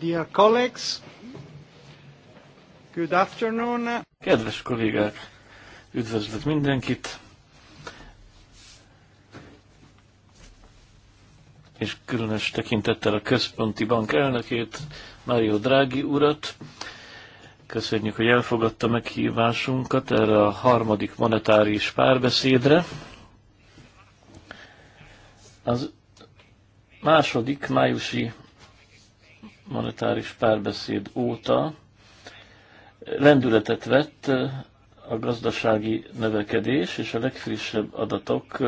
Dear colleagues, good afternoon. Kedves kollégák, üdvözlök mindenkit, és különös tekintettel a Központi Bank elnökét, Mario Draghi urat. Köszönjük, hogy elfogadta meghívásunkat erre a harmadik monetáris párbeszédre. Az második májusi monetáris párbeszéd óta lendületet vett a gazdasági növekedés, és a legfrissebb adatok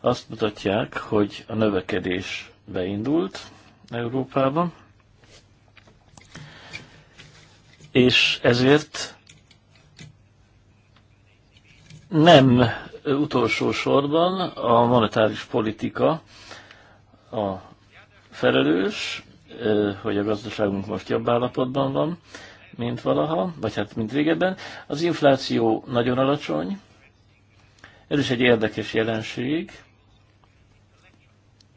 azt mutatják, hogy a növekedés beindult Európában, és ezért nem utolsó sorban a monetáris politika a felelős, hogy a gazdaságunk most jobb állapotban van, mint valaha, vagy hát mint régebben. Az infláció nagyon alacsony, ez is egy érdekes jelenség.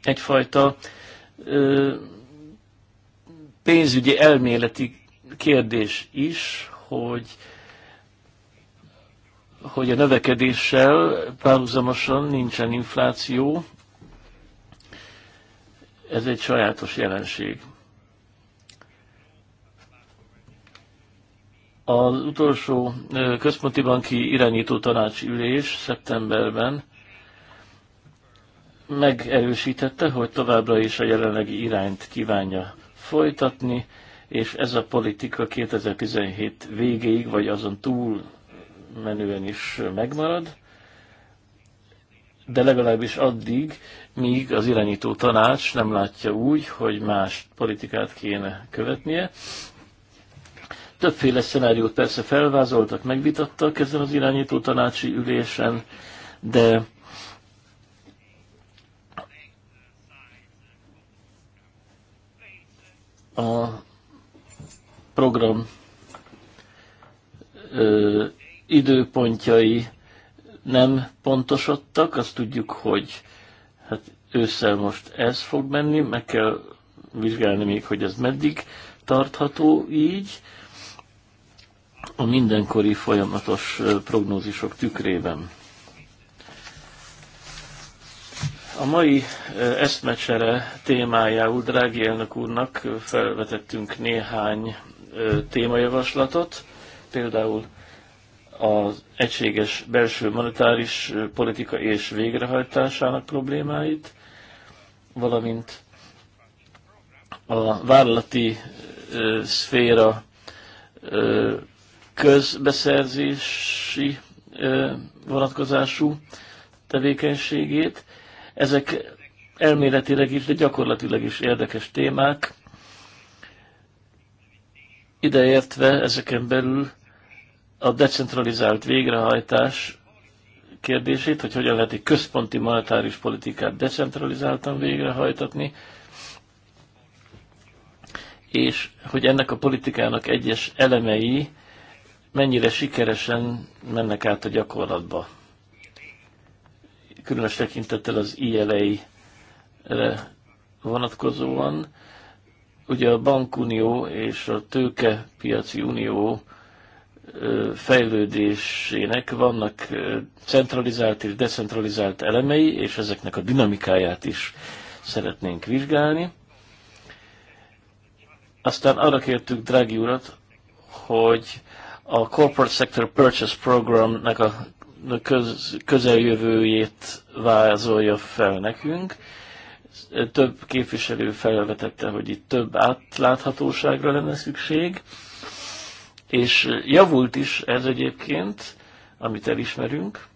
Egyfajta ö, pénzügyi elméleti kérdés is, hogy hogy a növekedéssel párhuzamosan nincsen infláció, ez egy sajátos jelenség. Az utolsó központi banki irányító tanácsi ülés szeptemberben megerősítette, hogy továbbra is a jelenlegi irányt kívánja folytatni, és ez a politika 2017 végéig, vagy azon túl menően is megmarad de legalábbis addig, míg az irányító tanács nem látja úgy, hogy más politikát kéne követnie. Többféle szenáriót persze felvázoltak, megvitattak ezen az irányító tanácsi ülésen, de a program ö, időpontjai nem pontosodtak, azt tudjuk, hogy hát ősszel most ez fog menni, meg kell vizsgálni még, hogy ez meddig tartható így, a mindenkori folyamatos prognózisok tükrében. A mai eszmecsere témájául drági elnök úrnak felvetettünk néhány témajavaslatot, például az egységes belső monetáris politika és végrehajtásának problémáit, valamint a vállalati ö, szféra ö, közbeszerzési ö, vonatkozású tevékenységét. Ezek elméletileg is, de gyakorlatilag is érdekes témák. Ideértve ezeken belül a decentralizált végrehajtás kérdését, hogy hogyan lehet egy központi monetáris politikát decentralizáltan végrehajtatni, és hogy ennek a politikának egyes elemei mennyire sikeresen mennek át a gyakorlatba. Különös tekintettel az ila vonatkozóan. Ugye a bankunió és a tőkepiaci unió fejlődésének vannak centralizált és decentralizált elemei, és ezeknek a dinamikáját is szeretnénk vizsgálni. Aztán arra kértük Drági urat, hogy a Corporate Sector Purchase Programnak a köz, közeljövőjét vázolja fel nekünk. Több képviselő felvetette, hogy itt több átláthatóságra lenne szükség és javult is ez egyébként, amit elismerünk.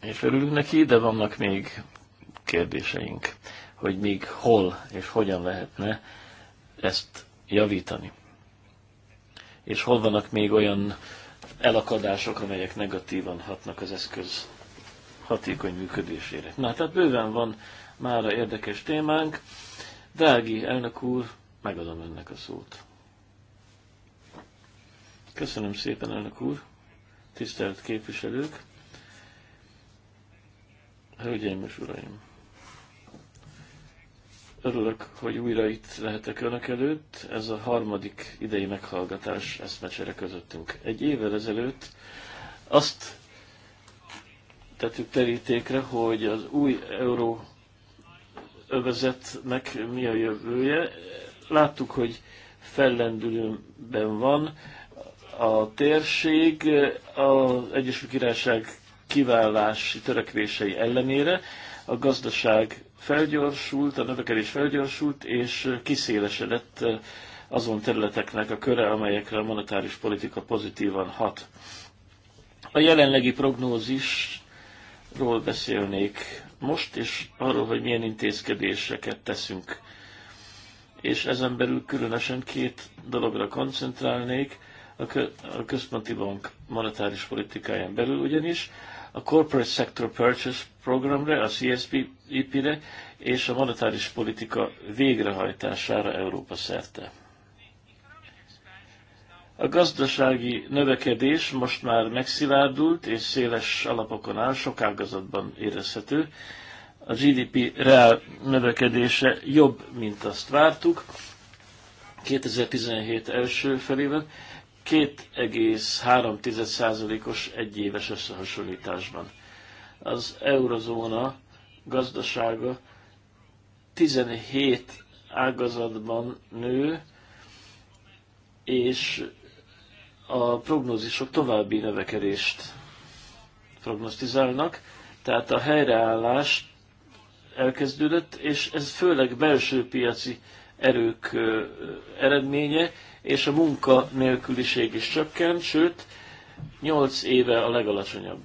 És örülünk neki, de vannak még kérdéseink, hogy még hol és hogyan lehetne ezt javítani. És hol vannak még olyan elakadások, amelyek negatívan hatnak az eszköz hatékony működésére. Na, tehát hát bőven van már a érdekes témánk. Drági elnök úr, Megadom önnek a szót. Köszönöm szépen, elnök úr, tisztelt képviselők, hölgyeim és uraim. Örülök, hogy újra itt lehetek önök előtt. Ez a harmadik idei meghallgatás eszmecsere közöttünk. Egy évvel ezelőtt azt tettük terítékre, hogy az új euró övezetnek mi a jövője láttuk, hogy fellendülőben van a térség az Egyesült Királyság kiválási törekvései ellenére. A gazdaság felgyorsult, a növekedés felgyorsult, és kiszélesedett azon területeknek a köre, amelyekre a monetáris politika pozitívan hat. A jelenlegi prognózisról beszélnék most, és arról, hogy milyen intézkedéseket teszünk és ezen belül különösen két dologra koncentrálnék a központi bank monetáris politikáján belül ugyanis, a Corporate Sector Purchase Programre, a CSP-re és a monetáris politika végrehajtására Európa szerte. A gazdasági növekedés most már megszilárdult és széles alapokon áll, sok ágazatban érezhető, a GDP reál növekedése jobb, mint azt vártuk 2017 első felében, 2,3%-os egyéves összehasonlításban. Az eurozóna gazdasága 17 ágazatban nő, és a prognózisok további növekedést prognosztizálnak, tehát a helyreállás elkezdődött, és ez főleg belső piaci erők eredménye, és a munka nélküliség is csökkent, sőt, 8 éve a legalacsonyabb.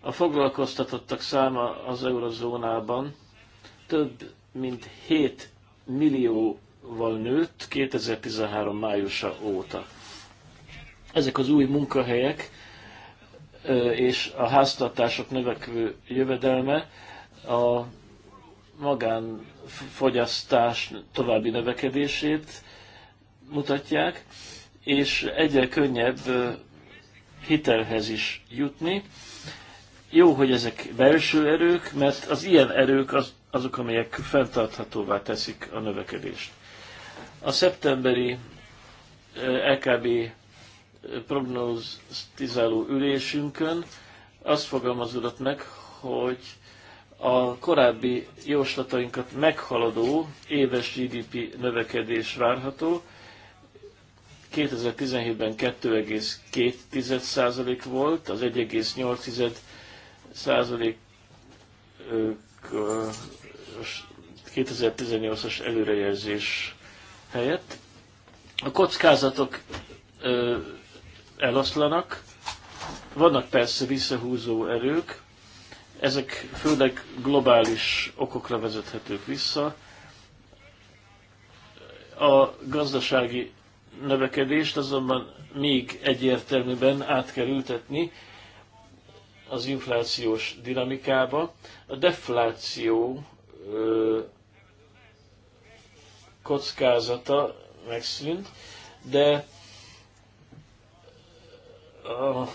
A foglalkoztatottak száma az eurozónában több mint 7 millióval nőtt 2013 májusa óta. Ezek az új munkahelyek és a háztartások növekvő jövedelme a magánfogyasztás további növekedését mutatják, és egyre könnyebb hitelhez is jutni. Jó, hogy ezek belső erők, mert az ilyen erők az, azok, amelyek fenntarthatóvá teszik a növekedést. A szeptemberi LKB prognóztizáló ülésünkön azt fogalmazódott meg, hogy a korábbi jóslatainkat meghaladó éves GDP növekedés várható. 2017-ben 2,2% volt, az 1,8% 2018-as előrejelzés helyett. A kockázatok eloszlanak, vannak persze visszahúzó erők, ezek főleg globális okokra vezethetők vissza. A gazdasági növekedést azonban még egyértelműben át kell ültetni az inflációs dinamikába. A defláció ö, kockázata megszűnt, de a,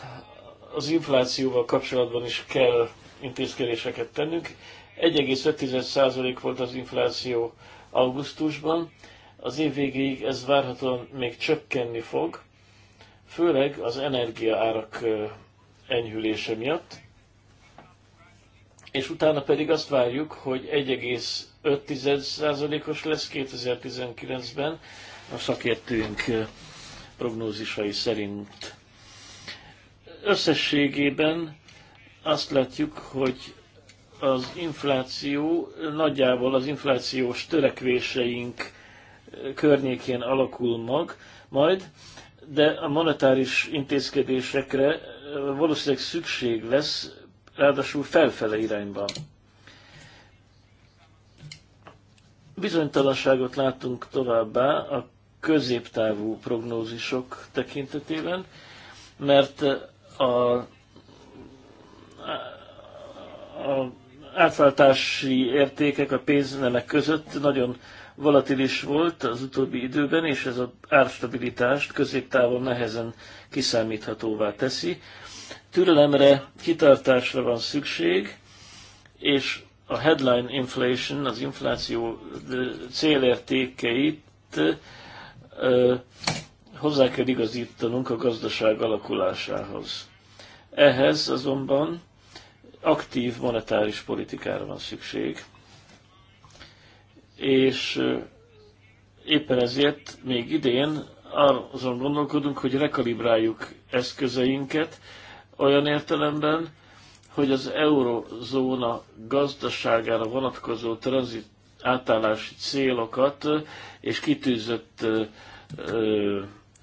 az inflációval kapcsolatban is kell intézkedéseket tennünk. 1,5% volt az infláció augusztusban, az év végéig ez várhatóan még csökkenni fog, főleg az energiaárak enyhülése miatt, és utána pedig azt várjuk, hogy 1,5%-os lesz 2019-ben a szakértőink prognózisai szerint. Összességében azt látjuk, hogy az infláció nagyjából az inflációs törekvéseink eh, környékén alakul mag, majd, de a monetáris intézkedésekre eh, valószínűleg szükség lesz, ráadásul felfele irányban. Bizonytalanságot látunk továbbá a középtávú prognózisok tekintetében, mert eh, a a átváltási értékek a pénznemek között nagyon volatilis volt az utóbbi időben, és ez az árstabilitást középtávon nehezen kiszámíthatóvá teszi. Türelemre, kitartásra van szükség, és a headline inflation, az infláció célértékeit hozzá kell igazítanunk a gazdaság alakulásához. Ehhez azonban aktív monetáris politikára van szükség, és éppen ezért még idén azon gondolkodunk, hogy rekalibráljuk eszközeinket olyan értelemben, hogy az eurozóna gazdaságára vonatkozó tranzit átállási célokat és kitűzött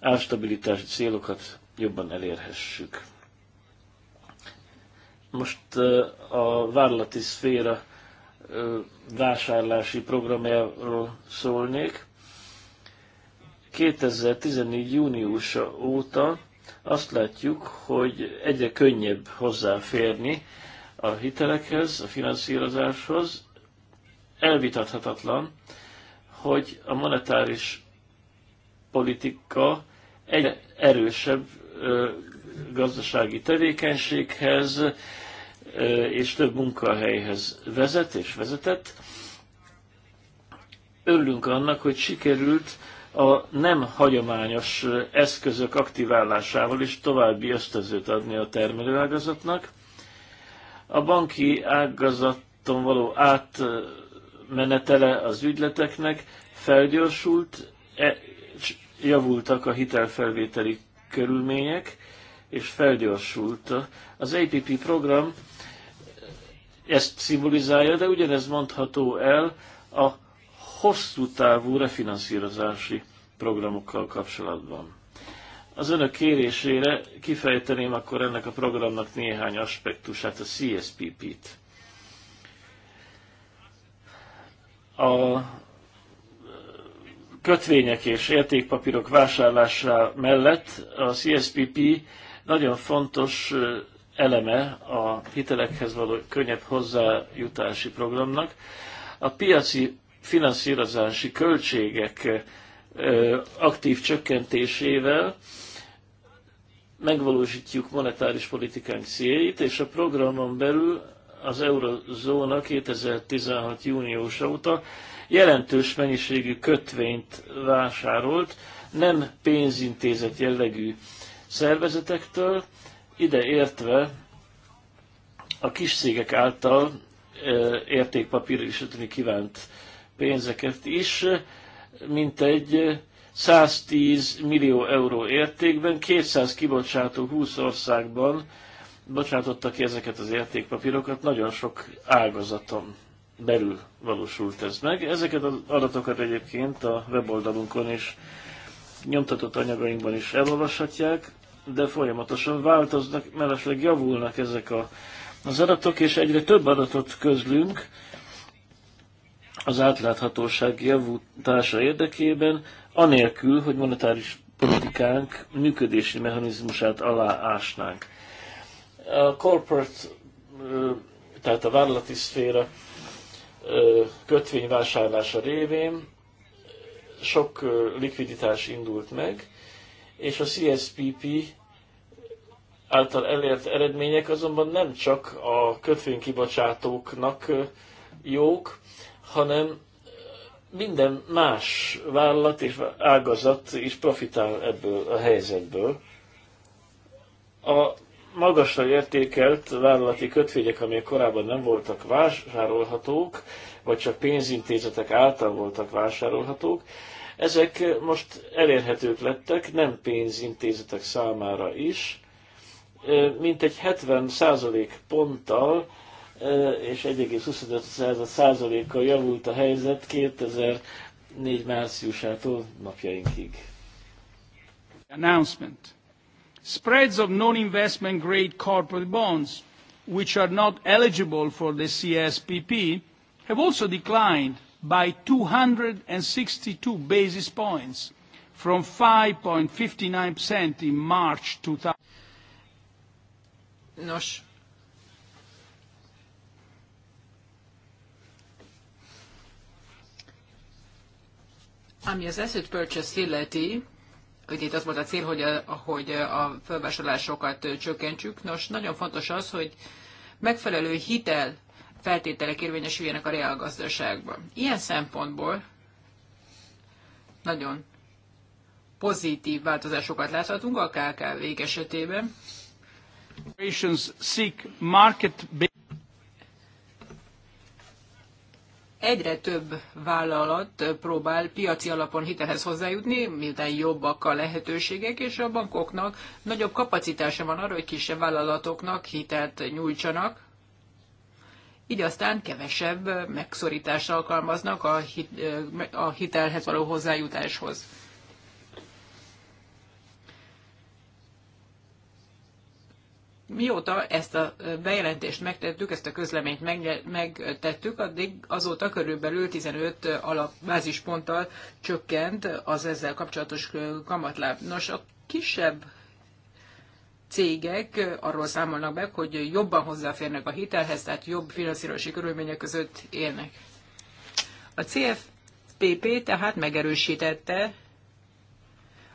árstabilitási célokat jobban elérhessük. Most a vállalati szféra vásárlási programjáról szólnék. 2014. júniusa óta azt látjuk, hogy egyre könnyebb hozzáférni a hitelekhez, a finanszírozáshoz. Elvitathatatlan, hogy a monetáris politika egy erősebb gazdasági tevékenységhez, és több munkahelyhez vezet és vezetett. Örülünk annak, hogy sikerült a nem hagyományos eszközök aktiválásával is további ösztözőt adni a termelőágazatnak. A banki ágazaton való átmenetele az ügyleteknek felgyorsult, e, javultak a hitelfelvételi körülmények, és felgyorsult. Az APP program ezt szimbolizálja, de ugyanez mondható el a hosszú távú refinanszírozási programokkal kapcsolatban. Az önök kérésére kifejteném akkor ennek a programnak néhány aspektusát, a CSPP-t. A kötvények és értékpapírok vásárlása mellett a CSPP nagyon fontos eleme a hitelekhez való könnyebb hozzájutási programnak. A piaci finanszírozási költségek aktív csökkentésével megvalósítjuk monetáris politikánk céljait, és a programon belül az eurozóna 2016. június óta jelentős mennyiségű kötvényt vásárolt, nem pénzintézet jellegű szervezetektől, ide értve a kis cégek által értékpapír is kívánt pénzeket is, mint egy 110 millió euró értékben, 200 kibocsátó 20 országban bocsátotta ki ezeket az értékpapírokat, nagyon sok ágazaton belül valósult ez meg. Ezeket az adatokat egyébként a weboldalunkon is nyomtatott anyagainkban is elolvashatják de folyamatosan változnak, mellesleg javulnak ezek a, az adatok, és egyre több adatot közlünk az átláthatóság javítása érdekében, anélkül, hogy monetáris politikánk működési mechanizmusát aláásnánk. A corporate, tehát a vállalati szféra kötvényvásárlása révén sok likviditás indult meg, és a CSPP által elért eredmények azonban nem csak a kötvénykibocsátóknak jók, hanem minden más vállalat és ágazat is profitál ebből a helyzetből. A magasra értékelt vállalati kötvények, amelyek korábban nem voltak vásárolhatók, vagy csak pénzintézetek által voltak vásárolhatók, ezek most elérhetők lettek, nem pénzintézetek számára is, mintegy 70 százalék ponttal és 1,25 százalékkal javult a helyzet 2004 márciusától napjainkig. Announcement. Spreads of non-investment grade corporate bonds, which are not eligible for the CSPP, have also declined by 262 basis points from 5.59% in March 2000. Nos, Ami az asset purchase illeti, ugye itt az volt a cél, hogy a, eh, hogy eh, a felvásárlásokat eh, csökkentsük. Nos, nagyon fontos az, hogy megfelelő hitel feltételek érvényesüljenek a reálgazdaságban. Ilyen szempontból nagyon pozitív változásokat láthatunk a KKV-k esetében. Egyre több vállalat próbál piaci alapon hitelhez hozzájutni, miután jobbak a lehetőségek, és a bankoknak nagyobb kapacitása van arra, hogy kisebb vállalatoknak hitelt nyújtsanak így aztán kevesebb megszorítást alkalmaznak a, hit, a hitelhez való hozzájutáshoz. mióta ezt a bejelentést megtettük, ezt a közleményt megtettük, addig azóta körülbelül 15 alapbázisponttal csökkent az ezzel kapcsolatos kamatláb. Nos, a kisebb cégek arról számolnak be, hogy jobban hozzáférnek a hitelhez, tehát jobb finanszírozási körülmények között élnek. A CFPP tehát megerősítette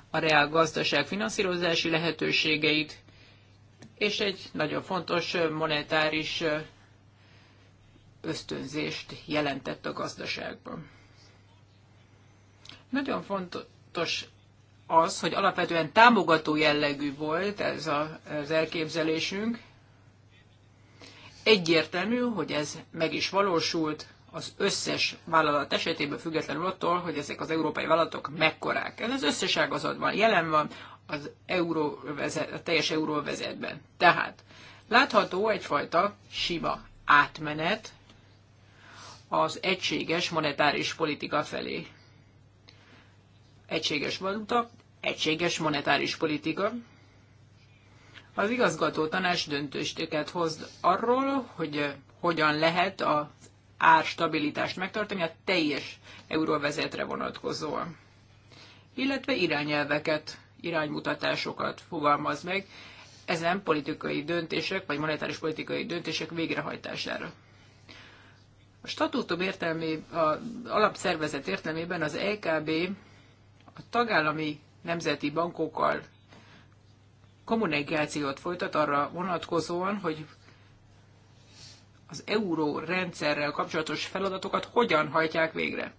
a reál gazdaság finanszírozási lehetőségeit, és egy nagyon fontos monetáris ösztönzést jelentett a gazdaságban. Nagyon fontos az, hogy alapvetően támogató jellegű volt ez a, az elképzelésünk. Egyértelmű, hogy ez meg is valósult az összes vállalat esetében, függetlenül attól, hogy ezek az európai vállalatok mekkorák. Ez az összes ágazatban jelen van az euróvezet, a teljes euróvezetben. Tehát látható egyfajta sima átmenet az egységes monetáris politika felé. Egységes valuta, egységes monetáris politika. Az igazgató tanács döntőstéket hoz arról, hogy hogyan lehet az árstabilitást megtartani a teljes euróvezetre vonatkozóan. Illetve irányelveket, iránymutatásokat fogalmaz meg ezen politikai döntések, vagy monetáris politikai döntések végrehajtására. A statútum értelmében, az alapszervezet értelmében az EKB a tagállami nemzeti bankokkal kommunikációt folytat arra vonatkozóan, hogy az euró rendszerrel kapcsolatos feladatokat hogyan hajtják végre.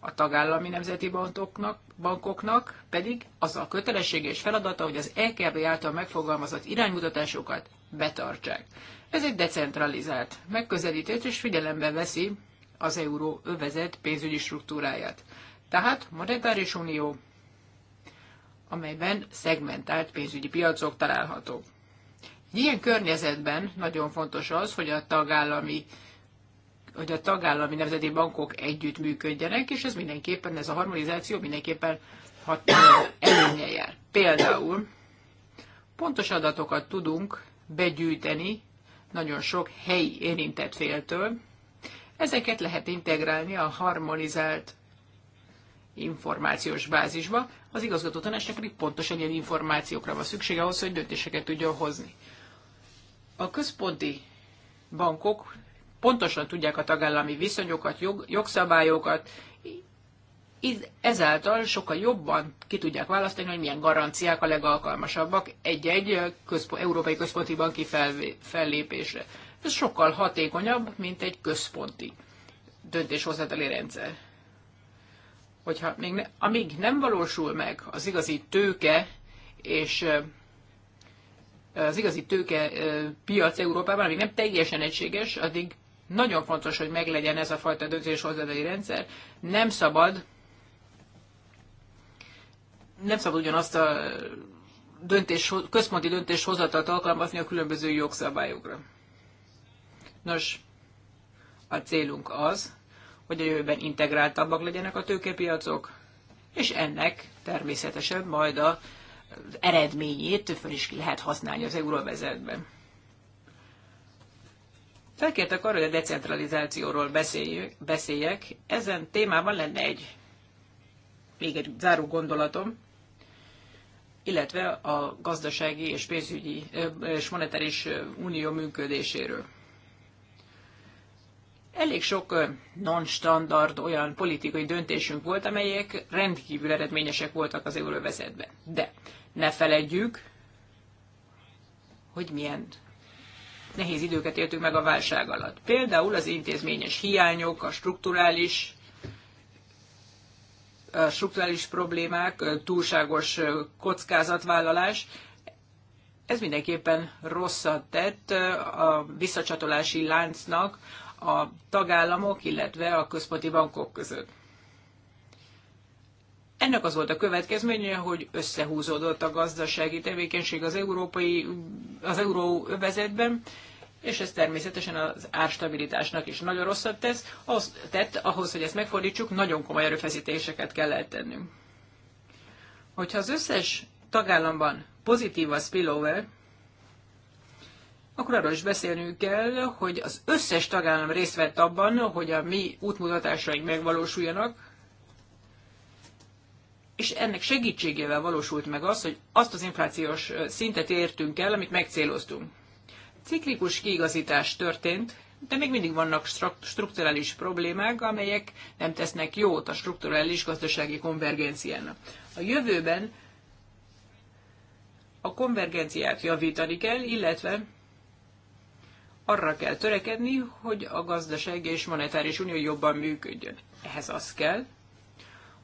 A tagállami nemzeti bankoknak, bankoknak pedig az a kötelessége és feladata, hogy az EKB által megfogalmazott iránymutatásokat betartsák. Ez egy decentralizált megközelítés, és figyelembe veszi az euró övezet pénzügyi struktúráját. Tehát monetáris unió, amelyben szegmentált pénzügyi piacok találhatók. ilyen környezetben nagyon fontos az, hogy a tagállami hogy a tagállami nemzeti bankok együtt működjenek, és ez mindenképpen, ez a harmonizáció mindenképpen hat előnye jár. Például pontos adatokat tudunk begyűjteni nagyon sok helyi érintett féltől. Ezeket lehet integrálni a harmonizált információs bázisba, az igazgató tanácsnak pedig pontosan ilyen információkra van szüksége ahhoz, hogy döntéseket tudjon hozni. A központi bankok pontosan tudják a tagállami viszonyokat, jog, jogszabályokat, ezáltal sokkal jobban ki tudják választani, hogy milyen garanciák a legalkalmasabbak egy-egy központ, európai központi banki fellépésre. Ez sokkal hatékonyabb, mint egy központi döntéshozatali rendszer hogyha még ne, amíg nem valósul meg az igazi tőke és az igazi tőke piac Európában, amíg nem teljesen egységes, addig nagyon fontos, hogy meglegyen ez a fajta döntés hozzáadói rendszer. Nem szabad nem szabad ugyanazt a döntés, központi döntéshozatalt alkalmazni a különböző jogszabályokra. Nos, a célunk az, hogy a jövőben integráltabbak legyenek a tőkepiacok, és ennek természetesen majd a eredményét föl is lehet használni az euróvezetben. Felkértek arra, hogy a decentralizációról beszéljek. Ezen témában lenne egy, még egy záró gondolatom, illetve a gazdasági és pénzügyi és monetáris unió működéséről. Elég sok non-standard olyan politikai döntésünk volt, amelyek rendkívül eredményesek voltak az euróvezetben. De ne feledjük, hogy milyen nehéz időket éltünk meg a válság alatt. Például az intézményes hiányok, a strukturális a strukturális problémák, túlságos kockázatvállalás, ez mindenképpen rosszat tett a visszacsatolási láncnak, a tagállamok, illetve a központi bankok között. Ennek az volt a következménye, hogy összehúzódott a gazdasági tevékenység az európai, az euróvezetben, és ez természetesen az árstabilitásnak is nagyon rosszat tesz. Az tett, ahhoz, hogy ezt megfordítsuk, nagyon komoly erőfeszítéseket kell eltennünk. Hogyha az összes tagállamban pozitív a spillover, akkor arról is beszélnünk kell, hogy az összes tagállam részt vett abban, hogy a mi útmutatásaink megvalósuljanak, és ennek segítségével valósult meg az, hogy azt az inflációs szintet értünk el, amit megcéloztunk. Ciklikus kiigazítás történt, de még mindig vannak strukturális problémák, amelyek nem tesznek jót a strukturális gazdasági konvergenciának. A jövőben a konvergenciát javítani kell, illetve arra kell törekedni, hogy a gazdasági és monetáris unió jobban működjön. Ehhez az kell,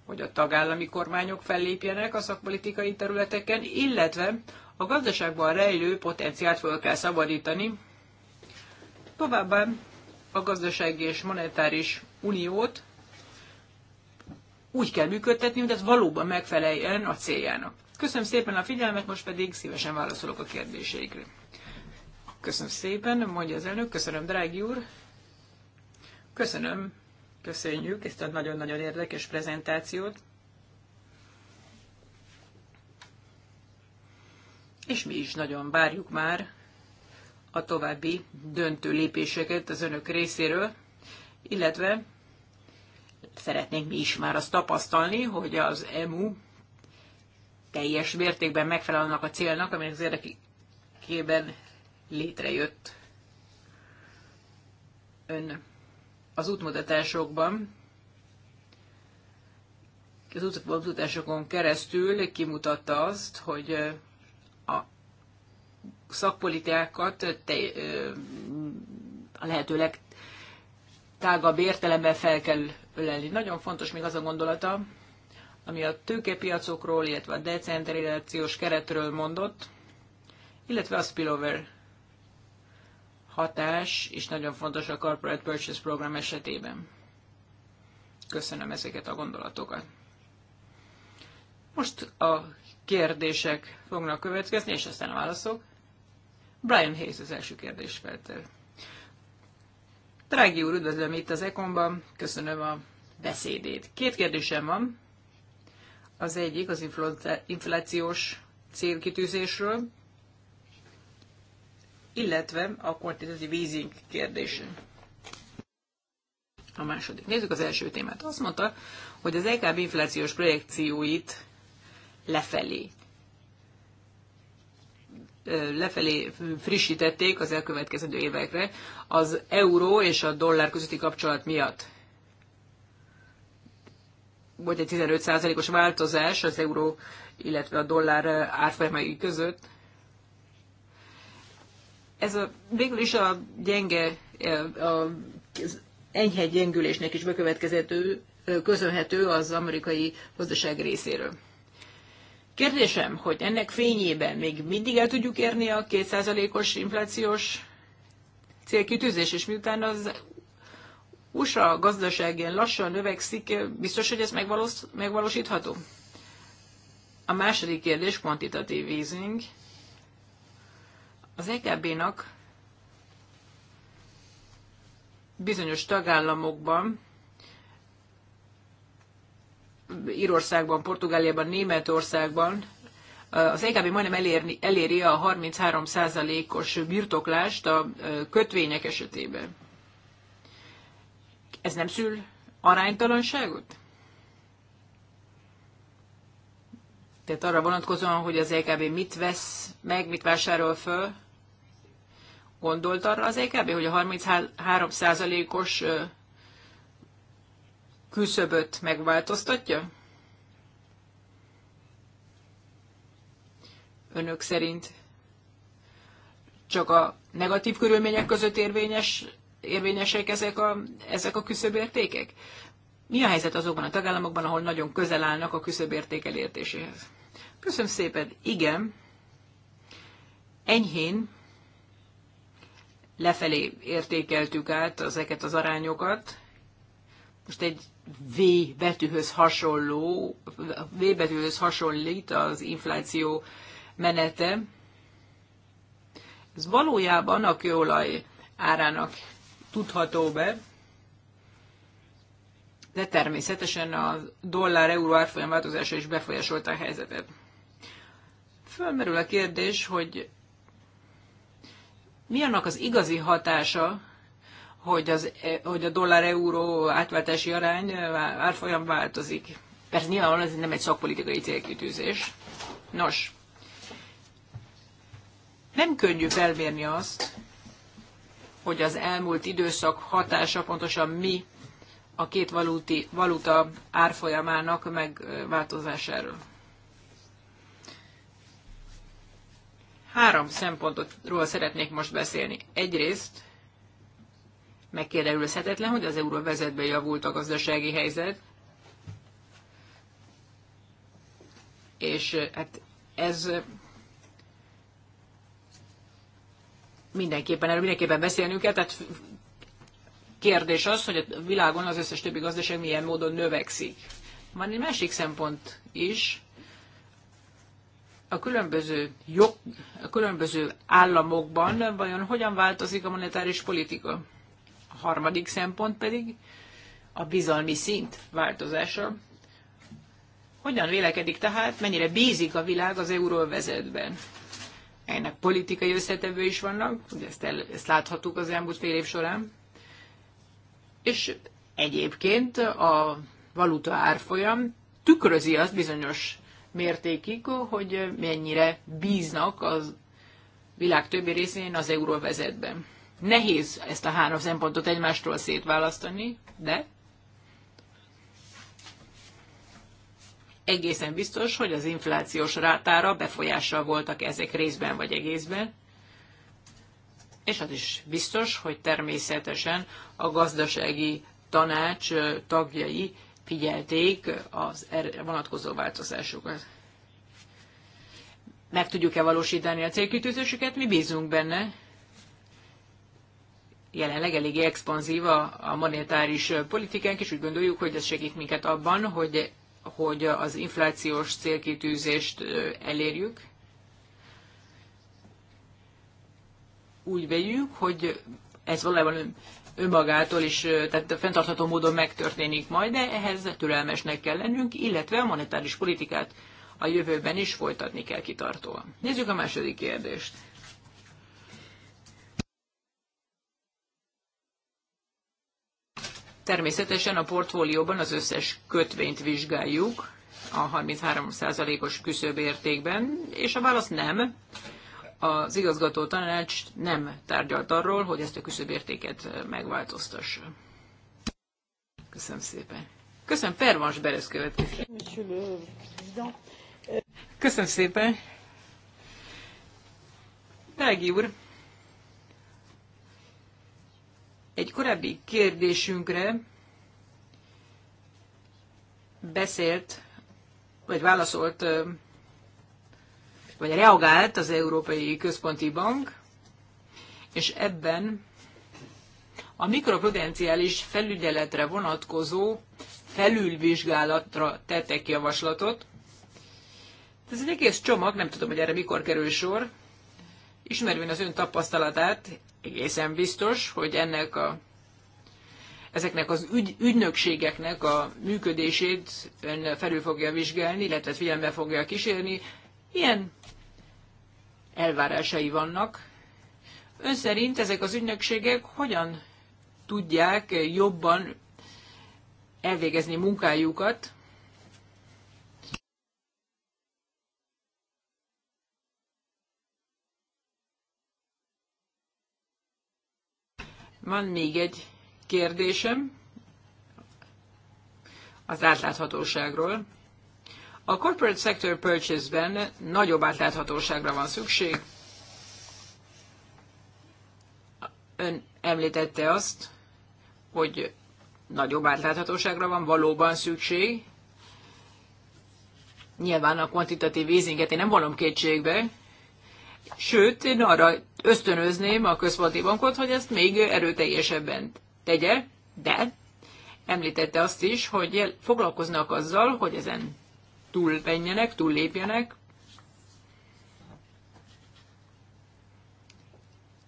hogy a tagállami kormányok fellépjenek a szakpolitikai területeken, illetve a gazdaságban rejlő potenciált fel kell szabadítani. Továbbá a gazdasági és monetáris uniót úgy kell működtetni, hogy ez valóban megfeleljen a céljának. Köszönöm szépen a figyelmet, most pedig szívesen válaszolok a kérdéseikre. Köszönöm szépen, mondja az elnök, köszönöm, drági úr. Köszönöm, köszönjük ezt a nagyon-nagyon érdekes prezentációt. És mi is nagyon várjuk már a további döntő lépéseket az önök részéről, illetve szeretnénk mi is már azt tapasztalni, hogy az EMU teljes mértékben megfelel annak a célnak, amelyek az érdekében létrejött. Ön az útmutatásokban, az útmutatásokon keresztül kimutatta azt, hogy a szakpolitikákat te, a lehető legtágabb értelemben fel kell ölelni. Nagyon fontos még az a gondolata, ami a tőkepiacokról, illetve a decentralizációs keretről mondott, illetve a spillover hatás és nagyon fontos a Corporate Purchase Program esetében. Köszönöm ezeket a gondolatokat. Most a kérdések fognak következni, és aztán a válaszok. Brian Hayes az első kérdés feltel. Drági úr, üdvözlöm itt az Ekonban, köszönöm a beszédét. Két kérdésem van. Az egyik az inflációs célkitűzésről illetve a quantitative easing kérdése. A második. Nézzük az első témát. Azt mondta, hogy az EKB inflációs projekcióit lefelé lefelé frissítették az elkövetkezendő évekre az euró és a dollár közötti kapcsolat miatt. vagy egy 15%-os változás az euró, illetve a dollár árfolyamai között ez a, végül is a gyenge, e, a, enyhe gyengülésnek is bekövetkezhető, közölhető az amerikai gazdaság részéről. Kérdésem, hogy ennek fényében még mindig el tudjuk érni a 2%-os inflációs célkitűzés, és miután az USA gazdaságén lassan növekszik, biztos, hogy ez megvalósítható? A második kérdés, kvantitatív easing. Az EKB-nak bizonyos tagállamokban, Írországban, Portugáliában, Németországban eh, az EKB majdnem elérni, eléri a 33%-os birtoklást a eh, kötvények esetében. Ez nem szül aránytalanságot? Tehát arra vonatkozóan, hogy az EKB mit vesz meg, mit vásárol föl, Gondolt arra az EKB, hogy a 33%-os küszöböt megváltoztatja? Önök szerint csak a negatív körülmények között érvényes, érvényesek ezek a, ezek a küszöbértékek? Mi a helyzet azokban a tagállamokban, ahol nagyon közel állnak a küszöbérték elértéséhez? Köszönöm szépen. Igen, enyhén lefelé értékeltük át ezeket az arányokat. Most egy V betűhöz hasonló, V betűhöz hasonlít az infláció menete. Ez valójában a kőolaj árának tudható be, de természetesen a dollár-euró árfolyam változása is befolyásolta a helyzetet. Fölmerül a kérdés, hogy mi annak az igazi hatása, hogy, az, eh, hogy a dollár-euró átváltási arány eh, árfolyam változik? Persze nyilvánvalóan ez nem egy szakpolitikai célkitűzés. Nos, nem könnyű felmérni azt, hogy az elmúlt időszak hatása pontosan mi a két valuti, valuta árfolyamának megváltozásáról. Három szempontról szeretnék most beszélni. Egyrészt megkérdőjelezhetetlen, hogy az euróvezetben javult a gazdasági helyzet, és hát ez mindenképpen, erről mindenképpen beszélnünk kell, tehát kérdés az, hogy a világon az összes többi gazdaság milyen módon növekszik. Van egy másik szempont is, a különböző, jog, a különböző államokban vajon hogyan változik a monetáris politika. A harmadik szempont pedig a bizalmi szint változása. Hogyan vélekedik tehát, mennyire bízik a világ az euróvezetben? Ennek politikai összetevő is vannak, ugye ezt, el, ezt láthattuk az elmúlt fél év során. És egyébként a valuta árfolyam tükrözi azt bizonyos mértékig, hogy mennyire bíznak az világ többi részén az euróvezetben. Nehéz ezt a három szempontot egymástól szétválasztani, de egészen biztos, hogy az inflációs rátára befolyással voltak ezek részben vagy egészben, és az is biztos, hogy természetesen a gazdasági tanács tagjai figyelték az erre vonatkozó változásokat. Meg tudjuk-e valósítani a célkütőzésüket? Mi bízunk benne. Jelenleg elég expanzív a monetáris politikánk, és úgy gondoljuk, hogy ez segít minket abban, hogy, hogy az inflációs célkitűzést elérjük. Úgy vegyük, hogy ez valójában önmagától is, tehát fenntartható módon megtörténik majd, de ehhez türelmesnek kell lennünk, illetve a monetáris politikát a jövőben is folytatni kell kitartóan. Nézzük a második kérdést. Természetesen a portfólióban az összes kötvényt vizsgáljuk a 33%-os küszöbértékben, és a válasz nem az igazgató tanács nem tárgyalt arról, hogy ezt a küszöbértéket megváltoztassa. Köszönöm szépen. Köszönöm, Pervans Berez Köszönöm szépen. Drági úr, egy korábbi kérdésünkre beszélt, vagy válaszolt vagy reagált az Európai Központi Bank, és ebben a mikroprudenciális felügyeletre vonatkozó felülvizsgálatra tettek javaslatot. Ez egy egész csomag, nem tudom, hogy erre mikor kerül sor. Ismervén az ön tapasztalatát, egészen biztos, hogy ennek a, ezeknek az ügy, ügynökségeknek a működését ön felül fogja vizsgálni, illetve figyelme fogja kísérni. Ilyen elvárásai vannak. Ön szerint ezek az ügynökségek hogyan tudják jobban elvégezni munkájukat, Van még egy kérdésem az átláthatóságról. A corporate sector purchase-ben nagyobb átláthatóságra van szükség. Ön említette azt, hogy nagyobb átláthatóságra van valóban szükség. Nyilván a kvantitatív easinget én nem vonom kétségbe, sőt, én arra ösztönözném a központi bankot, hogy ezt még erőteljesebben tegye, de említette azt is, hogy foglalkoznak azzal, hogy ezen túlmenjenek, túllépjenek,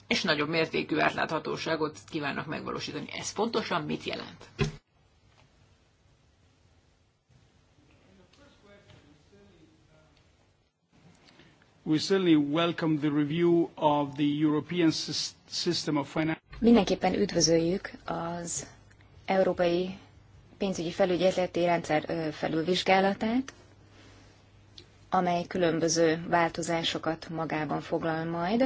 és nagyobb mértékű átláthatóságot kívánnak megvalósítani. Ez pontosan mit jelent? Mindenképpen üdvözöljük az európai pénzügyi felügyeleti rendszer felülvizsgálatát amely különböző változásokat magában foglal majd.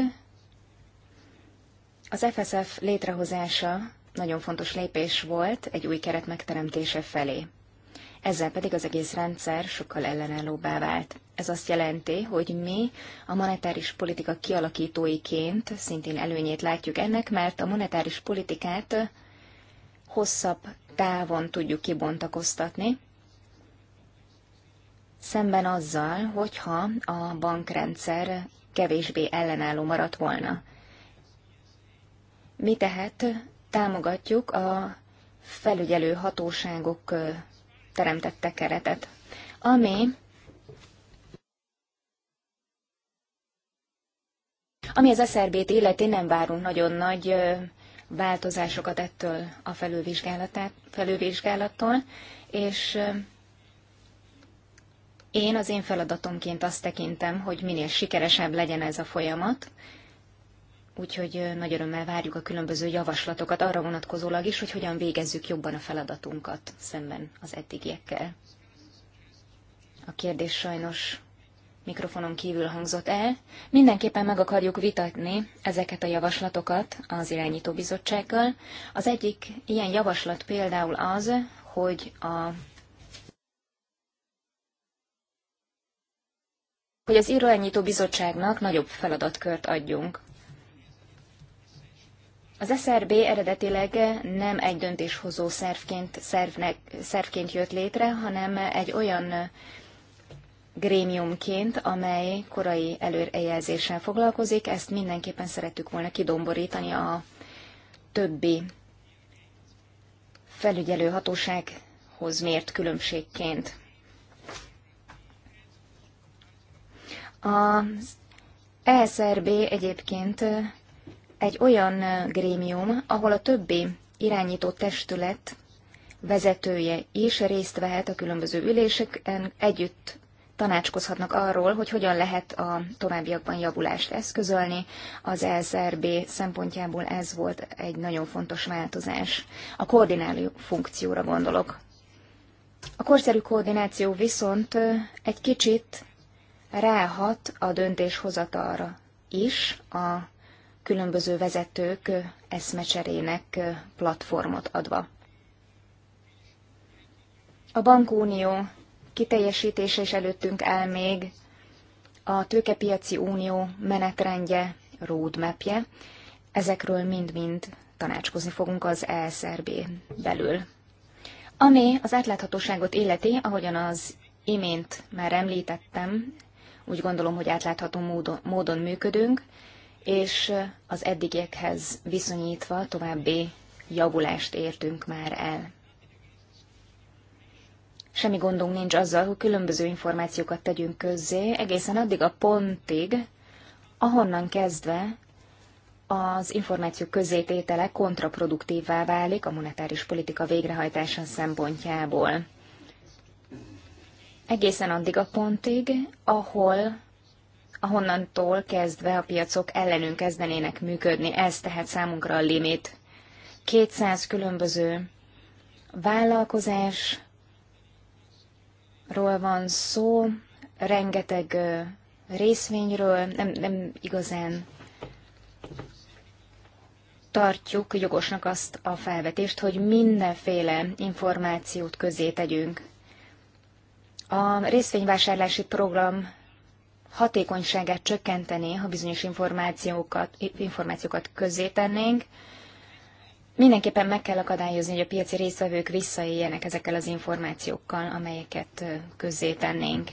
Az FSF létrehozása nagyon fontos lépés volt egy új keret megteremtése felé. Ezzel pedig az egész rendszer sokkal ellenállóbbá vált. Ez azt jelenti, hogy mi a monetáris politika kialakítóiként szintén előnyét látjuk ennek, mert a monetáris politikát hosszabb távon tudjuk kibontakoztatni, szemben azzal, hogyha a bankrendszer kevésbé ellenálló maradt volna. Mi tehát támogatjuk a felügyelő hatóságok teremtette keretet, ami Ami az SZRB-t illeti, nem várunk nagyon nagy változásokat ettől a felülvizsgálattól, és én az én feladatomként azt tekintem, hogy minél sikeresebb legyen ez a folyamat, úgyhogy nagy örömmel várjuk a különböző javaslatokat arra vonatkozólag is, hogy hogyan végezzük jobban a feladatunkat szemben az eddigiekkel. A kérdés sajnos mikrofonon kívül hangzott el. Mindenképpen meg akarjuk vitatni ezeket a javaslatokat az irányító bizottsággal. Az egyik ilyen javaslat például az, hogy a hogy az irányító bizottságnak nagyobb feladatkört adjunk. Az SRB eredetileg nem egy döntéshozó szervként, szervnek, szervként jött létre, hanem egy olyan grémiumként, amely korai előrejelzéssel foglalkozik. Ezt mindenképpen szerettük volna kidomborítani a többi felügyelő hatósághoz mért különbségként. Az ESRB egyébként egy olyan grémium, ahol a többi irányító testület vezetője is részt vehet a különböző üléseken, együtt tanácskozhatnak arról, hogy hogyan lehet a továbbiakban javulást eszközölni. Az ESRB szempontjából ez volt egy nagyon fontos változás. A koordináló funkcióra gondolok. A korszerű koordináció viszont egy kicsit ráhat a döntéshozatalra is a különböző vezetők eszmecserének platformot adva. A bankunió kiteljesítése is előttünk áll még, a tőkepiaci unió menetrendje, roadmapje, ezekről mind-mind tanácskozni fogunk az ESRB belül. Ami az átláthatóságot illeti, ahogyan az imént már említettem, úgy gondolom, hogy átlátható módon, módon működünk, és az eddigiekhez viszonyítva további javulást értünk már el. Semmi gondunk nincs azzal, hogy különböző információkat tegyünk közzé, egészen addig a pontig, ahonnan kezdve az információ közzététele kontraproduktívvá válik a monetáris politika végrehajtása szempontjából egészen addig a pontig, ahol ahonnantól kezdve a piacok ellenünk kezdenének működni. Ez tehát számunkra a limit. 200 különböző vállalkozásról van szó, rengeteg részvényről, nem, nem igazán tartjuk jogosnak azt a felvetést, hogy mindenféle információt közé tegyünk a részvényvásárlási program hatékonyságát csökkenteni, ha bizonyos információkat, információkat közé tennénk. Mindenképpen meg kell akadályozni, hogy a piaci részvevők visszaéljenek ezekkel az információkkal, amelyeket közzétennénk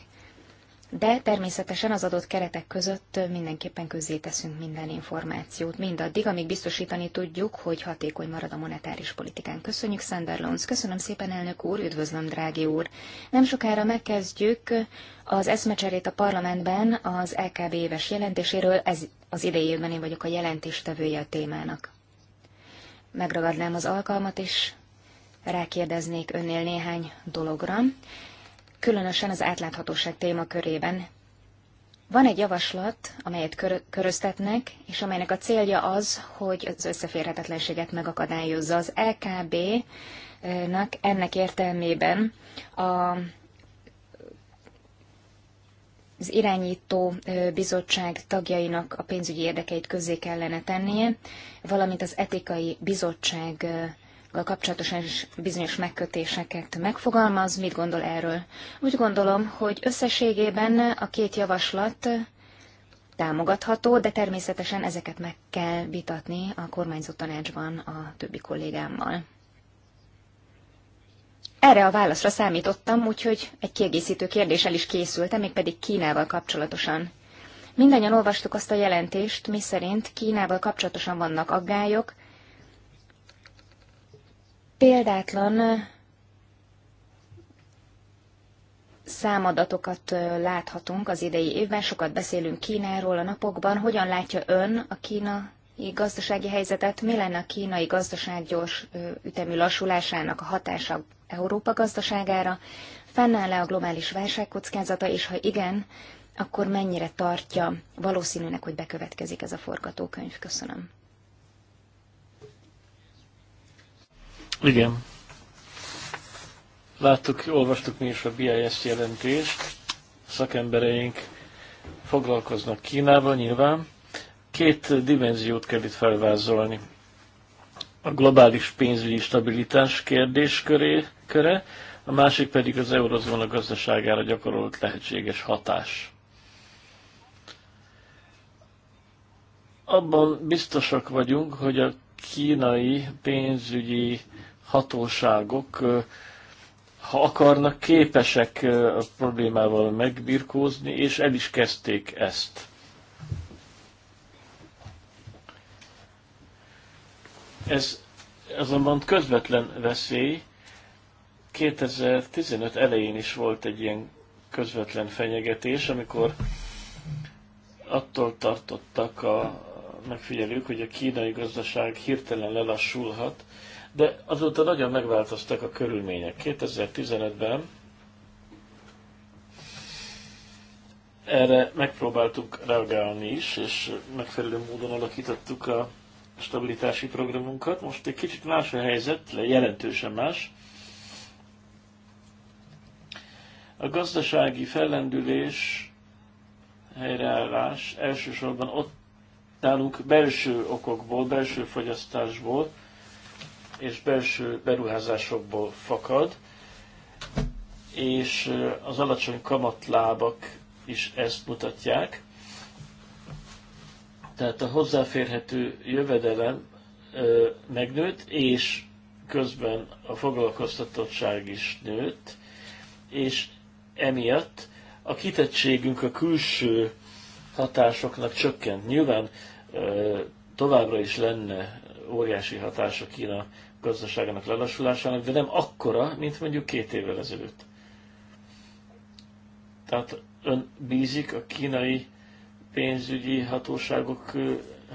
de természetesen az adott keretek között mindenképpen közzéteszünk minden információt, mindaddig, amíg biztosítani tudjuk, hogy hatékony marad a monetáris politikán. Köszönjük, Sander Lons. Köszönöm szépen, elnök úr, üdvözlöm, drági úr. Nem sokára megkezdjük az eszmecserét a parlamentben az LKB éves jelentéséről, ez az idejében én vagyok a jelentéstevője a témának. Megragadnám az alkalmat, és rákérdeznék önnél néhány dologra különösen az átláthatóság témakörében. Van egy javaslat, amelyet kör- köröztetnek, és amelynek a célja az, hogy az összeférhetetlenséget megakadályozza. Az LKB-nak ennek értelmében a az irányító bizottság tagjainak a pénzügyi érdekeit közzé kellene tennie, valamint az etikai bizottság kapcsolatosan is bizonyos megkötéseket megfogalmaz. Mit gondol erről? Úgy gondolom, hogy összességében a két javaslat támogatható, de természetesen ezeket meg kell vitatni a kormányzó tanácsban a többi kollégámmal. Erre a válaszra számítottam, úgyhogy egy kiegészítő kérdéssel is készültem, mégpedig Kínával kapcsolatosan. Mindannyian olvastuk azt a jelentést, miszerint Kínával kapcsolatosan vannak aggályok, példátlan számadatokat láthatunk az idei évben, sokat beszélünk Kínáról a napokban. Hogyan látja ön a kínai gazdasági helyzetet? Mi lenne a kínai gazdaság gyors ütemű lassulásának a hatása Európa gazdaságára? Fennáll-e a globális válság kockázata, és ha igen, akkor mennyire tartja valószínűnek, hogy bekövetkezik ez a forgatókönyv? Köszönöm. Igen. Láttuk, olvastuk mi is a BIS jelentést. A szakembereink foglalkoznak Kínával nyilván. Két dimenziót kell itt felvázolni. A globális pénzügyi stabilitás kérdésköré, köre, a másik pedig az eurozóna gazdaságára gyakorolt lehetséges hatás. Abban biztosak vagyunk, hogy a kínai pénzügyi hatóságok, ha akarnak, képesek a problémával megbirkózni, és el is kezdték ezt. Ez azonban közvetlen veszély. 2015 elején is volt egy ilyen közvetlen fenyegetés, amikor attól tartottak a megfigyelők, hogy a kínai gazdaság hirtelen lelassulhat, de azóta nagyon megváltoztak a körülmények. 2015-ben erre megpróbáltuk reagálni is, és megfelelő módon alakítottuk a stabilitási programunkat. Most egy kicsit más a helyzet, jelentősen más. A gazdasági fellendülés, helyreállás elsősorban ott nálunk belső okokból, belső fogyasztásból és belső beruházásokból fakad, és az alacsony kamatlábak is ezt mutatják. Tehát a hozzáférhető jövedelem megnőtt, és közben a foglalkoztatottság is nőtt, és emiatt a kitettségünk a külső hatásoknak csökkent. Nyilván továbbra is lenne óriási hatása Kína gazdaságának lelassulásának, de nem akkora, mint mondjuk két évvel ezelőtt. Tehát ön bízik a kínai pénzügyi hatóságok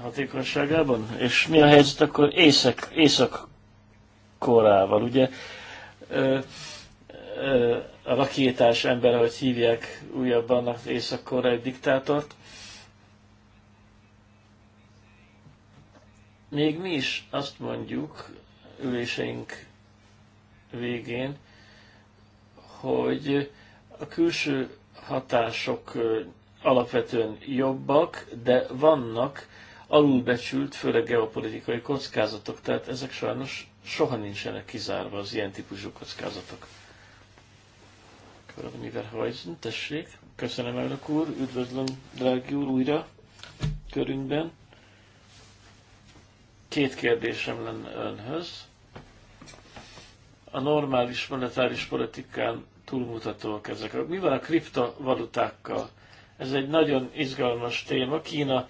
hatékonyságában? És mi a helyzet akkor észak, észak korával, ugye? Ö, ö, a rakétás ember, ahogy hívják újabban az észak egy diktátort. Még mi is azt mondjuk, üléseink végén, hogy a külső hatások alapvetően jobbak, de vannak alulbecsült, főleg geopolitikai kockázatok, tehát ezek sajnos soha nincsenek kizárva az ilyen típusú kockázatok. Köszönöm, Niederhajzen, tessék. Köszönöm, elnök úr, üdvözlöm, drági úr, újra körünkben. Két kérdésem lenne önhöz a normális monetáris politikán túlmutatóak ezek. Mi van a kriptovalutákkal? Ez egy nagyon izgalmas téma. Kína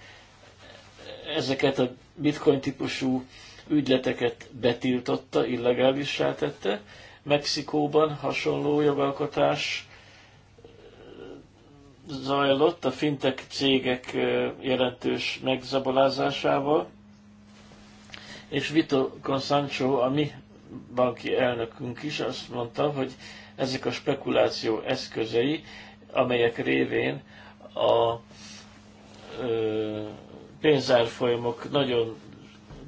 ezeket a bitcoin típusú ügyleteket betiltotta, illegálissá tette. Mexikóban hasonló jogalkotás zajlott a fintek cégek jelentős megzabolázásával, és Vito Consancho, a mi banki elnökünk is azt mondta, hogy ezek a spekuláció eszközei, amelyek révén a ö, pénzárfolyamok nagyon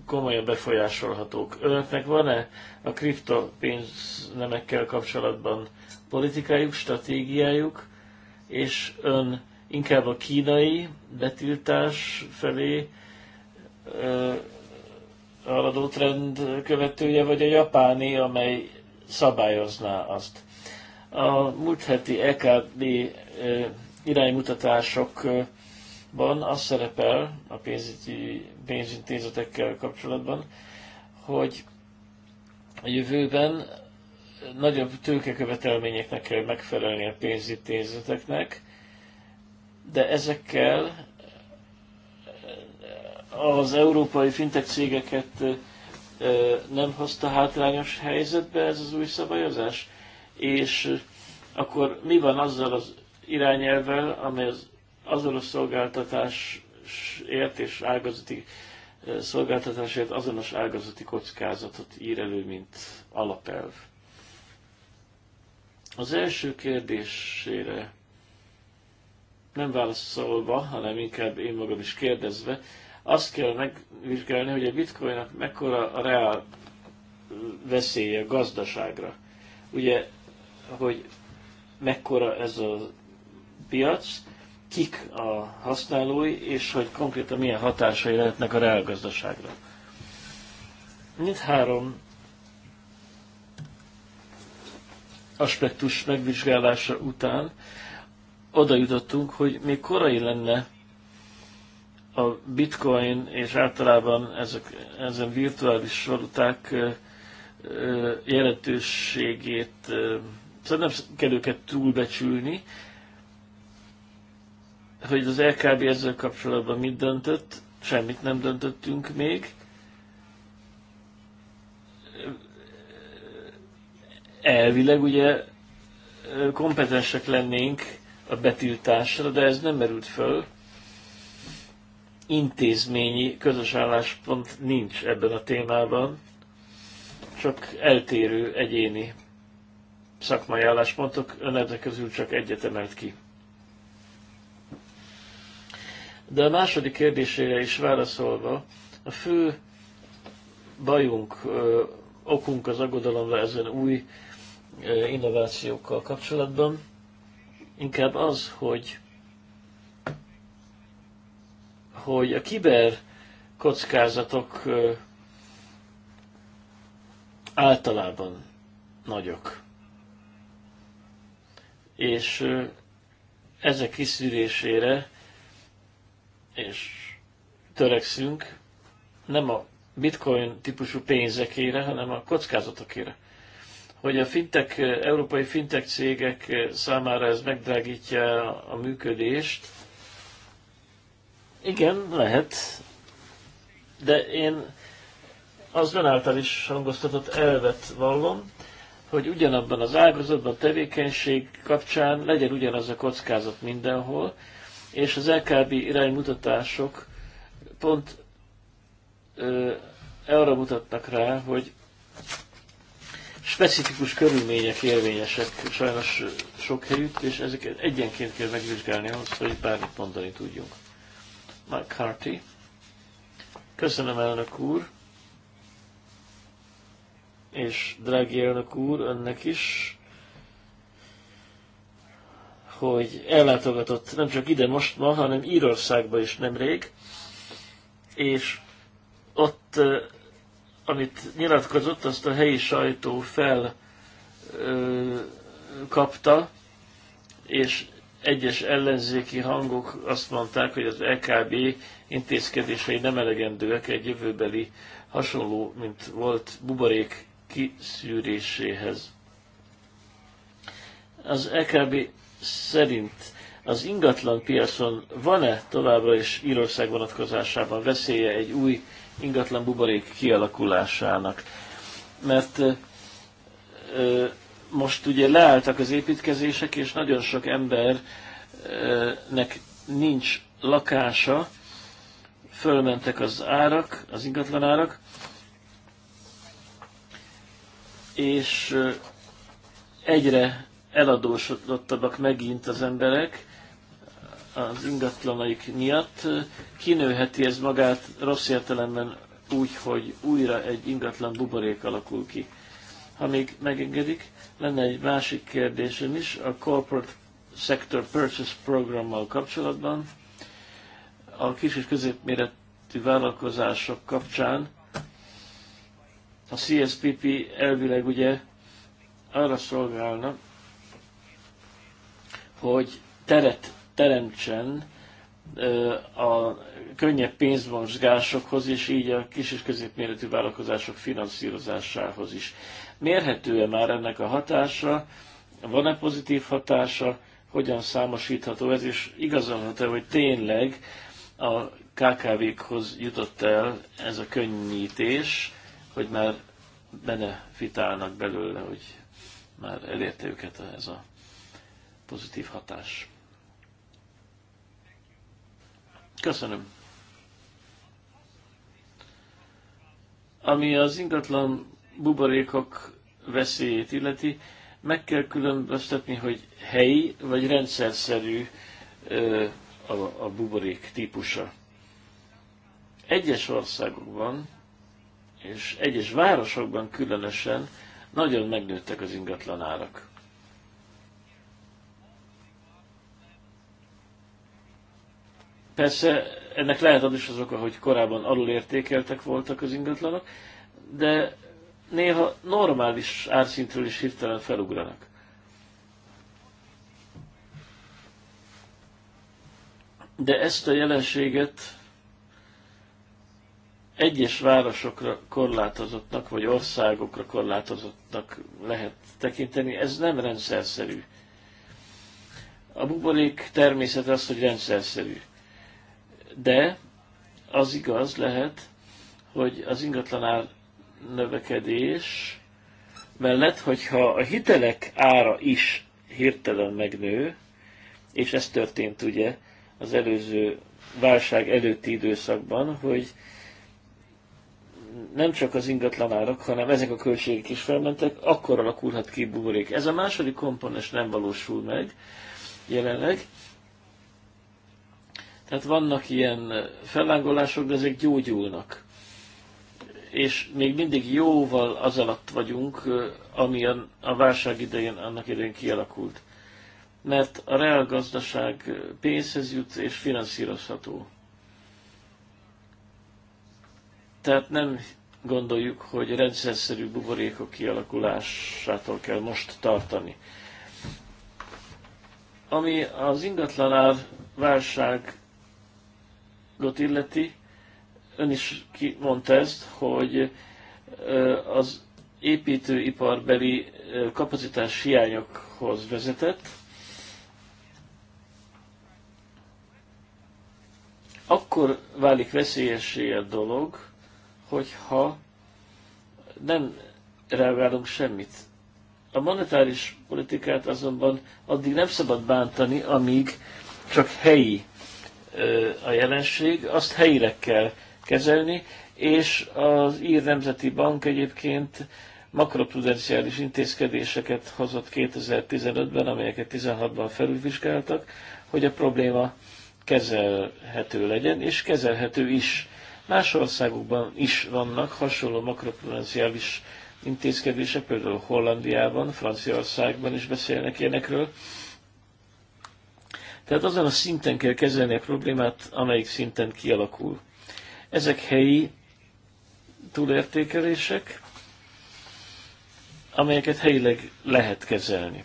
komolyan befolyásolhatók. Önöknek van-e a kriptopénznemekkel kapcsolatban politikájuk, stratégiájuk, és ön inkább a kínai betiltás felé ö, trend követője, vagy a japáni, amely szabályozná azt. A múlt heti EKB iránymutatásokban az szerepel a pénzügyi, pénzintézetekkel kapcsolatban, hogy a jövőben nagyobb tőkekövetelményeknek kell megfelelni a pénzintézeteknek, de ezekkel az európai fintech cégeket nem hozta hátrányos helyzetbe ez az új szabályozás? És akkor mi van azzal az irányelvvel, amely az, azon a szolgáltatásért és ágazati szolgáltatásért azonos ágazati kockázatot ír elő, mint alapelv? Az első kérdésére nem válaszolva, hanem inkább én magam is kérdezve, azt kell megvizsgálni, hogy a bitcoinnak mekkora a reál veszélye a gazdaságra. Ugye, hogy mekkora ez a piac, kik a használói, és hogy konkrétan milyen hatásai lehetnek a gazdaságra. Mind három aspektus megvizsgálása után oda jutottunk, hogy még korai lenne a bitcoin és általában ezek, ezen virtuális valuták jelentőségét szóval nem kell őket túlbecsülni, hogy az LKB ezzel kapcsolatban mit döntött, semmit nem döntöttünk még. Elvileg ugye kompetensek lennénk a betiltásra, de ez nem merült föl intézményi közös álláspont nincs ebben a témában, csak eltérő egyéni szakmai álláspontok, ön ezek közül csak egyet emelt ki. De a második kérdésére is válaszolva, a fő bajunk, ö, okunk az aggodalomra ezen új ö, innovációkkal kapcsolatban inkább az, hogy hogy a kiber kockázatok általában nagyok. És ezek kiszűrésére és törekszünk nem a bitcoin típusú pénzekére, hanem a kockázatokére. Hogy a fintek európai fintek cégek számára ez megdrágítja a működést, igen, lehet, de én az ön által is hangoztatott elvet vallom, hogy ugyanabban az ágazatban, a tevékenység kapcsán legyen ugyanaz a kockázat mindenhol, és az LKB iránymutatások pont ö, arra mutatnak rá, hogy specifikus körülmények érvényesek sajnos sok helyütt, és ezeket egyenként kell megvizsgálni ahhoz, hogy bármit mondani tudjunk. McCarthy. Köszönöm, elnök úr, és drági elnök úr, önnek is, hogy ellátogatott nem csak ide most ma, hanem Írországba is nemrég, és ott, amit nyilatkozott, azt a helyi sajtó fel kapta, és egyes ellenzéki hangok azt mondták, hogy az LKB e intézkedései nem elegendőek egy jövőbeli hasonló, mint volt buborék kiszűréséhez. Az LKB e szerint az ingatlan piacon van-e továbbra is Írország vonatkozásában veszélye egy új ingatlan buborék kialakulásának? Mert ö, most ugye leálltak az építkezések, és nagyon sok embernek nincs lakása, fölmentek az árak, az ingatlan árak, és egyre eladósodottabbak megint az emberek az ingatlanaik miatt. Kinőheti ez magát rossz értelemben úgy, hogy újra egy ingatlan buborék alakul ki. Ha még megengedik, lenne egy másik kérdésem is a Corporate Sector Purchase Programmal kapcsolatban. A kis és középméretű vállalkozások kapcsán a CSPP elvileg ugye arra szolgálna, hogy teret teremtsen a könnyebb pénzmozgásokhoz, és így a kis és középméretű vállalkozások finanszírozásához is. Mérhető-e már ennek a hatása? Van-e pozitív hatása? Hogyan számosítható ez? És Igazolható, e hogy tényleg a KKV-khoz jutott el ez a könnyítés, hogy már benefitálnak belőle, hogy már elérte őket ez a pozitív hatás. Köszönöm. Ami az ingatlan buborékok veszélyét illeti, meg kell különböztetni, hogy helyi vagy rendszerszerű a, a buborék típusa. Egyes országokban és egyes városokban különösen nagyon megnőttek az ingatlan árak. Persze ennek lehet az is az oka, hogy korábban alulértékeltek voltak az ingatlanok, de néha normális árszintről is hirtelen felugranak. De ezt a jelenséget egyes városokra korlátozottnak, vagy országokra korlátozottnak lehet tekinteni. Ez nem rendszerszerű. A buborék természet az, hogy rendszerszerű. De az igaz lehet, hogy az ingatlanár növekedés mellett, hogyha a hitelek ára is hirtelen megnő, és ez történt ugye az előző válság előtti időszakban, hogy nem csak az ingatlanárak, hanem ezek a költségek is felmentek, akkor alakulhat ki buborék. Ez a második komponens nem valósul meg jelenleg. Tehát vannak ilyen fellángolások, de ezek gyógyulnak és még mindig jóval az alatt vagyunk, ami a válság idején, annak idején kialakult. Mert a reál gazdaság pénzhez jut és finanszírozható. Tehát nem gondoljuk, hogy rendszerszerű buborékok kialakulásától kell most tartani. Ami az ingatlanár válságot illeti, ön is kimondta ezt, hogy az építőiparbeli kapacitás hiányokhoz vezetett. Akkor válik veszélyessé a dolog, hogyha nem reagálunk semmit. A monetáris politikát azonban addig nem szabad bántani, amíg csak helyi a jelenség, azt helyire kell kezelni, és az Ír Nemzeti Bank egyébként makroprudenciális intézkedéseket hozott 2015-ben, amelyeket 16-ban felülvizsgáltak, hogy a probléma kezelhető legyen, és kezelhető is. Más országokban is vannak hasonló makroprudenciális intézkedések, például Hollandiában, Franciaországban is beszélnek ilyenekről. Tehát azon a szinten kell kezelni a problémát, amelyik szinten kialakul. Ezek helyi túlértékelések, amelyeket helyileg lehet kezelni.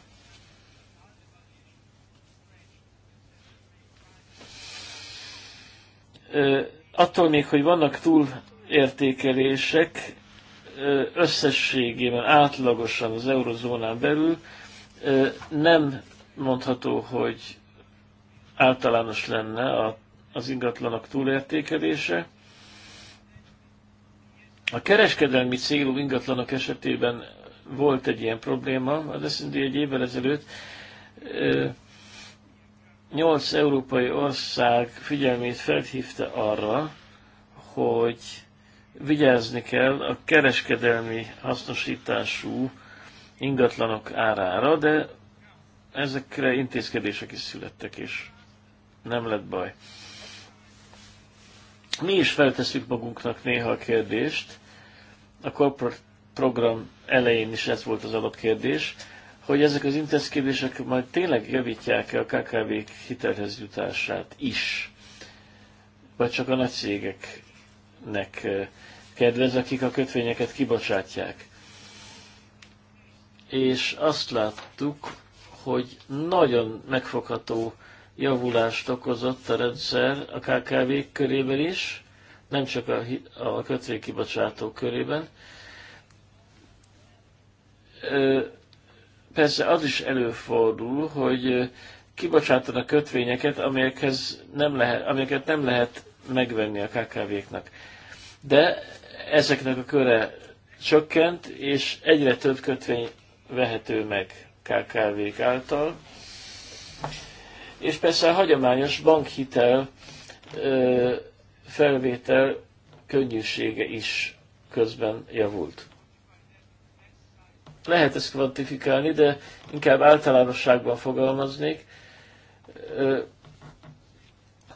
Attól még, hogy vannak túlértékelések, összességében, átlagosan az eurozónán belül nem mondható, hogy általános lenne az ingatlanok túlértékelése, a kereskedelmi célú ingatlanok esetében volt egy ilyen probléma, az S&D egy évvel ezelőtt 8 európai ország figyelmét felhívta arra, hogy vigyázni kell a kereskedelmi hasznosítású ingatlanok árára, de ezekre intézkedések is születtek, és nem lett baj. Mi is feltesszük magunknak néha a kérdést, a corporate program elején is ez volt az alapkérdés, hogy ezek az intézkedések majd tényleg javítják-e a KKV-k hitelhez jutását is, vagy csak a nagy cégeknek eh, kedvez, akik a kötvényeket kibocsátják. És azt láttuk, hogy nagyon megfogható javulást okozott a rendszer a KKV körében is, nem csak a, a kötvénykibocsátók körében. Persze az is előfordul, hogy kibocsátanak kötvényeket, amelyekhez nem lehet, amelyeket nem lehet megvenni a KKV-knak. De ezeknek a köre csökkent, és egyre több kötvény vehető meg KKV-k által és persze a hagyományos bankhitel felvétel könnyűsége is közben javult. Lehet ezt kvantifikálni, de inkább általánosságban fogalmaznék.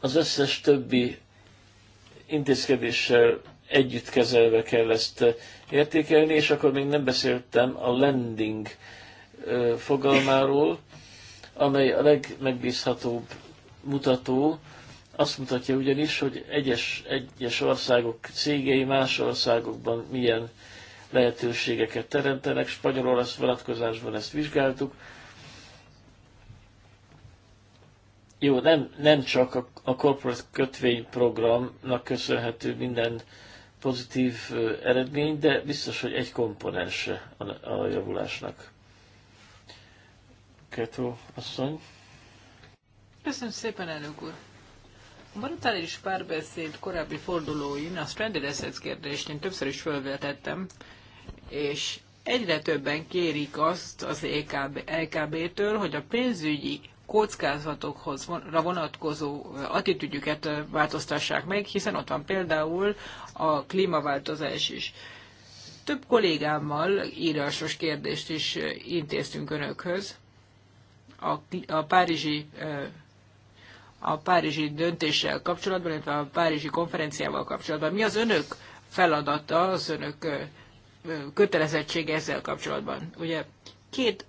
Az összes többi intézkedéssel együtt kezelve kell ezt értékelni, és akkor még nem beszéltem a lending fogalmáról, amely a legmegbízhatóbb mutató, azt mutatja ugyanis, hogy egyes, egyes országok cégei más országokban milyen lehetőségeket teremtenek. Spanyol-olasz vonatkozásban ezt vizsgáltuk. Jó, nem, nem csak a, a corporate kötvényprogramnak köszönhető minden pozitív eredmény, de biztos, hogy egy komponense a, a javulásnak. Kettő asszony. Köszönöm szépen, elnök úr. A monetáris párbeszéd korábbi fordulóin a stranded assets kérdést én többször is felvetettem, és egyre többen kérik azt az LKB-től, e e hogy a pénzügyi kockázatokhoz vonatkozó attitűdjüket változtassák meg, hiszen ott van például a klímaváltozás is. Több kollégámmal írásos kérdést is intéztünk önökhöz a, a párizsi a párizsi döntéssel kapcsolatban, illetve a párizsi konferenciával kapcsolatban. Mi az önök feladata, az önök kötelezettsége ezzel kapcsolatban? Ugye két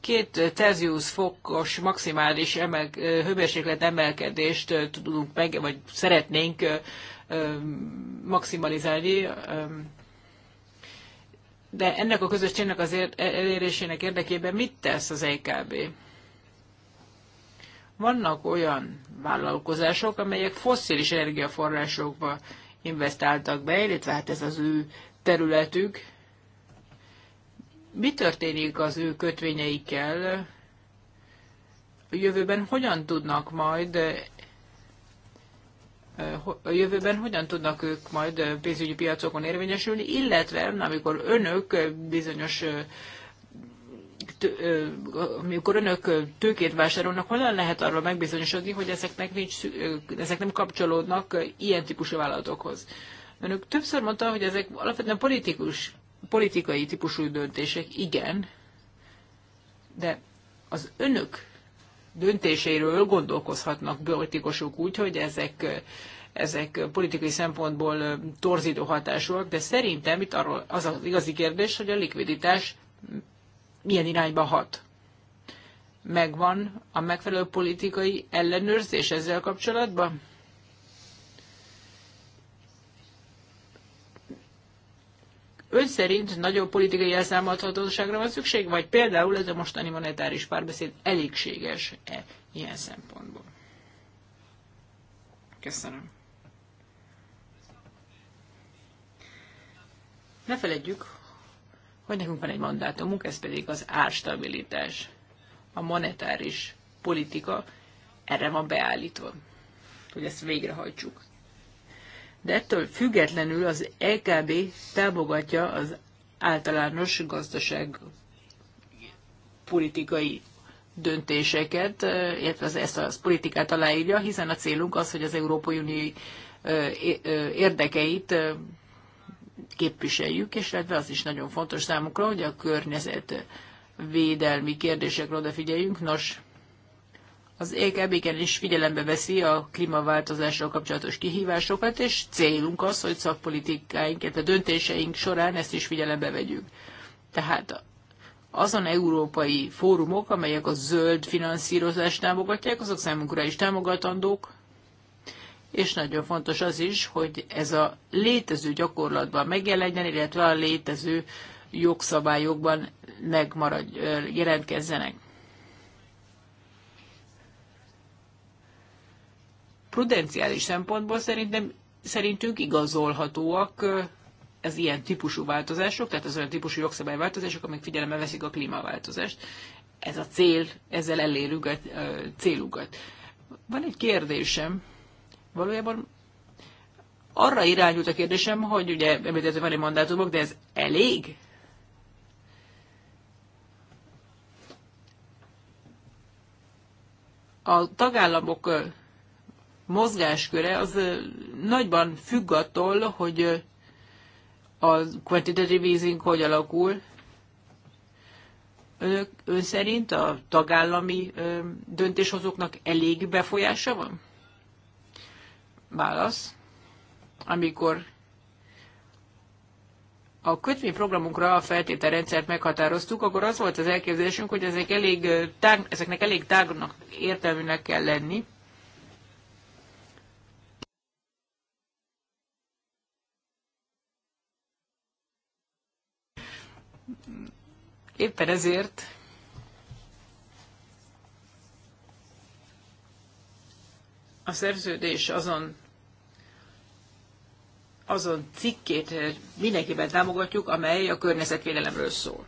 két Celsius fokos maximális emel, hőmérséklet emelkedést tudunk meg, vagy szeretnénk maximalizálni de ennek a közös célnak az e-, elérésének érdekében mit tesz az EKB? Vannak olyan vállalkozások, amelyek fosszilis energiaforrásokba investáltak be, illetve hát ez az ő területük. Mi történik az ő kötvényeikkel? A jövőben hogyan tudnak majd a jövőben hogyan tudnak ők majd pénzügyi piacokon érvényesülni, illetve amikor önök bizonyos amikor önök tőkét vásárolnak, hogyan lehet arról megbizonyosodni, hogy ezeknek nincs, ezek nem kapcsolódnak ilyen típusú vállalatokhoz? Önök többször mondta, hogy ezek alapvetően politikus, politikai típusú döntések, igen, de az önök döntéséről gondolkozhatnak politikusok úgy, hogy ezek ezek politikai szempontból torzító hatásúak, de szerintem itt arról az az igazi kérdés, hogy a likviditás milyen irányba hat. Megvan a megfelelő politikai ellenőrzés ezzel kapcsolatban? ön szerint nagyobb politikai elszámolhatóságra van szükség, vagy például ez a mostani monetáris párbeszéd elégséges-e ilyen szempontból? Köszönöm. Ne feledjük, hogy nekünk van egy mandátumunk, ez pedig az árstabilitás, a monetáris politika erre van beállítva, hogy ezt végrehajtsuk de ettől függetlenül az EKB támogatja az általános gazdaság politikai döntéseket, illetve az, ezt a politikát aláírja, hiszen a célunk az, hogy az Európai Unió érdekeit képviseljük, és illetve az is nagyon fontos számukra, hogy a környezet védelmi kérdésekre odafigyeljünk. Nos, az EKB is figyelembe veszi a klímaváltozással kapcsolatos kihívásokat, és célunk az, hogy szakpolitikáink, illetve döntéseink során ezt is figyelembe vegyük. Tehát azon európai fórumok, amelyek a zöld finanszírozást támogatják, azok számunkra is támogatandók, és nagyon fontos az is, hogy ez a létező gyakorlatban megjelenjen, illetve a létező jogszabályokban megmarad, jelentkezzenek. prudenciális szempontból szerintem, szerintünk igazolhatóak ez ilyen típusú változások, tehát az olyan típusú jogszabályváltozások, amik figyelembe veszik a klímaváltozást. Ez a cél, ezzel elérünk a célukat. Van egy kérdésem, valójában arra irányult a kérdésem, hogy ugye említett, van egy mandátumok, de ez elég? A tagállamok mozgásköre az nagyban függ attól, hogy a quantitative easing hogy alakul. Önök, ön szerint a tagállami döntéshozóknak elég befolyása van? Válasz. Amikor a kötvényprogramunkra a feltételrendszert meghatároztuk, akkor az volt az elképzelésünk, hogy ezek elég tág, ezeknek elég tágnak értelműnek kell lenni. Éppen ezért a szerződés azon azon cikkét mindenképpen támogatjuk, amely a környezetvédelemről szól.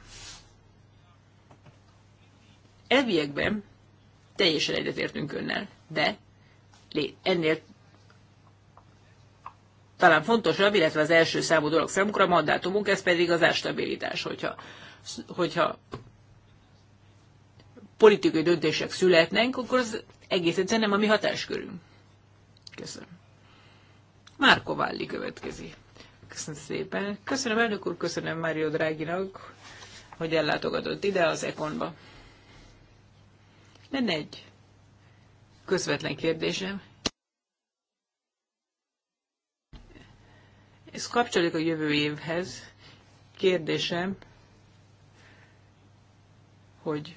Elviekben teljesen egyetértünk önnel, de ennél talán fontosabb, illetve az első számú dolog számukra a mandátumunk, ez pedig az ástabilitás, Hogyha, hogyha politikai döntések születnek, akkor az egész egyszerűen nem a mi hatáskörünk. Köszönöm. Márko Válli következik. Köszönöm szépen. Köszönöm elnök úr, köszönöm Mário Dráginak, hogy ellátogatott ide az Ekonba. Lenne egy közvetlen kérdésem. Ez kapcsolódik a jövő évhez. Kérdésem, hogy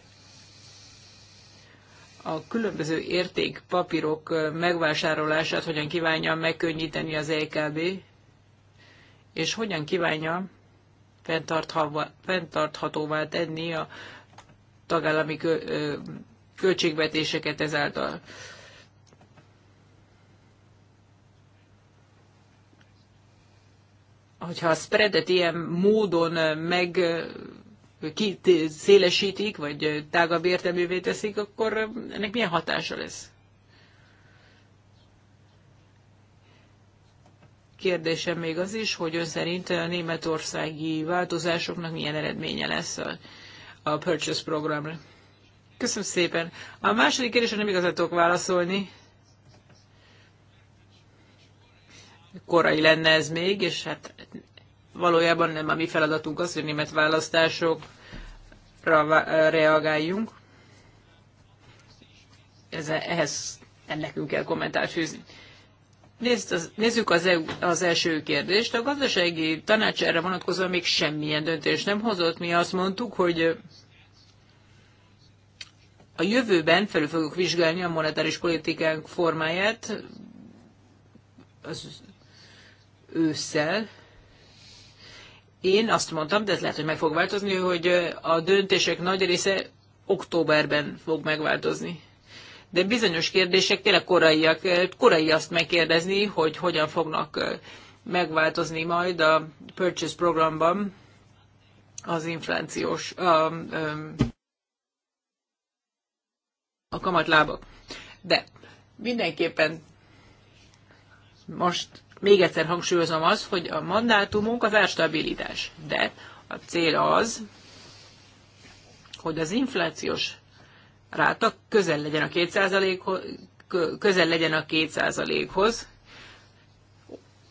a különböző értékpapírok megvásárolását hogyan kívánja megkönnyíteni az EKB, és hogyan kívánja fenntarthatóvá tenni a tagállami költségvetéseket ezáltal. hogyha a spreadet ilyen módon meg szélesítik, vagy tágabb értelművé teszik, akkor ennek milyen hatása lesz? Kérdésem még az is, hogy ön szerint a németországi változásoknak milyen eredménye lesz a, a purchase programra. Köszönöm szépen. A második kérdésre nem igazán tudok válaszolni. korai lenne ez még, és hát valójában nem a mi feladatunk az, hogy német választásokra reagáljunk. Ez, ehhez nekünk kell kommentárt fűzni. Nézd, az, nézzük az, e az első kérdést. A gazdasági tanács erre vonatkozóan még semmilyen döntést nem hozott. Mi azt mondtuk, hogy a jövőben felül fogjuk vizsgálni a monetáris politikánk formáját, az ősszel. Én azt mondtam, de ez lehet, hogy meg fog változni, hogy a döntések nagy része októberben fog megváltozni. De bizonyos kérdések tényleg koraiak, korai azt megkérdezni, hogy hogyan fognak megváltozni majd a purchase programban az inflációs, a, a kamatlábak. De mindenképpen most még egyszer hangsúlyozom az, hogy a mandátumunk az árstabilitás, de a cél az, hogy az inflációs ráta közel legyen a 2%-hoz, közel legyen a 2%-hoz.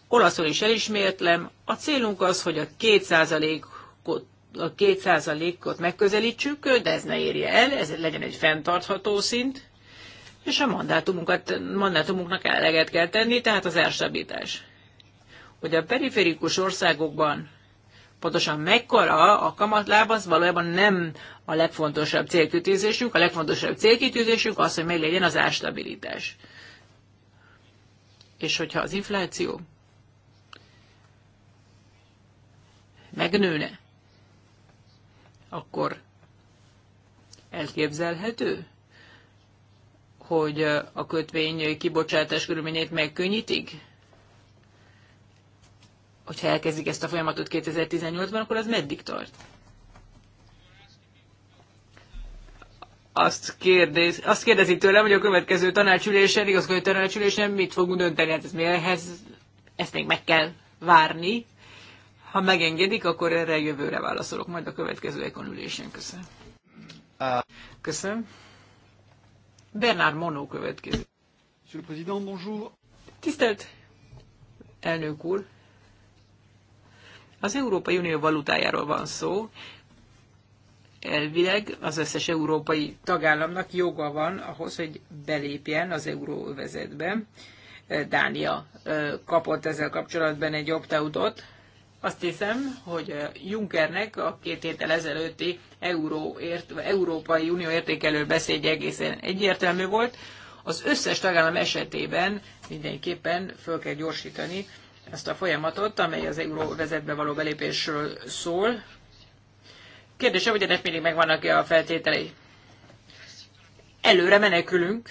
Olaszul is elismétlem, a célunk az, hogy a 2%-ot a 2%-ot megközelítsük, de ez ne érje el, ez legyen egy fenntartható szint és a mandátumunkat, mandátumunknak eleget kell tenni, tehát az elsebítás. Hogy a periférikus országokban pontosan mekkora a kamatláb, az valójában nem a legfontosabb célkütőzésünk. A legfontosabb célkütőzésünk az, hogy legyen az árstabilitás. És hogyha az infláció megnőne, akkor elképzelhető, hogy a kötvény kibocsátás körülményeit megkönnyítik? Hogyha elkezdik ezt a folyamatot 2018-ban, akkor az meddig tart? Azt, kérdez, azt kérdezi tőlem, hogy a következő tanácsülésen, igazgató tanácsülésen mit fogunk dönteni, hát ez mi ehhez, ezt még meg kell várni. Ha megengedik, akkor erre jövőre válaszolok, majd a következő ekonülésen. Köszönöm. Köszönöm. Bernard Monó következő. Monsieur le Président, bonjour. Tisztelt elnök úr! Az Európai Unió valutájáról van szó. Elvileg az összes európai tagállamnak joga van ahhoz, hogy belépjen az euróvezetbe. Dánia kapott ezzel kapcsolatban egy opt-outot, azt hiszem, hogy Junckernek a két héttel ezelőtti Euróért, Európai Unió értékelő beszédje egészen egyértelmű volt. Az összes tagállam esetében mindenképpen föl kell gyorsítani ezt a folyamatot, amely az euróvezetbe való belépésről szól. Kérdésem, hogy ennek mindig megvannak-e a feltételei? Előre menekülünk.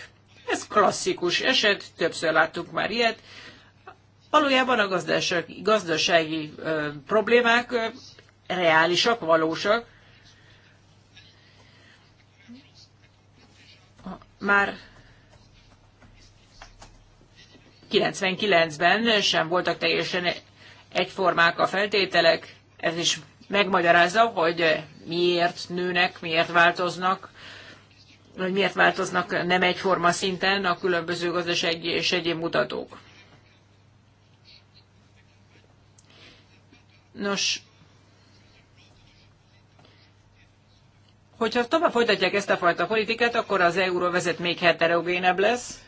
Ez klasszikus eset, többször láttuk már ilyet. Valójában a gazdasági, gazdasági ö, problémák ö, reálisak, valósak. Már 99-ben sem voltak teljesen egyformák a feltételek, ez is megmagyarázza, hogy miért nőnek, miért változnak, hogy miért változnak nem egyforma szinten a különböző gazdasági és egyéb mutatók. Nos, hogyha tovább folytatják ezt a fajta politikát, akkor az euró vezet még heterogénebb lesz.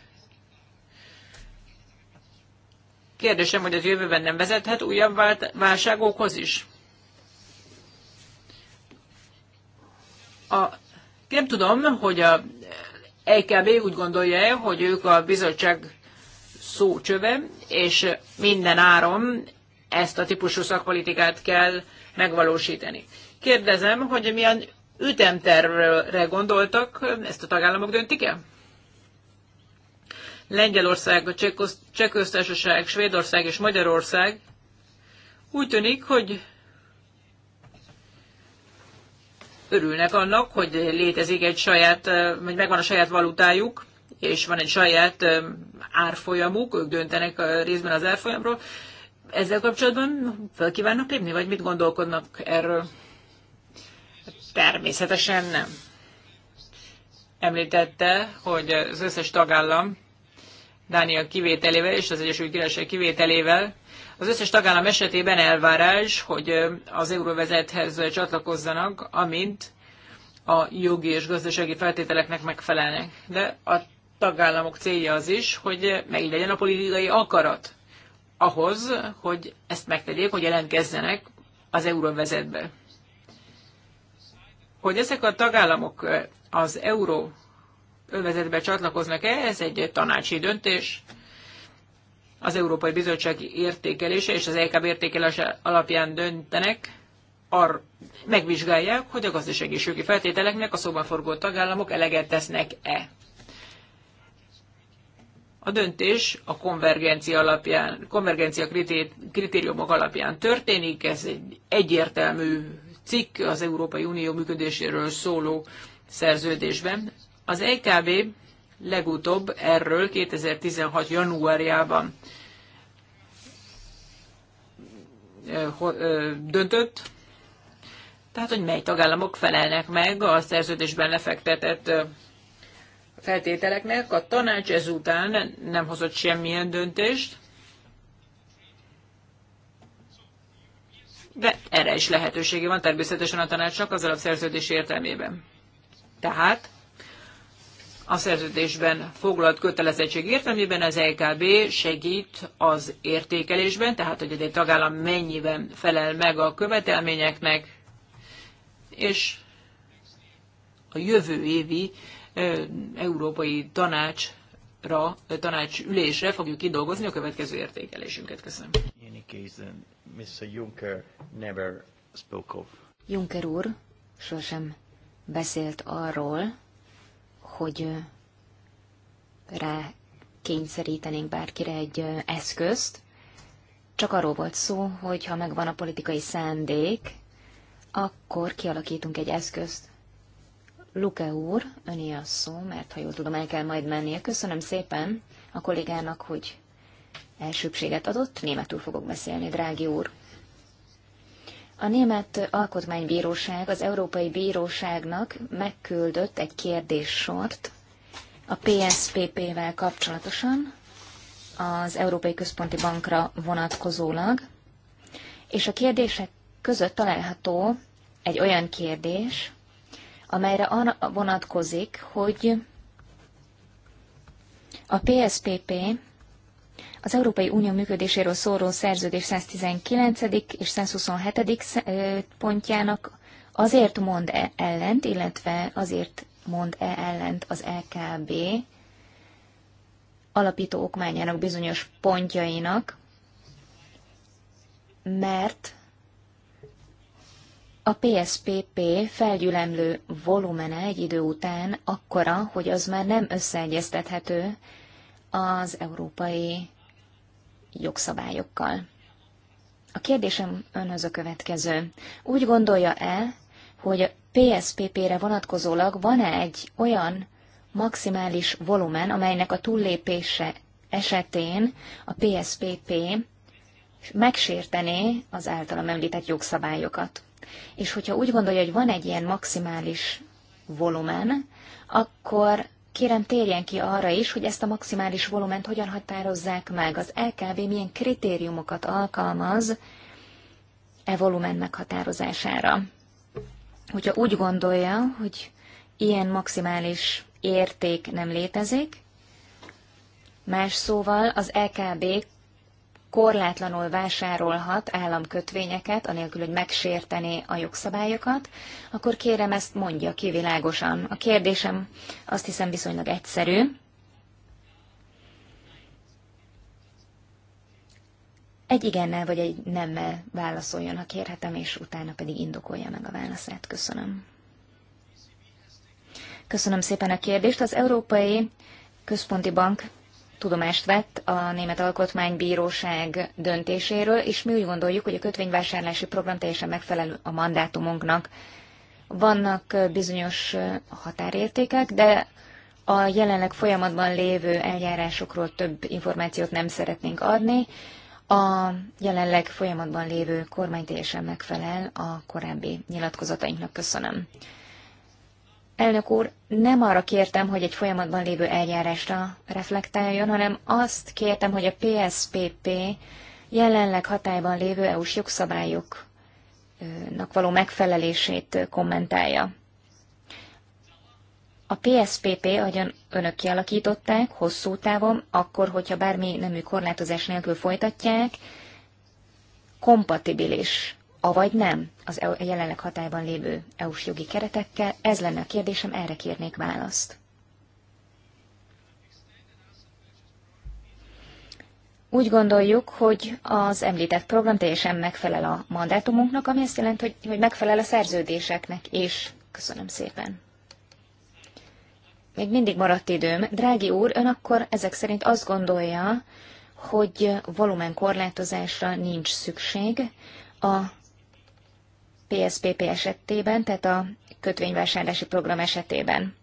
Kérdésem, hogy az jövőben nem vezethet újabb válságokhoz is. A, nem tudom, hogy a EKB úgy gondolja-e, hogy ők a bizottság szócsöve, és minden áron ezt a típusú szakpolitikát kell megvalósítani. Kérdezem, hogy milyen ütemtervre gondoltak, ezt a tagállamok döntik el? Lengyelország, a Csehköztársaság, Svédország és Magyarország úgy tűnik, hogy örülnek annak, hogy létezik egy saját, vagy megvan a saját valutájuk, és van egy saját árfolyamuk, ők döntenek részben az árfolyamról, ezzel kapcsolatban fel kívánnak lépni, vagy mit gondolkodnak erről? Természetesen nem. Említette, hogy az összes tagállam, Dánia kivételével és az Egyesült Királyság kivételével, az összes tagállam esetében elvárás, hogy az euróvezethez csatlakozzanak, amint a jogi és gazdasági feltételeknek megfelelnek. De a tagállamok célja az is, hogy meg legyen a politikai akarat ahhoz, hogy ezt megtegyék, hogy jelentkezzenek az euróvezetbe. Hogy ezek a tagállamok az euró övezetbe csatlakoznak-e, ez egy tanácsi döntés. Az Európai Bizottság értékelése és az EKB értékelése alapján döntenek, ar megvizsgálják, hogy a gazdasági jogi feltételeknek a szóban forgó tagállamok eleget tesznek-e. A döntés a konvergencia, alapján, konvergencia kritériumok alapján történik, ez egy egyértelmű cikk az Európai Unió működéséről szóló szerződésben. Az EKB legutóbb erről 2016. januárjában döntött, tehát hogy mely tagállamok felelnek meg a szerződésben lefektetett feltételeknek. A tanács ezután nem hozott semmilyen döntést, de erre is lehetősége van természetesen a tanácsnak az alapszerződés értelmében. Tehát a szerződésben foglalt kötelezettség értelmében az LKB segít az értékelésben, tehát hogy egy tagállam mennyiben felel meg a követelményeknek, és a jövő évi Európai Tanácsra, tanács ülésre fogjuk kidolgozni a következő értékelésünket. Köszönöm. Juncker úr sosem beszélt arról, hogy rá kényszerítenénk bárkire egy eszközt, csak arról volt szó, hogy ha megvan a politikai szándék, akkor kialakítunk egy eszközt Luke úr, öné a szó, mert ha jól tudom, el kell majd mennie. Köszönöm szépen a kollégának, hogy elsőbséget adott. Németül fogok beszélni, drági úr. A Német Alkotmánybíróság az Európai Bíróságnak megküldött egy kérdéssort a PSPP-vel kapcsolatosan, az Európai Központi Bankra vonatkozólag, és a kérdések között található egy olyan kérdés, amelyre arra vonatkozik, hogy a PSPP az Európai Unió működéséről szóló szerződés 119. és 127. pontjának azért mond -e ellent, illetve azért mond -e ellent az LKB alapító okmányának bizonyos pontjainak, mert a PSPP felgyülemlő volumene egy idő után akkora, hogy az már nem összeegyeztethető az európai jogszabályokkal. A kérdésem önhöz a következő. Úgy gondolja-e, hogy a PSPP-re vonatkozólag van-e egy olyan maximális volumen, amelynek a túllépése esetén a PSPP megsértené az általam említett jogszabályokat? és hogyha úgy gondolja, hogy van egy ilyen maximális volumen, akkor kérem térjen ki arra is, hogy ezt a maximális volument hogyan határozzák meg, az LKB milyen kritériumokat alkalmaz e volumen meghatározására. Hogyha úgy gondolja, hogy ilyen maximális érték nem létezik, más szóval az LKB korlátlanul vásárolhat államkötvényeket, anélkül, hogy megsértené a jogszabályokat, akkor kérem ezt mondja ki világosan. A kérdésem azt hiszem viszonylag egyszerű. Egy igennel vagy egy nemmel válaszoljon, ha kérhetem, és utána pedig indokolja meg a válaszát. Köszönöm. Köszönöm szépen a kérdést. Az Európai Központi Bank tudomást vett a Német Alkotmánybíróság döntéséről, és mi úgy gondoljuk, hogy a kötvényvásárlási program teljesen megfelel a mandátumunknak. Vannak bizonyos határértékek, de a jelenleg folyamatban lévő eljárásokról több információt nem szeretnénk adni. A jelenleg folyamatban lévő kormány teljesen megfelel a korábbi nyilatkozatainknak. Köszönöm. Elnök úr, nem arra kértem, hogy egy folyamatban lévő eljárásra reflektáljon, hanem azt kértem, hogy a PSPP jelenleg hatályban lévő EU-s jogszabályoknak való megfelelését kommentálja. A PSPP, ahogyan önök kialakították, hosszú távon, akkor, hogyha bármi nemű korlátozás nélkül folytatják, kompatibilis avagy nem az EU, jelenleg hatályban lévő EU-s jogi keretekkel? Ez lenne a kérdésem, erre kérnék választ. Úgy gondoljuk, hogy az említett program teljesen megfelel a mandátumunknak, ami azt jelenti, hogy, hogy megfelel a szerződéseknek, és köszönöm szépen. Még mindig maradt időm. Drági úr, ön akkor ezek szerint azt gondolja, hogy volumen korlátozásra nincs szükség, a PSPP esetében, tehát a kötvényvásárlási program esetében.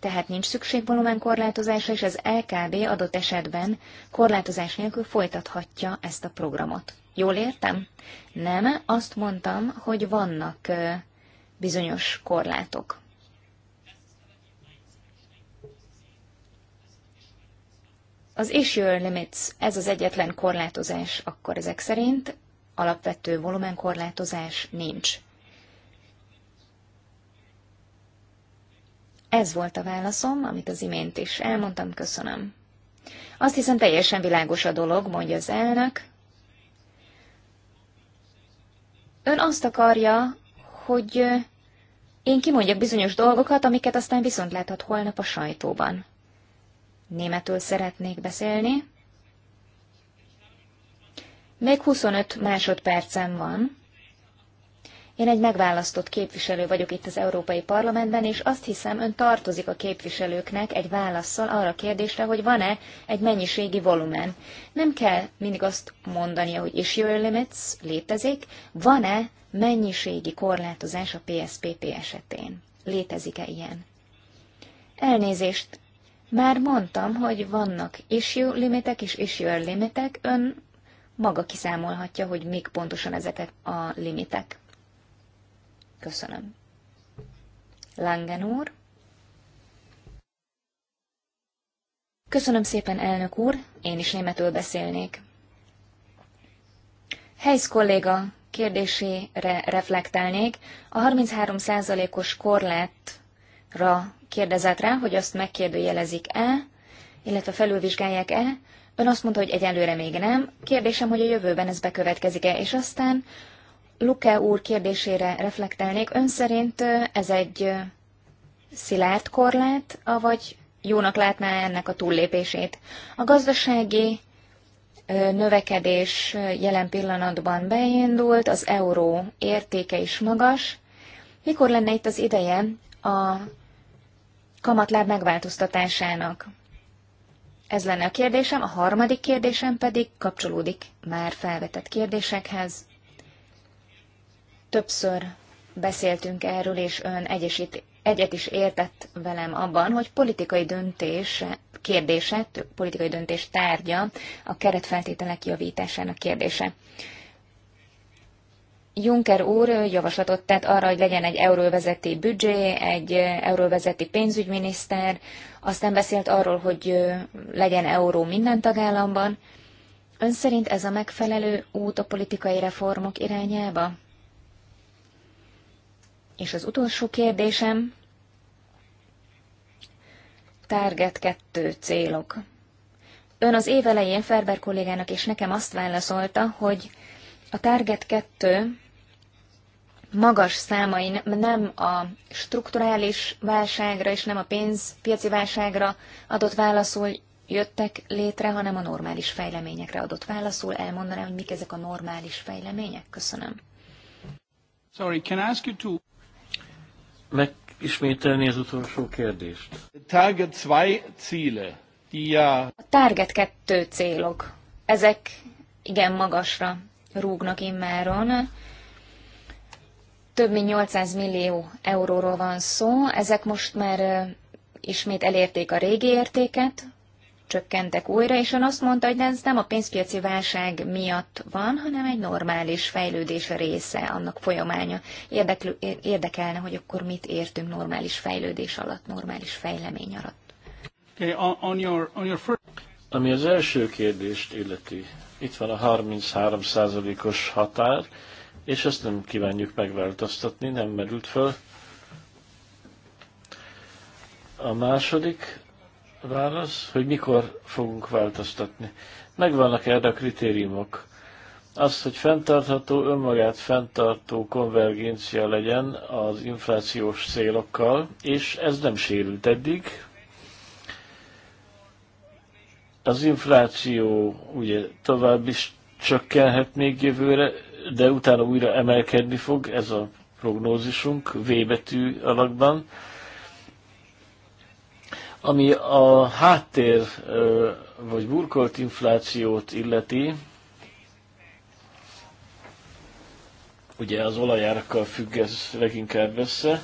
Tehát nincs szükség volumen korlátozásra, és az LKB adott esetben korlátozás nélkül folytathatja ezt a programot. Jól értem? Nem, azt mondtam, hogy vannak bizonyos korlátok. Az issue limits, ez az egyetlen korlátozás akkor ezek szerint, alapvető volumenkorlátozás nincs. Ez volt a válaszom, amit az imént is elmondtam, köszönöm. Azt hiszem teljesen világos a dolog, mondja az elnök. Ön azt akarja, hogy én kimondjak bizonyos dolgokat, amiket aztán viszont láthat holnap a sajtóban. Németül szeretnék beszélni. Még 25 másodpercem van. Én egy megválasztott képviselő vagyok itt az Európai Parlamentben, és azt hiszem, ön tartozik a képviselőknek egy válaszsal arra a kérdésre, hogy van-e egy mennyiségi volumen. Nem kell mindig azt mondania, hogy issue limits létezik, van-e mennyiségi korlátozás a PSPP esetén. Létezik-e ilyen? Elnézést, már mondtam, hogy vannak issue limitek és issue limitek, ön maga kiszámolhatja, hogy még pontosan ezek a limitek. Köszönöm. Langen úr. Köszönöm szépen, elnök úr, én is németül beszélnék. Helysz kolléga kérdésére reflektálnék. A 33%-os korlátra kérdezett rá, hogy azt megkérdőjelezik-e, illetve felülvizsgálják-e. Ön azt mondta, hogy egyelőre még nem. Kérdésem, hogy a jövőben ez bekövetkezik-e, és aztán Luke úr kérdésére reflektálnék. Ön szerint ez egy szilárd korlát, avagy jónak látná ennek a túllépését? A gazdasági növekedés jelen pillanatban beindult, az euró értéke is magas. Mikor lenne itt az ideje a kamatláb megváltoztatásának? Ez lenne a kérdésem, a harmadik kérdésem pedig kapcsolódik már felvetett kérdésekhez. Többször beszéltünk erről, és ön egyesít, egyet is értett velem abban, hogy politikai döntés kérdése, politikai döntés tárgya a keretfeltételek javításának kérdése. Juncker úr javaslatot tett arra, hogy legyen egy euróvezeti büdzsé, egy euróvezeti pénzügyminiszter, aztán beszélt arról, hogy legyen euró minden tagállamban. Ön szerint ez a megfelelő út a politikai reformok irányába? És az utolsó kérdésem, Target 2 célok. Ön az év elején Ferber kollégának és nekem azt válaszolta, hogy a Target 2 magas számai nem a strukturális válságra és nem a pénzpiaci válságra adott válaszul jöttek létre, hanem a normális fejleményekre adott válaszul. Elmondanám, hogy mik ezek a normális fejlemények? Köszönöm. Sorry, can I ask you to... Megismételni az utolsó kérdést. Target 2 A Target 2 célok. Ezek igen magasra rúgnak immáron több mint 800 millió euróról van szó, ezek most már ismét elérték a régi értéket, csökkentek újra, és ön azt mondta, hogy ez nem a pénzpiaci válság miatt van, hanem egy normális fejlődés része, annak folyamánya. Érdekl- érdekelne, hogy akkor mit értünk normális fejlődés alatt, normális fejlemény alatt. Okay, on your, on your first... Ami az első kérdést illeti, itt van a 33%-os határ, és ezt nem kívánjuk megváltoztatni, nem merült föl. A második válasz, hogy mikor fogunk változtatni. Megvannak erre a kritériumok. Az, hogy fenntartható, önmagát fenntartó konvergencia legyen az inflációs célokkal, és ez nem sérült eddig. Az infláció ugye tovább is csökkenhet még jövőre, de utána újra emelkedni fog, ez a prognózisunk, V betű alakban. Ami a háttér vagy burkolt inflációt illeti, ugye az olajárakkal függ ez leginkább össze,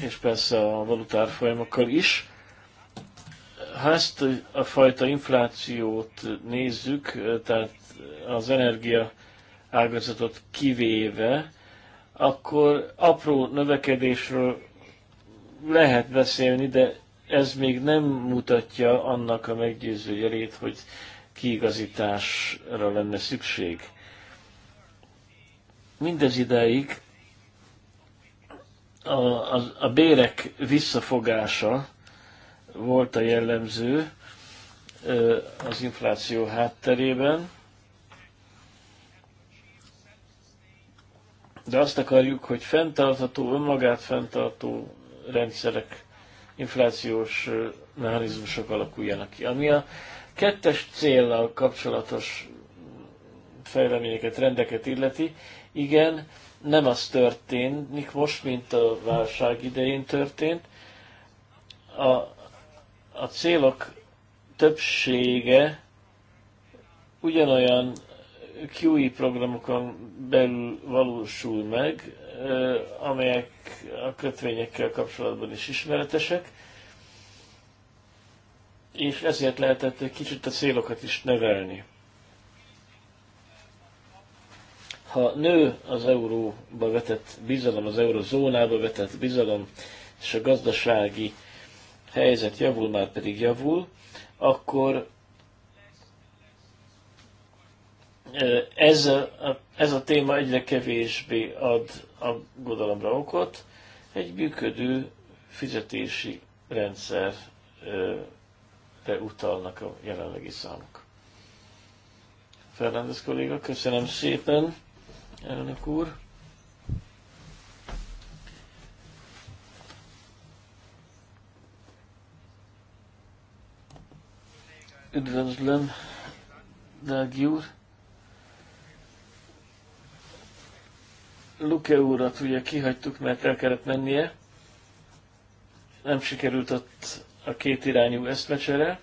és persze a valutárfolyamokkal is. Ha ezt a fajta inflációt nézzük, tehát az energia ágazatot kivéve, akkor apró növekedésről lehet beszélni, de ez még nem mutatja annak a meggyőző jelét, hogy kiigazításra lenne szükség. Mindez idáig a, a, a bérek visszafogása volt a jellemző az infláció hátterében, de azt akarjuk, hogy fenntartható, önmagát fenntartó rendszerek, inflációs mechanizmusok alakuljanak ki. Ami a kettes célnal kapcsolatos fejleményeket, rendeket illeti, igen, nem az történik most, mint a válság idején történt. A, a célok többsége ugyanolyan QE programokon belül valósul meg, amelyek a kötvényekkel kapcsolatban is ismeretesek, és ezért lehetett egy kicsit a célokat is nevelni. Ha nő az euróba vetett bizalom, az eurozónába vetett bizalom, és a gazdasági helyzet javul, már pedig javul, akkor ez a, ez a téma egyre kevésbé ad aggodalomra okot. Egy működő fizetési rendszerre utalnak a jelenlegi számok. Fernández kolléga, köszönöm szépen, elnök úr. Üdvözlöm, Dagi úr. Luke úrat ugye kihagytuk, mert el kellett mennie. Nem sikerült ott a két irányú eszmecsere.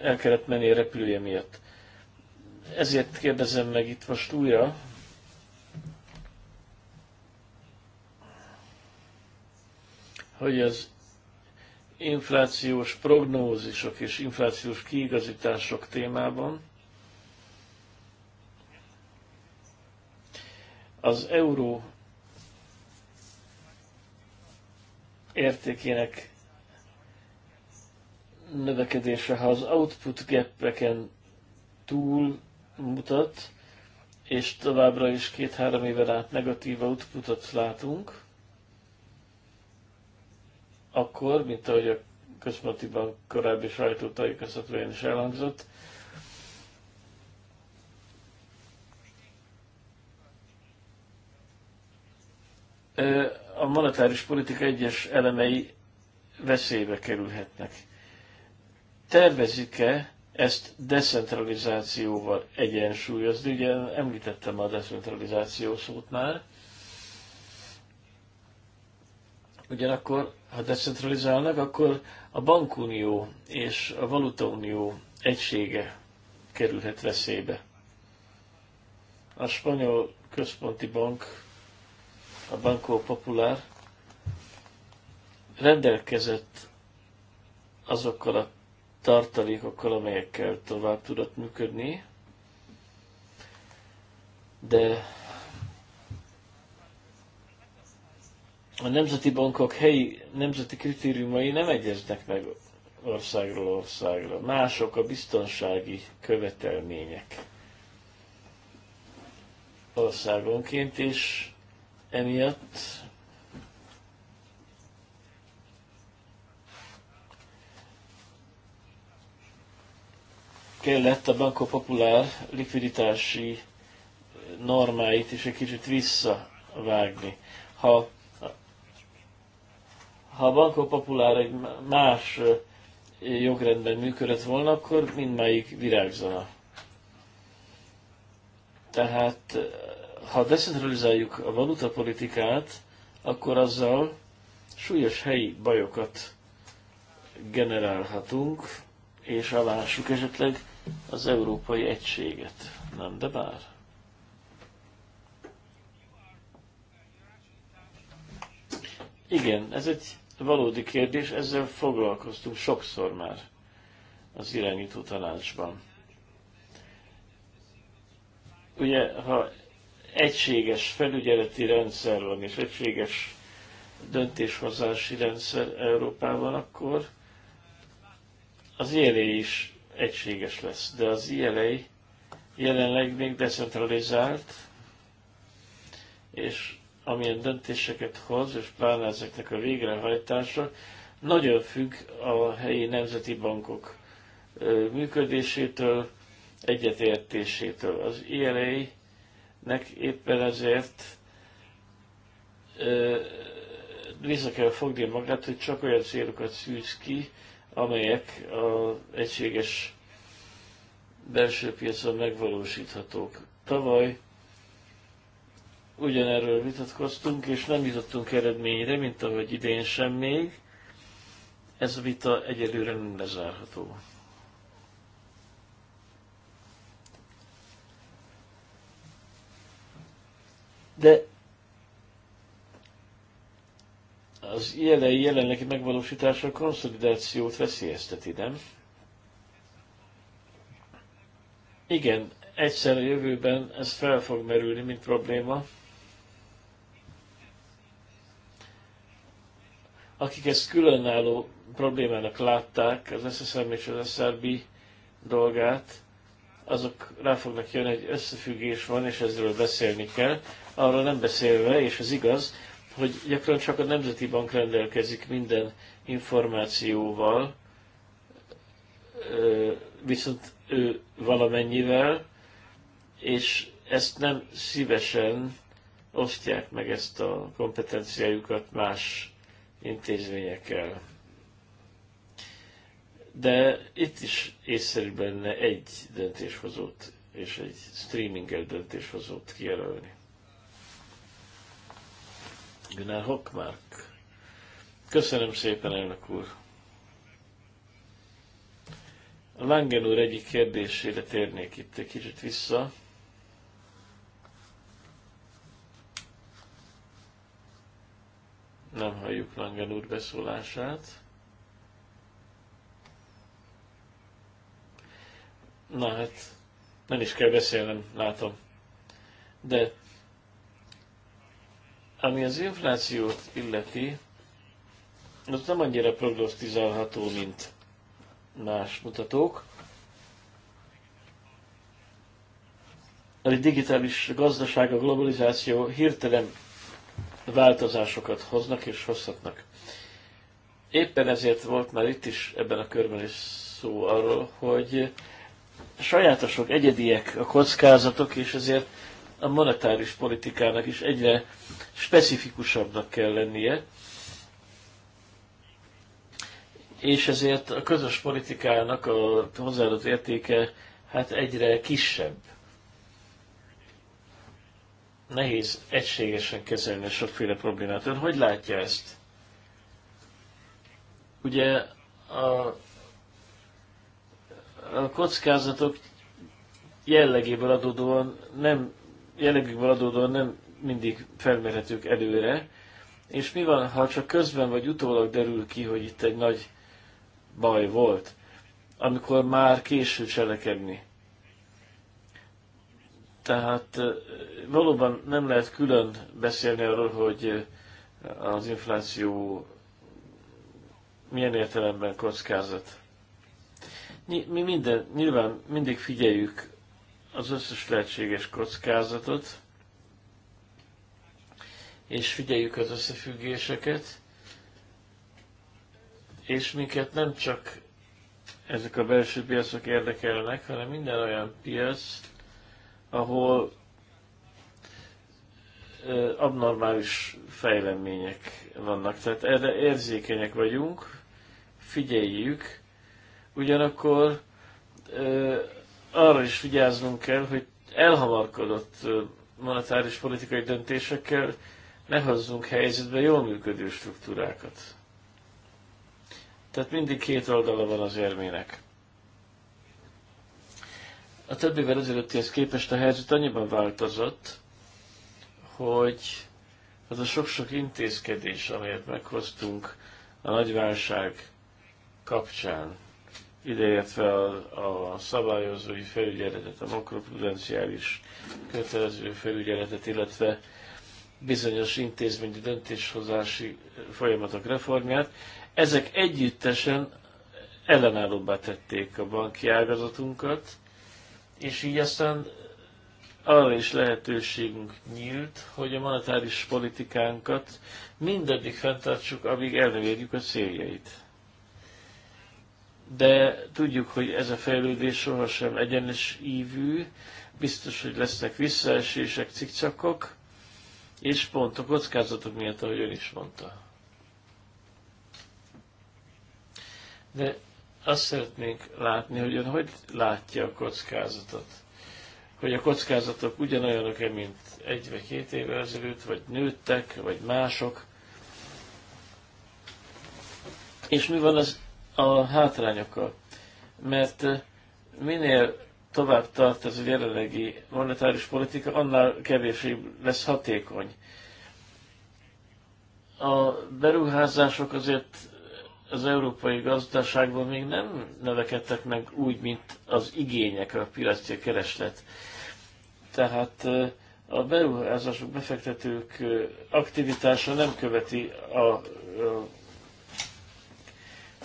El kellett mennie repülője miatt. Ezért kérdezem meg itt most újra, hogy az inflációs prognózisok és inflációs kiigazítások témában az euró értékének növekedése, ha az output gap-eken túl mutat, és továbbra is két-három éven át negatív outputot látunk, akkor, mint ahogy a központi bank korábbi sajtótájékoztatóján is elhangzott, a monetáris politika egyes elemei veszélybe kerülhetnek. Tervezik-e ezt decentralizációval egyensúlyozni? Ugye említettem a decentralizáció szót már. Ugyanakkor, ha decentralizálnak, akkor a bankunió és a valutaunió egysége kerülhet veszélybe. A spanyol központi bank a Banco Popular rendelkezett azokkal a tartalékokkal, amelyekkel tovább tudott működni, de a nemzeti bankok helyi nemzeti kritériumai nem egyeznek meg országról országra. Mások a biztonsági követelmények országonként, és Emiatt kellett a Banco Popular likviditási normáit is egy kicsit visszavágni. Ha, ha a Banco Popular egy más jogrendben működött volna, akkor mindmáig virágzana. Tehát ha decentralizáljuk a valutapolitikát, akkor azzal súlyos helyi bajokat generálhatunk, és alássuk esetleg az európai egységet. Nem, de bár. Igen, ez egy valódi kérdés, ezzel foglalkoztunk sokszor már az irányító tanácsban. Ugye, ha egységes felügyeleti rendszer van, és egységes döntéshozási rendszer Európában, akkor az ILA is egységes lesz. De az ILA jelenleg még decentralizált, és amilyen döntéseket hoz, és pláne ezeknek a végrehajtása, nagyon függ a helyi nemzeti bankok működésétől, egyetértésétől. Az ILA nek éppen ezért vissza kell fogni magát, hogy csak olyan célokat szűz ki, amelyek az egységes belső piacon megvalósíthatók. Tavaly ugyanerről vitatkoztunk, és nem jutottunk eredményre, mint ahogy idén sem még. Ez a vita egyelőre nem lezárható. de az jelenlegi, jelenlegi megvalósítása a konszolidációt veszélyezteti, nem? Igen, egyszer a jövőben ez fel fog merülni, mint probléma. Akik ezt különálló problémának látták, az SSM és az SRB dolgát, azok rá fognak jönni, hogy összefüggés van, és ezről beszélni kell arról nem beszélve, és az igaz, hogy gyakran csak a Nemzeti Bank rendelkezik minden információval, viszont ő valamennyivel, és ezt nem szívesen osztják meg ezt a kompetenciájukat más intézményekkel. De itt is észszerű benne egy döntéshozót és egy streaminggel döntéshozót kijelölni. Gunnar Hockmark. Köszönöm szépen, elnök úr. A Langen úr egyik kérdésére térnék itt egy kicsit vissza. Nem halljuk Langen úr beszólását. Na hát, nem is kell beszélnem, látom. De ami az inflációt illeti, az nem annyira prognosztizálható, mint más mutatók. A digitális gazdaság, a globalizáció hirtelen változásokat hoznak és hozhatnak. Éppen ezért volt már itt is ebben a körben is szó arról, hogy sajátosok, egyediek a kockázatok, és ezért a monetáris politikának is egyre specifikusabbnak kell lennie, és ezért a közös politikának a hozzáadott értéke hát egyre kisebb. Nehéz egységesen kezelni a sokféle problémát. Ön hogy látja ezt? Ugye a, a kockázatok jellegéből adódóan nem jellegükből adódóan nem mindig felmérhetők előre, és mi van, ha csak közben vagy utólag derül ki, hogy itt egy nagy baj volt, amikor már késő cselekedni. Tehát valóban nem lehet külön beszélni arról, hogy az infláció milyen értelemben kockázat. Mi minden, nyilván mindig figyeljük az összes lehetséges kockázatot, és figyeljük az összefüggéseket, és minket nem csak ezek a belső piacok érdekelnek, hanem minden olyan piac, ahol abnormális fejlemények vannak. Tehát erre érzékenyek vagyunk, figyeljük, ugyanakkor arra is vigyáznunk kell, hogy elhamarkodott monetáris politikai döntésekkel ne hozzunk helyzetbe jól működő struktúrákat. Tehát mindig két oldala van az érmének. A többivel ezelőttihez képest a helyzet annyiban változott, hogy az a sok-sok intézkedés, amelyet meghoztunk a nagyválság kapcsán, ideértve a, a szabályozói felügyeletet, a makroprudenciális kötelező felügyeletet, illetve bizonyos intézményi döntéshozási folyamatok reformját. Ezek együttesen ellenállóbbá tették a banki ágazatunkat, és így aztán arra is lehetőségünk nyílt, hogy a monetáris politikánkat mindaddig fenntartsuk, amíg elnövérjük a céljait de tudjuk, hogy ez a fejlődés sohasem egyenes ívű, biztos, hogy lesznek visszaesések, cikcakok, és pont a kockázatok miatt, ahogy ön is mondta. De azt szeretnénk látni, hogy ön hogy látja a kockázatot. Hogy a kockázatok ugyanolyanok-e, mint egy vagy két évvel ezelőtt, vagy nőttek, vagy mások. És mi van az a hátrányokkal. Mert eh, minél tovább tart ez a jelenlegi monetáris politika, annál kevésbé lesz hatékony. A beruházások azért az európai gazdaságban még nem növekedtek meg úgy, mint az igények, a piaci kereslet. Tehát eh, a beruházások, befektetők eh, aktivitása nem követi a, a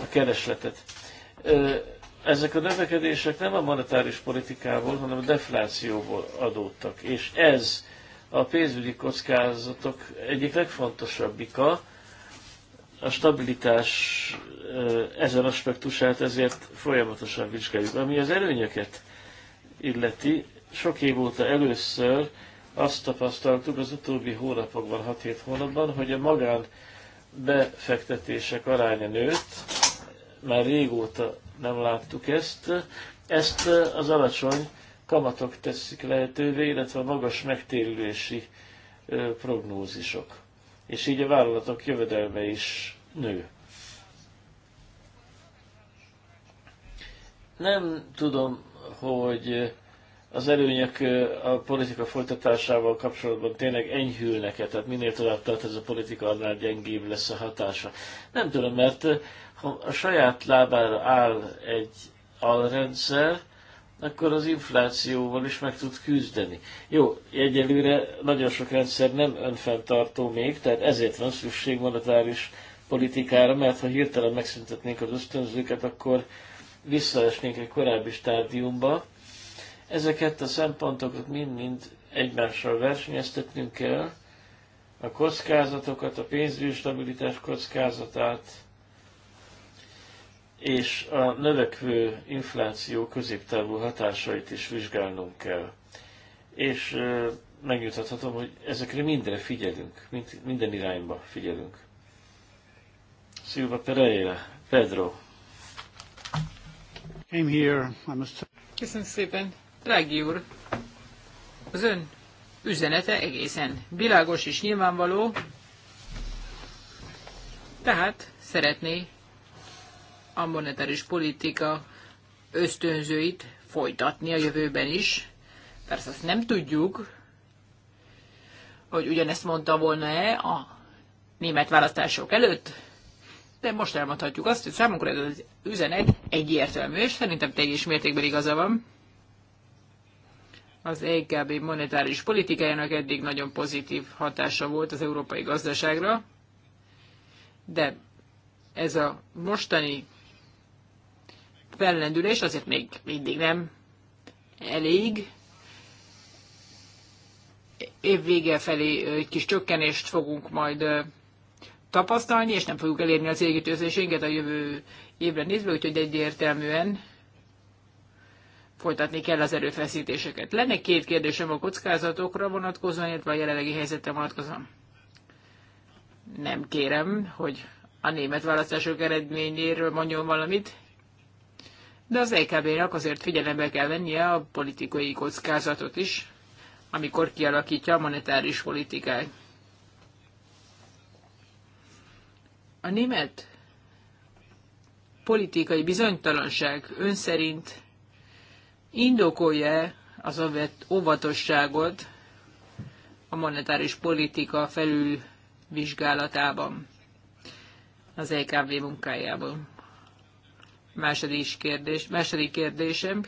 a keresletet. Ezek a növekedések nem a monetáris politikából, hanem a deflációból adódtak, és ez a pénzügyi kockázatok egyik legfontosabbika, a stabilitás ezen aspektusát ezért folyamatosan vizsgáljuk. Ami az előnyöket illeti, sok év óta először azt tapasztaltuk az utóbbi hónapokban, 6-7 hónapban, hogy a magán befektetések aránya nőtt, már régóta nem láttuk ezt. Ezt az alacsony kamatok teszik lehetővé, illetve a magas megtérülési prognózisok. És így a vállalatok jövedelme is nő. Nem tudom, hogy az előnyök a politika folytatásával kapcsolatban tényleg enyhülnek -e, tehát minél tovább tart ez a politika, annál gyengébb lesz a hatása. Nem tudom, mert ha a saját lábára áll egy alrendszer, akkor az inflációval is meg tud küzdeni. Jó, egyelőre nagyon sok rendszer nem önfenntartó még, tehát ezért van szükség monetáris politikára, mert ha hirtelen megszüntetnénk az ösztönzőket, akkor visszaesnénk egy korábbi stádiumba. Ezeket a szempontokat mind-mind egymással versenyeztetnünk kell, a kockázatokat, a pénzügyi stabilitás kockázatát, és a növekvő infláció középtávú hatásait is vizsgálnunk kell. És megnyugtathatom, hogy ezekre mindre figyelünk, minden irányba figyelünk. Silva Pereira, Pedro. Came here, I must... Köszönöm szépen. Drági úr, az ön üzenete egészen világos és nyilvánvaló, tehát szeretné a monetáris politika ösztönzőit folytatni a jövőben is. Persze azt nem tudjuk, hogy ugyanezt mondta volna-e a német választások előtt, de most elmondhatjuk azt, hogy számunkra ez az üzenet egyértelmű, és szerintem teljes mértékben igaza van. Az EKB monetáris politikájának eddig nagyon pozitív hatása volt az európai gazdaságra, de ez a mostani fellendülés azért még mindig nem elég. Év vége felé egy kis csökkenést fogunk majd tapasztalni, és nem fogjuk elérni az égítőzésünket a jövő évre nézve, úgyhogy egyértelműen folytatni kell az erőfeszítéseket. Lenne két kérdésem a kockázatokra vonatkozóan, illetve a jelenlegi helyzetre vonatkozóan. Nem kérem, hogy a német választások eredményéről mondjon valamit, de az lkb e nak azért figyelembe kell vennie a politikai kockázatot is, amikor kialakítja a monetáris politikát. A német politikai bizonytalanság ön szerint indokolja az óvatosságot a monetáris politika felülvizsgálatában, az EKB munkájában? Második, kérdés, második kérdésem.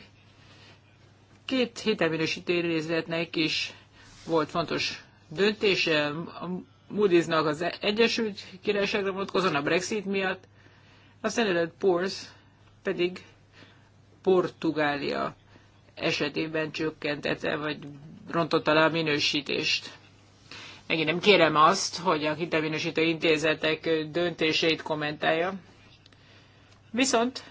Két hitelminősítő intézetnek is volt fontos döntése. A moodys az Egyesült Királyságra vonatkozóan a Brexit miatt, a Standard Poor's pedig Portugália esetében csökkentette, vagy rontotta le a minősítést. Megint nem kérem azt, hogy a hitelminősítő intézetek döntéseit kommentálja. Viszont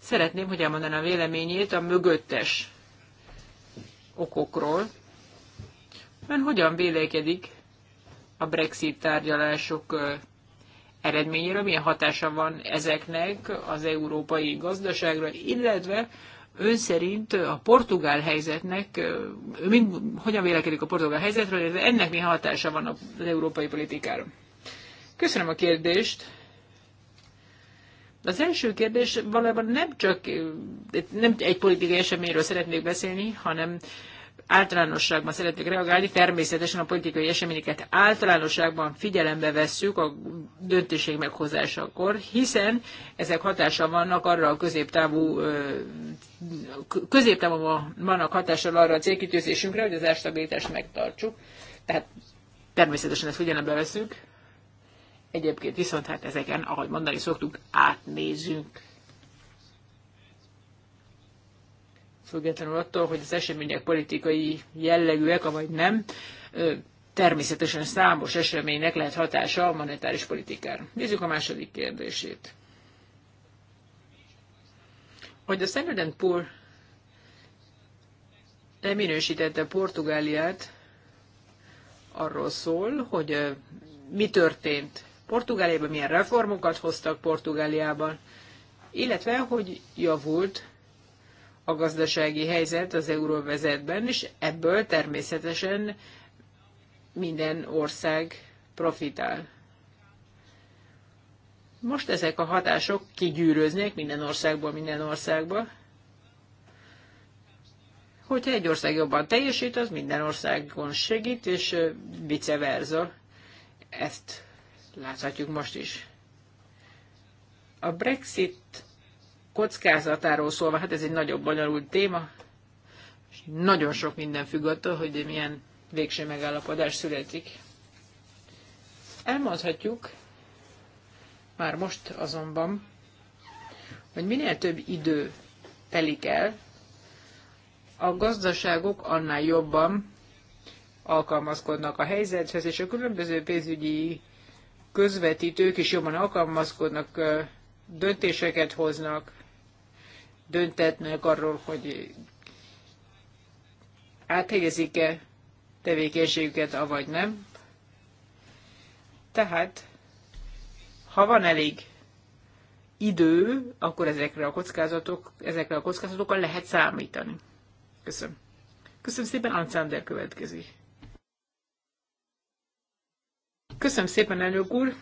Szeretném, hogy elmondaná a véleményét a mögöttes okokról. Ön hogyan vélekedik a Brexit tárgyalások eredményéről, milyen hatása van ezeknek az európai gazdaságra, illetve ön szerint a portugál helyzetnek, mind, hogyan vélekedik a portugál helyzetről, illetve ennek milyen hatása van az európai politikára? Köszönöm a kérdést. Az első kérdés valójában nem csak nem egy politikai eseményről szeretnék beszélni, hanem általánosságban szeretnék reagálni. Természetesen a politikai eseményeket általánosságban figyelembe vesszük a döntéség meghozásakor, hiszen ezek hatása vannak arra a középtávú középtávú vannak hatással arra a célkitűzésünkre, hogy az árstabilitást megtartsuk. Tehát természetesen ezt figyelembe veszük. Egyébként viszont hát ezeken, ahogy mondani szoktuk, átnézünk. Függetlenül attól, hogy az események politikai jellegűek, vagy nem, természetesen számos eseménynek lehet hatása a monetáris politikára. Nézzük a második kérdését. Hogy a Standard Poor minősítette Portugáliát, arról szól, hogy mi történt Portugáliában milyen reformokat hoztak Portugáliában, illetve hogy javult a gazdasági helyzet az euróvezetben, és ebből természetesen minden ország profitál. Most ezek a hatások kigyűröznek minden országból minden országba. Hogyha egy ország jobban teljesít, az minden országon segít, és vice versa. Ezt láthatjuk most is. A Brexit kockázatáról szólva, hát ez egy nagyobb bonyolult téma, és nagyon sok minden függ attól, hogy milyen végső megállapodás születik. Elmondhatjuk, már most azonban, hogy minél több idő telik el, a gazdaságok annál jobban alkalmazkodnak a helyzethez, és a különböző pénzügyi közvetítők is jobban alkalmazkodnak, döntéseket hoznak, döntetnek arról, hogy áthelyezik-e tevékenységüket, avagy nem. Tehát, ha van elég idő, akkor ezekre a, kockázatok, ezekre a kockázatokkal lehet számítani. Köszönöm. Köszönöm szépen, Alexander következik. Köszönöm szépen, elnök úr.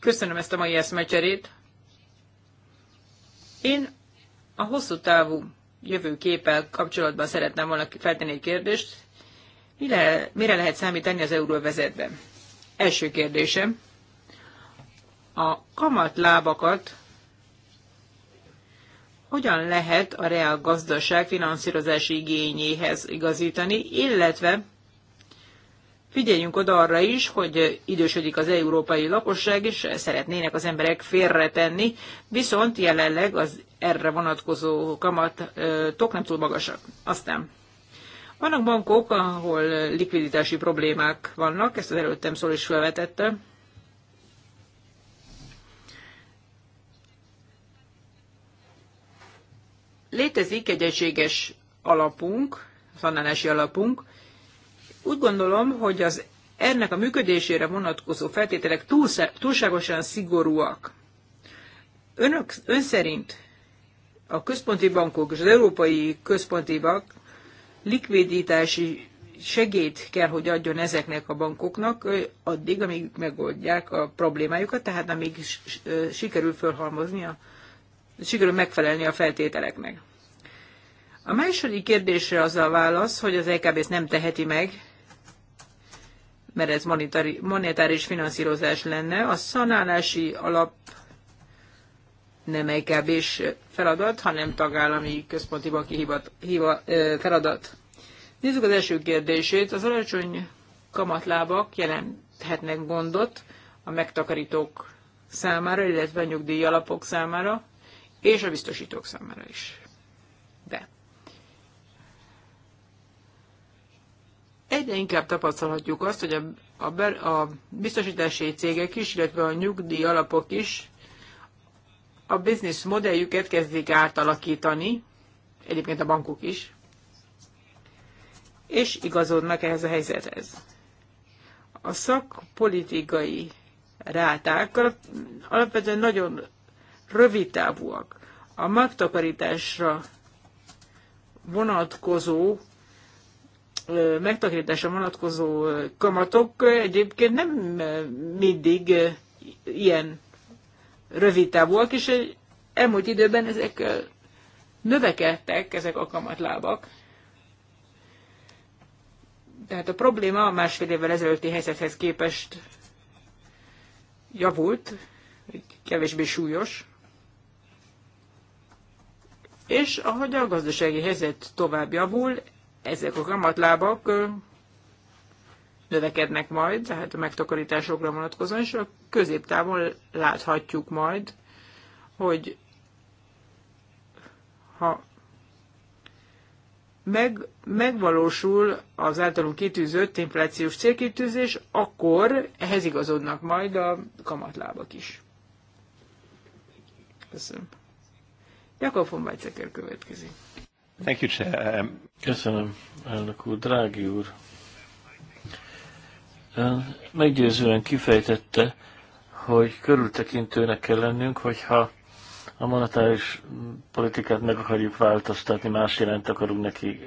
Köszönöm ezt a mai eszmecserét. Én a hosszú távú jövőképpel kapcsolatban szeretném volna feltenni egy kérdést. Mire, mire lehet számítani az euróvezetben? Első kérdésem. A kamatlábakat hogyan lehet a reál gazdaság finanszírozási igényéhez igazítani, illetve figyeljünk oda arra is, hogy idősödik az európai lakosság, és szeretnének az emberek félretenni, viszont jelenleg az erre vonatkozó kamatok nem túl magasak. Aztán vannak bankok, ahol likviditási problémák vannak, ezt az előttem szól is felvetette. Létezik egy egységes alapunk, az alapunk, úgy gondolom, hogy az ennek a működésére vonatkozó feltételek túlságosan szigorúak. Önök, ön szerint a központi bankok és az európai központi bank likviditási segét kell, hogy adjon ezeknek a bankoknak addig, amíg megoldják a problémájukat, tehát amíg sikerül fölhalmozni, a, sikerül megfelelni a feltételeknek. A második kérdésre az a válasz, hogy az EKB ezt nem teheti meg, mert ez monetáris finanszírozás lenne. A szanálási alap nem egy is feladat, hanem tagállami központi banki hiba, hiba, feladat. Nézzük az első kérdését. Az alacsony kamatlábak jelenthetnek gondot a megtakarítók számára, illetve a nyugdíj alapok számára, és a biztosítók számára is. Egyre inkább tapasztalhatjuk azt, hogy a, a, a biztosítási cégek is, illetve a nyugdíj alapok is a biznisz modelljüket kezdik átalakítani, egyébként a bankok is, és igazodnak ehhez a helyzethez. A szakpolitikai ráták alapvetően nagyon rövid távúak. A megtakarításra vonatkozó megtakarításra vonatkozó kamatok egyébként nem mindig ilyen rövid távúak, és egy elmúlt időben ezek növekedtek, ezek a kamatlábak. Tehát a probléma a másfél évvel ezelőtti helyzethez képest javult, kevésbé súlyos, és ahogy a gazdasági helyzet tovább javul, ezek a kamatlábak növekednek majd, tehát a megtakarításokra vonatkozóan, és a középtávon láthatjuk majd, hogy ha meg, megvalósul az általunk kitűzött inflációs célkitűzés, akkor ehhez igazodnak majd a kamatlábak is. Köszönöm. Jakob von Weizsäcker következik. Thank you, Chair. Um, Köszönöm, elnök úr, drági úr. Ön meggyőzően kifejtette, hogy körültekintőnek kell lennünk, hogyha a monetáris politikát meg akarjuk változtatni, más jelent akarunk neki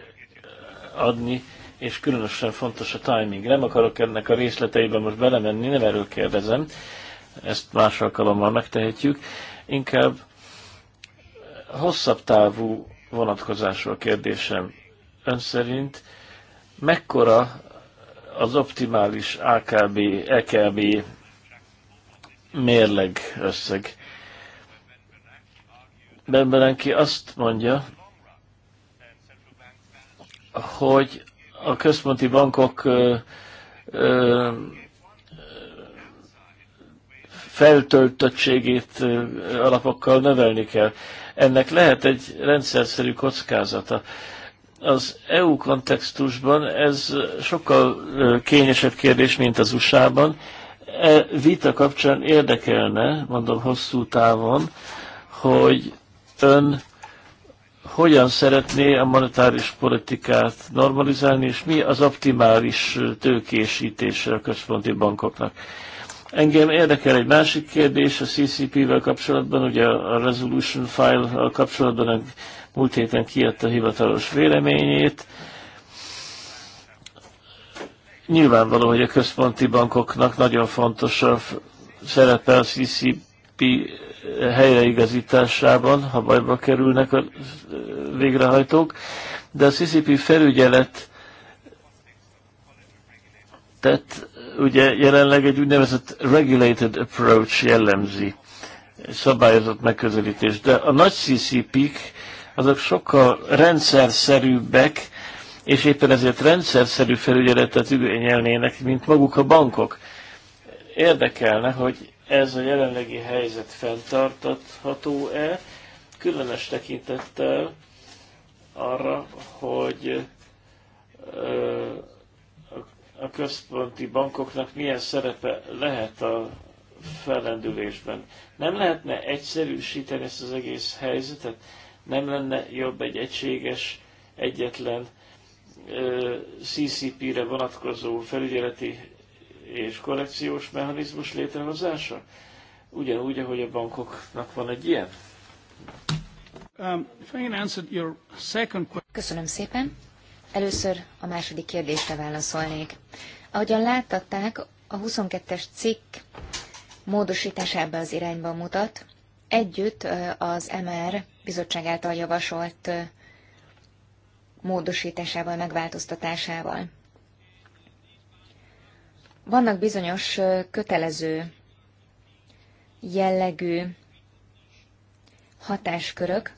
adni, és különösen fontos a timing. Nem akarok ennek a részleteiben most belemenni, nem erről kérdezem, ezt más alkalommal megtehetjük. Inkább hosszabb távú vonatkozású a kérdésem. Ön szerint mekkora az optimális AKB, EKB mérleg összeg? Benbelenki azt mondja, hogy a központi bankok ö, ö, feltöltöttségét alapokkal növelni kell ennek lehet egy rendszerszerű kockázata. Az EU kontextusban ez sokkal kényesebb kérdés, mint az USA-ban. E vita kapcsán érdekelne, mondom hosszú távon, hogy ön hogyan szeretné a monetáris politikát normalizálni, és mi az optimális tőkésítése a központi bankoknak. Engem érdekel egy másik kérdés a CCP-vel kapcsolatban, ugye a Resolution file kapcsolatban a múlt héten kiadta a hivatalos véleményét. Nyilvánvaló, hogy a központi bankoknak nagyon fontos a szerepe a CCP helyreigazításában, ha bajba kerülnek a végrehajtók, de a CCP felügyelet tehát ugye jelenleg egy úgynevezett regulated approach jellemzi, szabályozott megközelítés, de a nagy CCP-k azok sokkal rendszerszerűbbek, és éppen ezért rendszerszerű felügyeletet igényelnének, mint maguk a bankok. Érdekelne, hogy ez a jelenlegi helyzet fenntartatható-e, különös tekintettel arra, hogy a központi bankoknak milyen szerepe lehet a fellendülésben. Nem lehetne egyszerűsíteni ezt az egész helyzetet? Nem lenne jobb egy egységes, egyetlen CCP-re vonatkozó felügyeleti és korrekciós mechanizmus létrehozása? Ugyanúgy, ahogy a bankoknak van egy ilyen? Um, Köszönöm szépen. Először a második kérdésre válaszolnék. Ahogyan láttatták, a 22-es cikk módosításába az irányba mutat, együtt az MR bizottság által javasolt módosításával, megváltoztatásával. Vannak bizonyos kötelező jellegű hatáskörök,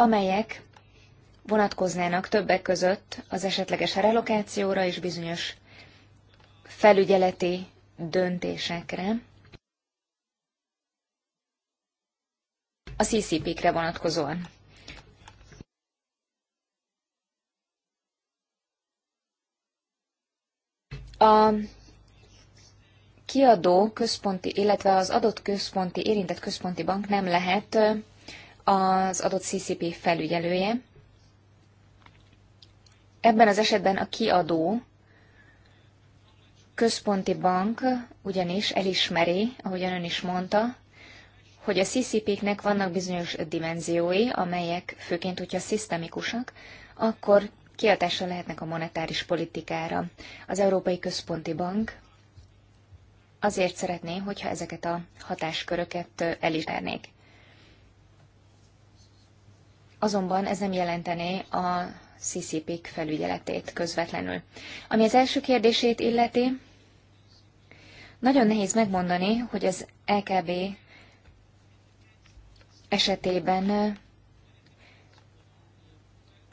amelyek vonatkoznának többek között az esetleges relokációra és bizonyos felügyeleti döntésekre, a CCP-kre vonatkozóan. A kiadó központi, illetve az adott központi, érintett központi bank nem lehet az adott CCP felügyelője. Ebben az esetben a kiadó központi bank ugyanis elismeri, ahogyan ön is mondta, hogy a CCP-knek vannak bizonyos dimenziói, amelyek, főként, hogyha szisztemikusak, akkor kiatással lehetnek a monetáris politikára. Az Európai Központi Bank azért szeretné, hogyha ezeket a hatásköröket elismernék azonban ez nem jelentené a CCP-k felügyeletét közvetlenül. Ami az első kérdését illeti, nagyon nehéz megmondani, hogy az EKB esetében eh,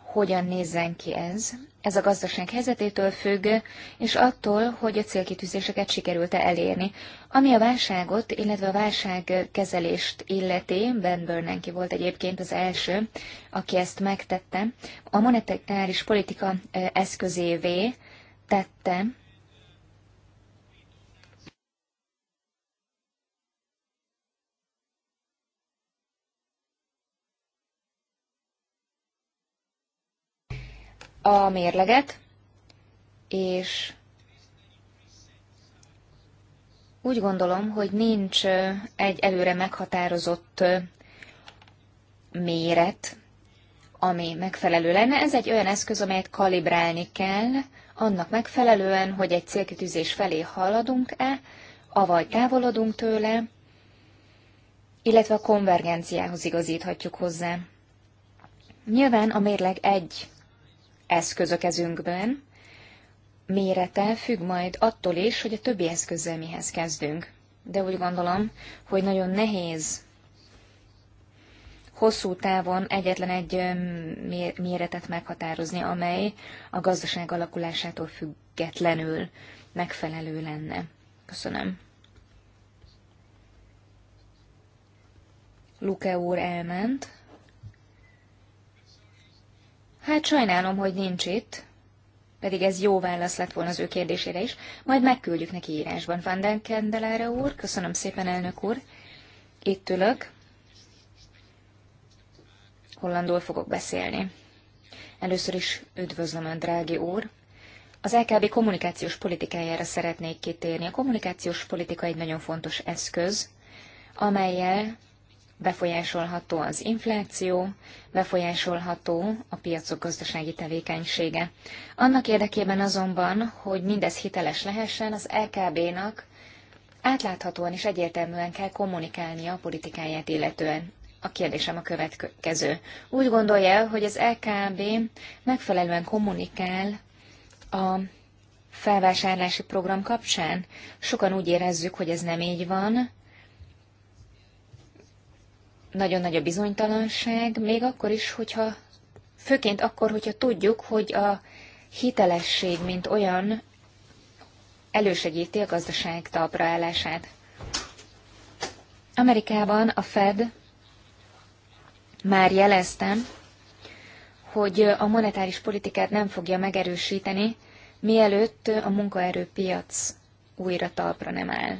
hogyan nézzen ki ez. Ez a gazdaság helyzetétől függ, és attól, hogy a célkitűzéseket sikerült-e elérni. Ami a válságot, illetve a válságkezelést illeti, Ben Bernanke volt egyébként az első, aki ezt megtette, a monetáris politika eh, eszközévé tette a mérleget, és úgy gondolom, hogy nincs egy előre meghatározott méret, ami megfelelő lenne. Ez egy olyan eszköz, amelyet kalibrálni kell, annak megfelelően, hogy egy célkitűzés felé haladunk-e, avagy távolodunk tőle, illetve a konvergenciához igazíthatjuk hozzá. Nyilván a mérleg egy eszköz a kezünkben, mérete függ majd attól is, hogy a többi eszközzel mihez kezdünk. De úgy gondolom, hogy nagyon nehéz hosszú távon egyetlen egy méretet meghatározni, amely a gazdaság alakulásától függetlenül megfelelő lenne. Köszönöm. Luke úr elment. Hát sajnálom, hogy nincs itt, pedig ez jó válasz lett volna az ő kérdésére is, majd megküldjük neki írásban. Van den Kendelára úr, köszönöm szépen, elnök úr. Itt ülök. Hollandul fogok beszélni. Először is üdvözlöm a drági úr. Az LKB kommunikációs politikájára szeretnék kitérni. A kommunikációs politika egy nagyon fontos eszköz, amelyel befolyásolható az infláció, befolyásolható a piacok gazdasági tevékenysége. Annak érdekében azonban, hogy mindez hiteles lehessen, az LKB-nak átláthatóan és egyértelműen kell kommunikálnia a politikáját illetően. A kérdésem a következő. Úgy gondolja, hogy az LKB megfelelően kommunikál a felvásárlási program kapcsán? Sokan úgy érezzük, hogy ez nem így van, nagyon nagy a bizonytalanság, még akkor is, hogyha, főként akkor, hogyha tudjuk, hogy a hitelesség, mint olyan, elősegíti a gazdaság talpra állását. Amerikában a Fed már jelezte, hogy a monetáris politikát nem fogja megerősíteni, mielőtt a munkaerőpiac újra talpra nem áll.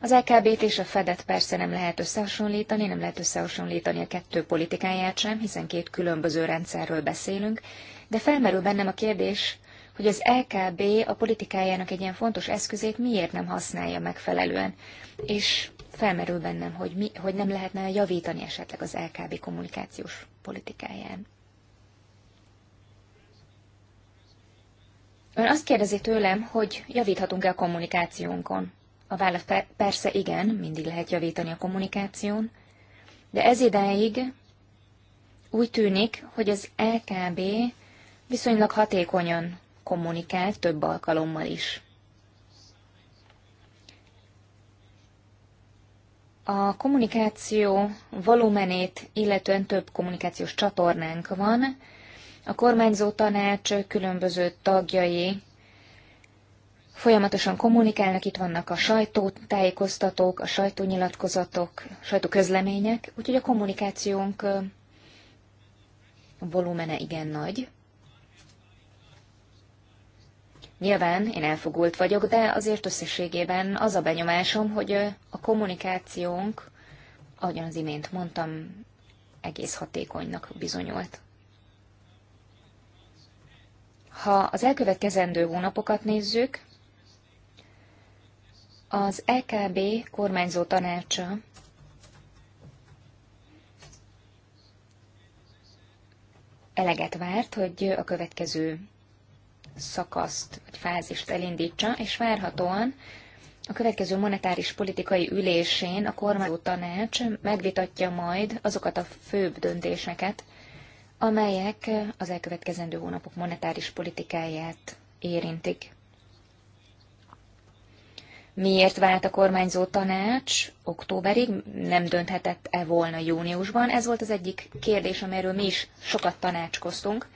Az LKB-t és a Fedet persze nem lehet összehasonlítani, nem lehet összehasonlítani a kettő politikáját sem, hiszen két különböző rendszerről beszélünk, de felmerül bennem a kérdés, hogy az LKB a politikájának egy ilyen fontos eszközét miért nem használja megfelelően, és felmerül bennem, hogy, mi, hogy nem lehetne javítani esetleg az LKB kommunikációs politikáján. Ön azt kérdezi tőlem, hogy javíthatunk-e a kommunikációnkon. A válasz persze igen, mindig lehet javítani a kommunikáción, de ez idáig úgy tűnik, hogy az LKB viszonylag hatékonyan kommunikál több alkalommal is. A kommunikáció volumenét, illetően több kommunikációs csatornánk van. A kormányzó tanács különböző tagjai Folyamatosan kommunikálnak, itt vannak a sajtótájékoztatók, a sajtónyilatkozatok, sajtóközlemények, úgyhogy a kommunikációnk volumene igen nagy. Nyilván én elfogult vagyok, de azért összességében az a benyomásom, hogy a kommunikációnk, ahogyan az imént mondtam, egész hatékonynak bizonyult. Ha az elkövetkezendő hónapokat nézzük, az EKB kormányzó tanácsa eleget várt, hogy a következő szakaszt vagy fázist elindítsa, és várhatóan a következő monetáris politikai ülésén a kormányzó tanács megvitatja majd azokat a főbb döntéseket, amelyek az elkövetkezendő hónapok monetáris politikáját érintik. Miért vált a kormányzó tanács októberig, nem dönthetett e volna júniusban? Ez volt az egyik kérdés, amiről mi is sokat tanácskoztunk.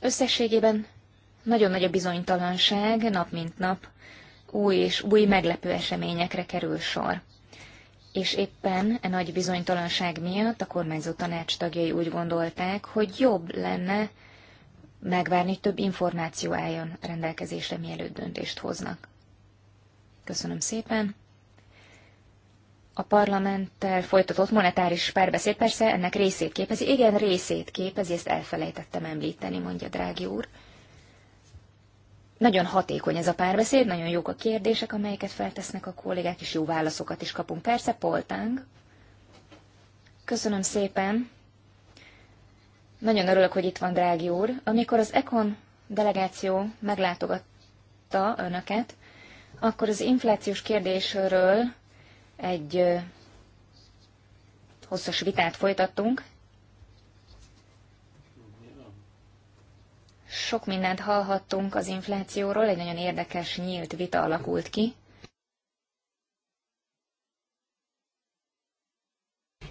Összességében nagyon nagy a bizonytalanság, nap mint nap új és új meglepő eseményekre kerül sor. És éppen e nagy bizonytalanság miatt a kormányzó tanács tagjai úgy gondolták, hogy jobb lenne megvárni, hogy több információ álljon rendelkezésre, mielőtt döntést hoznak. Köszönöm szépen. A parlamenttel folytatott monetáris párbeszéd persze ennek részét képezi. Igen, részét képezi, ezt elfelejtettem említeni, mondja drági úr. Nagyon hatékony ez a párbeszéd, nagyon jók a kérdések, amelyeket feltesznek a kollégák, és jó válaszokat is kapunk. Persze, poltánk. Köszönöm szépen. Nagyon örülök, hogy itt van, drági úr. Amikor az ECON delegáció meglátogatta önöket, akkor az inflációs kérdésről egy hosszas vitát folytattunk. Sok mindent hallhattunk az inflációról, egy nagyon érdekes, nyílt vita alakult ki.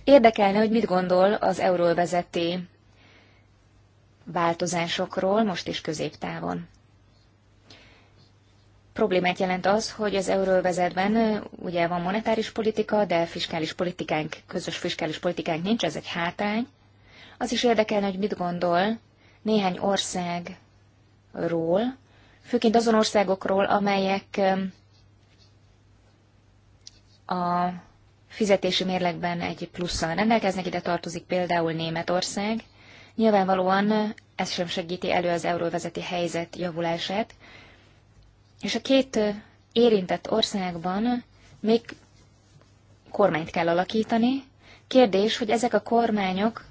Érdekelne, hogy mit gondol az euróvezeti változásokról most is középtávon. Problémát jelent az, hogy az euróvezetben ugye van monetáris politika, de fiskális politikánk, közös fiskális politikánk nincs, ez egy hátrány. Az is érdekelne, hogy mit gondol néhány országról, főként azon országokról, amelyek a fizetési mérlegben egy plusszal rendelkeznek, ide tartozik például Németország, Nyilvánvalóan ez sem segíti elő az euróvezeti helyzet javulását, és a két érintett országban még kormányt kell alakítani. Kérdés, hogy ezek a kormányok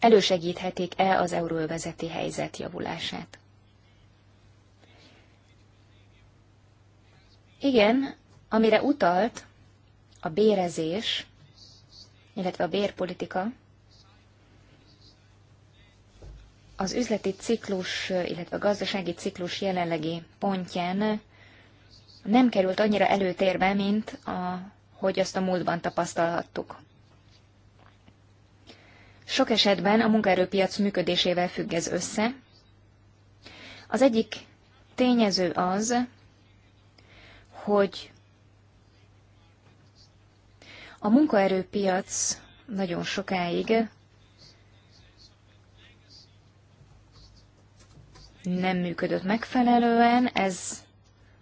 elősegíthetik-e az euróvezeti helyzet javulását. Igen, amire utalt a bérezés, illetve a bérpolitika az üzleti ciklus, illetve a gazdasági ciklus jelenlegi pontján nem került annyira előtérbe, mint a, hogy azt a múltban tapasztalhattuk. Sok esetben a munkaerőpiac működésével függ ez össze. Az egyik tényező az, hogy a munkaerőpiac nagyon sokáig nem működött megfelelően, ez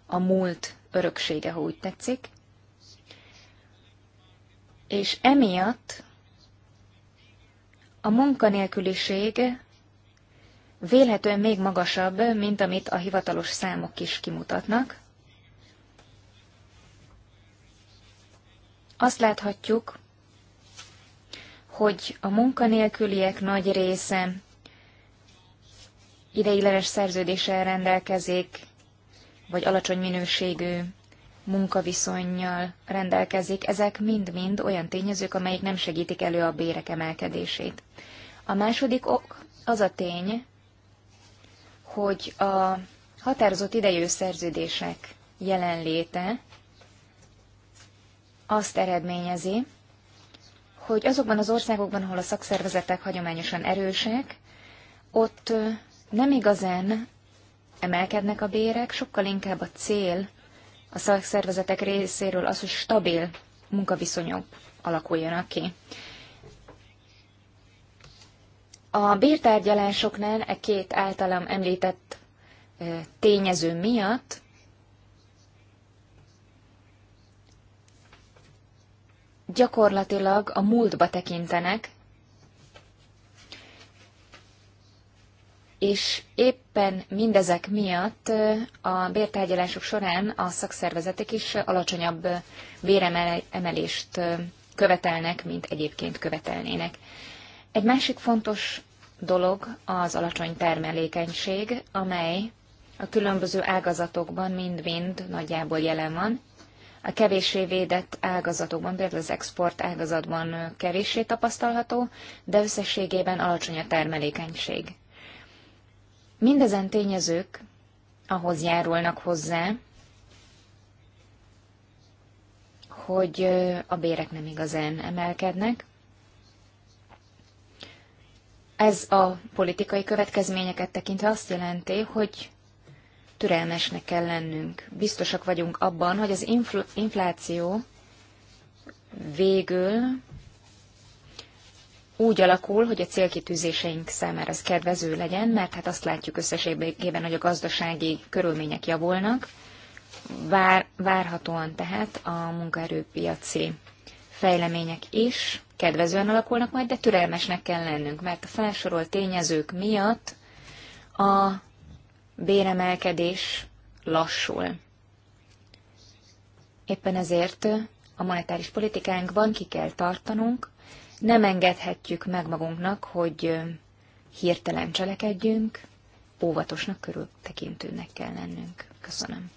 a múlt öröksége, ha úgy tetszik. És emiatt a munkanélküliség vélhetően még magasabb, mint amit a hivatalos számok is kimutatnak. Azt láthatjuk, hogy a munkanélküliek nagy része ideiglenes szerződéssel rendelkezik, vagy alacsony minőségű munkaviszonynal rendelkezik, ezek mind-mind olyan tényezők, amelyik nem segítik elő a bérek emelkedését. A második ok az a tény, hogy a határozott idejű szerződések jelenléte azt eredményezi, hogy azokban az országokban, ahol a szakszervezetek hagyományosan erősek, ott nem igazán emelkednek a bérek, sokkal inkább a cél a szakszervezetek részéről az, hogy stabil munkaviszonyok alakuljanak ki. A bértárgyalásoknál e két általam említett tényező miatt gyakorlatilag a múltba tekintenek, és éppen mindezek miatt a bértárgyalások során a szakszervezetek is alacsonyabb béremelést követelnek, mint egyébként követelnének. Egy másik fontos dolog az alacsony termelékenység, amely a különböző ágazatokban mind-mind nagyjából jelen van, a kevéssé védett ágazatokban, például az export ágazatban kevéssé tapasztalható, de összességében alacsony a termelékenység. Mindezen tényezők ahhoz járulnak hozzá, hogy a bérek nem igazán emelkednek. Ez a politikai következményeket tekintve azt jelenti, hogy türelmesnek kell lennünk. Biztosak vagyunk abban, hogy az infláció végül úgy alakul, hogy a célkitűzéseink számára ez kedvező legyen, mert hát azt látjuk összességében, hogy a gazdasági körülmények javulnak, Vár, várhatóan tehát a munkaerőpiaci fejlemények is kedvezően alakulnak majd, de türelmesnek kell lennünk, mert a felsorolt tényezők miatt a béremelkedés lassul. Éppen ezért a monetáris politikánkban ki kell tartanunk, nem engedhetjük meg magunknak, hogy hirtelen cselekedjünk, óvatosnak körültekintőnek kell lennünk. Köszönöm.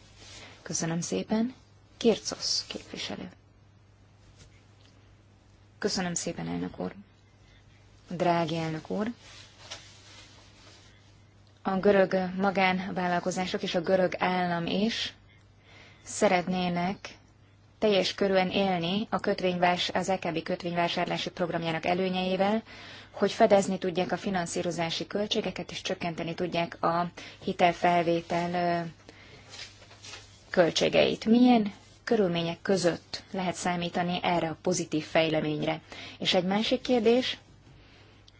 Köszönöm szépen. Kircosz képviselő. Köszönöm szépen, elnök úr. Drági elnök úr, a görög magánvállalkozások és a görög állam is szeretnének teljes körülön élni a kötvényvás, az EKB kötvényvásárlási programjának előnyeivel, hogy fedezni tudják a finanszírozási költségeket, és csökkenteni tudják a hitelfelvétel költségeit. Milyen körülmények között lehet számítani erre a pozitív fejleményre? És egy másik kérdés,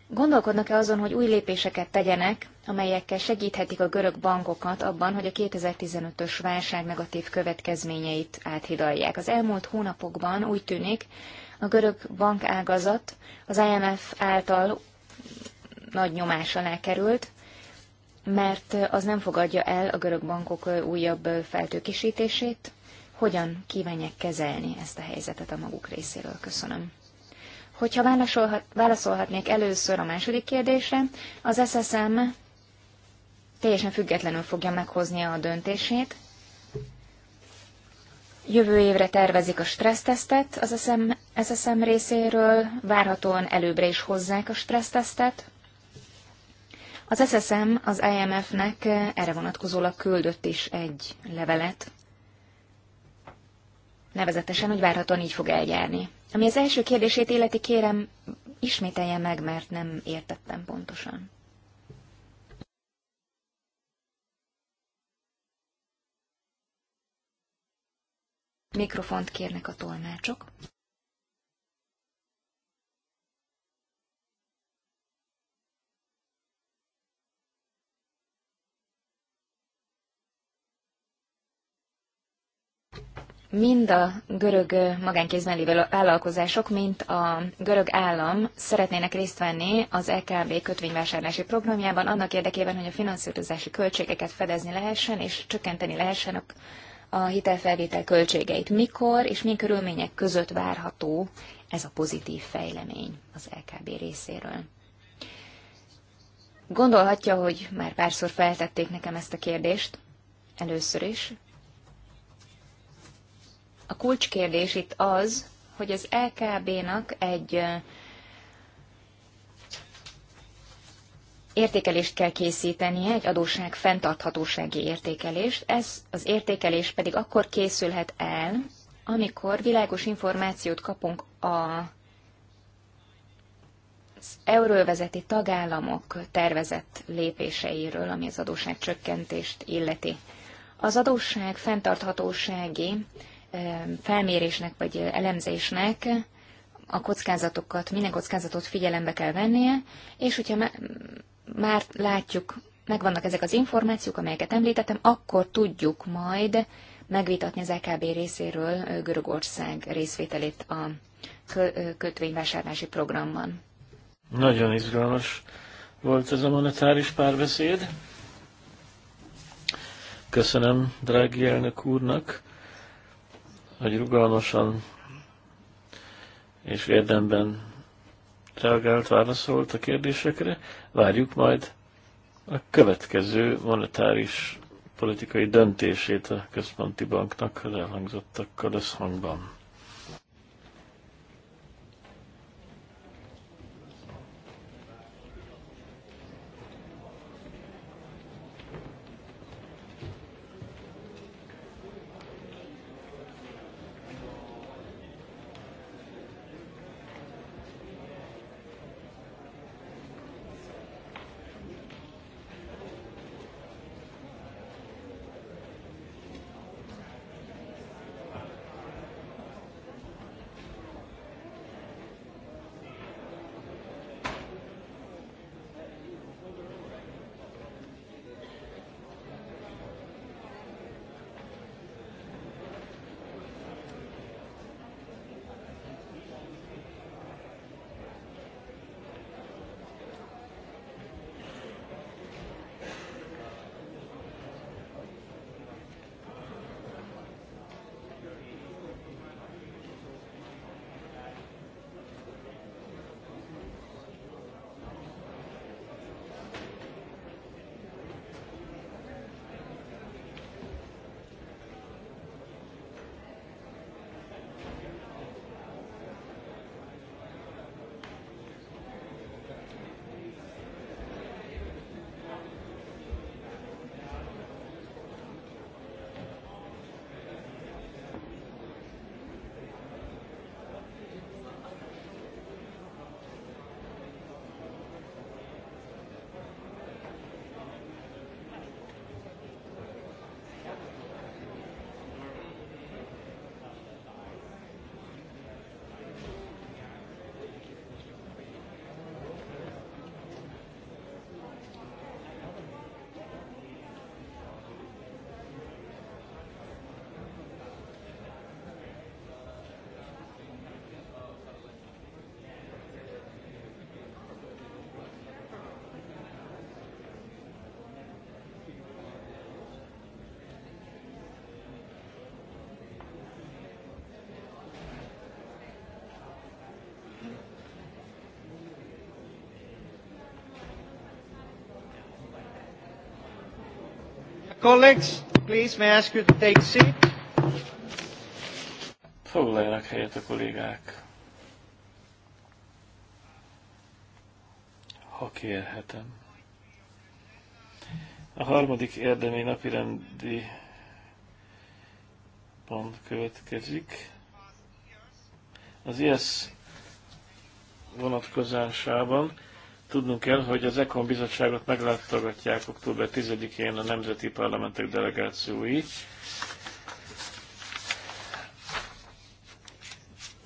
gondolkodnak-e azon, hogy új lépéseket tegyenek amelyekkel segíthetik a görög bankokat abban, hogy a 2015-ös válság negatív következményeit áthidalják. Az elmúlt hónapokban úgy tűnik, a görög bankágazat az IMF által nagy nyomás alá került, mert az nem fogadja el a görög bankok újabb feltőkisítését. Hogyan kívánják kezelni ezt a helyzetet a maguk részéről? Köszönöm. Hogyha válaszolhat, válaszolhatnék először a második kérdésre, az SSM teljesen függetlenül fogja meghozni a döntését. Jövő évre tervezik a stressztesztet az SSM, SSM részéről, várhatóan előbbre is hozzák a stressztesztet. Az SSM az IMF-nek erre vonatkozólag küldött is egy levelet, nevezetesen, hogy várhatóan így fog eljárni. Ami az első kérdését illeti, kérem, ismételje meg, mert nem értettem pontosan. Mikrofont kérnek a tolmácsok. mind a görög magánkézben lévő vállalkozások, mint a görög állam szeretnének részt venni az EKB kötvényvásárlási programjában annak érdekében, hogy a finanszírozási költségeket fedezni lehessen és csökkenteni lehessen a hitelfelvétel költségeit. Mikor és milyen körülmények között várható ez a pozitív fejlemény az LKB részéről? Gondolhatja, hogy már párszor feltették nekem ezt a kérdést, először is. A kulcskérdés itt az, hogy az LKB-nak egy értékelést kell készítenie, egy adóság fenntarthatósági értékelést. Ez az értékelés pedig akkor készülhet el, amikor világos információt kapunk a az euróvezeti tagállamok tervezett lépéseiről, ami az adósság csökkentést illeti. Az adósság fenntarthatósági felmérésnek vagy elemzésnek a kockázatokat, minden kockázatot figyelembe kell vennie, és hogyha már látjuk, megvannak ezek az információk, amelyeket említettem, akkor tudjuk majd megvitatni az EKB részéről Görögország részvételét a kötvényvásárlási programban. Nagyon izgalmas volt ez a monetáris párbeszéd. Köszönöm drági elnök úrnak, hogy rugalmasan és érdemben reagált, válaszolt a kérdésekre. Várjuk majd a következő monetáris politikai döntését a központi banknak az elhangzottakkal összhangban. Colleagues, please may I ask you to take seat. Foglaljanak helyet a kollégák. Ha kérhetem. A harmadik érdemi napirendi pont következik. Az IESZ vonatkozásában Tudnunk kell, hogy az ECON bizottságot meglátogatják október 10-én a nemzeti parlamentek delegációi,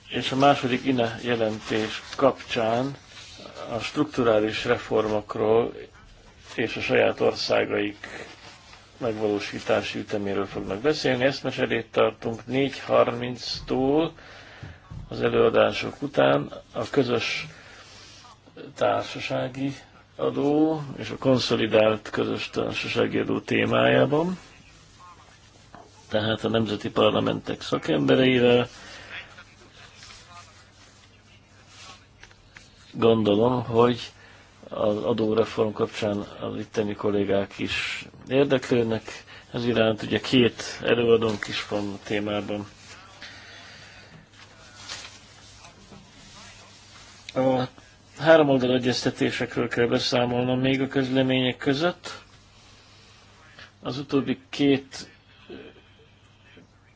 és a második INE jelentés kapcsán a strukturális reformokról és a saját országaik megvalósítási üteméről fognak beszélni. Ezt mesedét tartunk 4.30-tól az előadások után a közös társasági adó és a konszolidált közös társasági adó témájában, tehát a nemzeti parlamentek szakembereivel. Gondolom, hogy az adóreform kapcsán az itteni kollégák is érdeklődnek ez iránt. Ugye két előadónk is van a témában. A Három oldal egyeztetésekről kell beszámolnom még a közlemények között. Az utóbbi két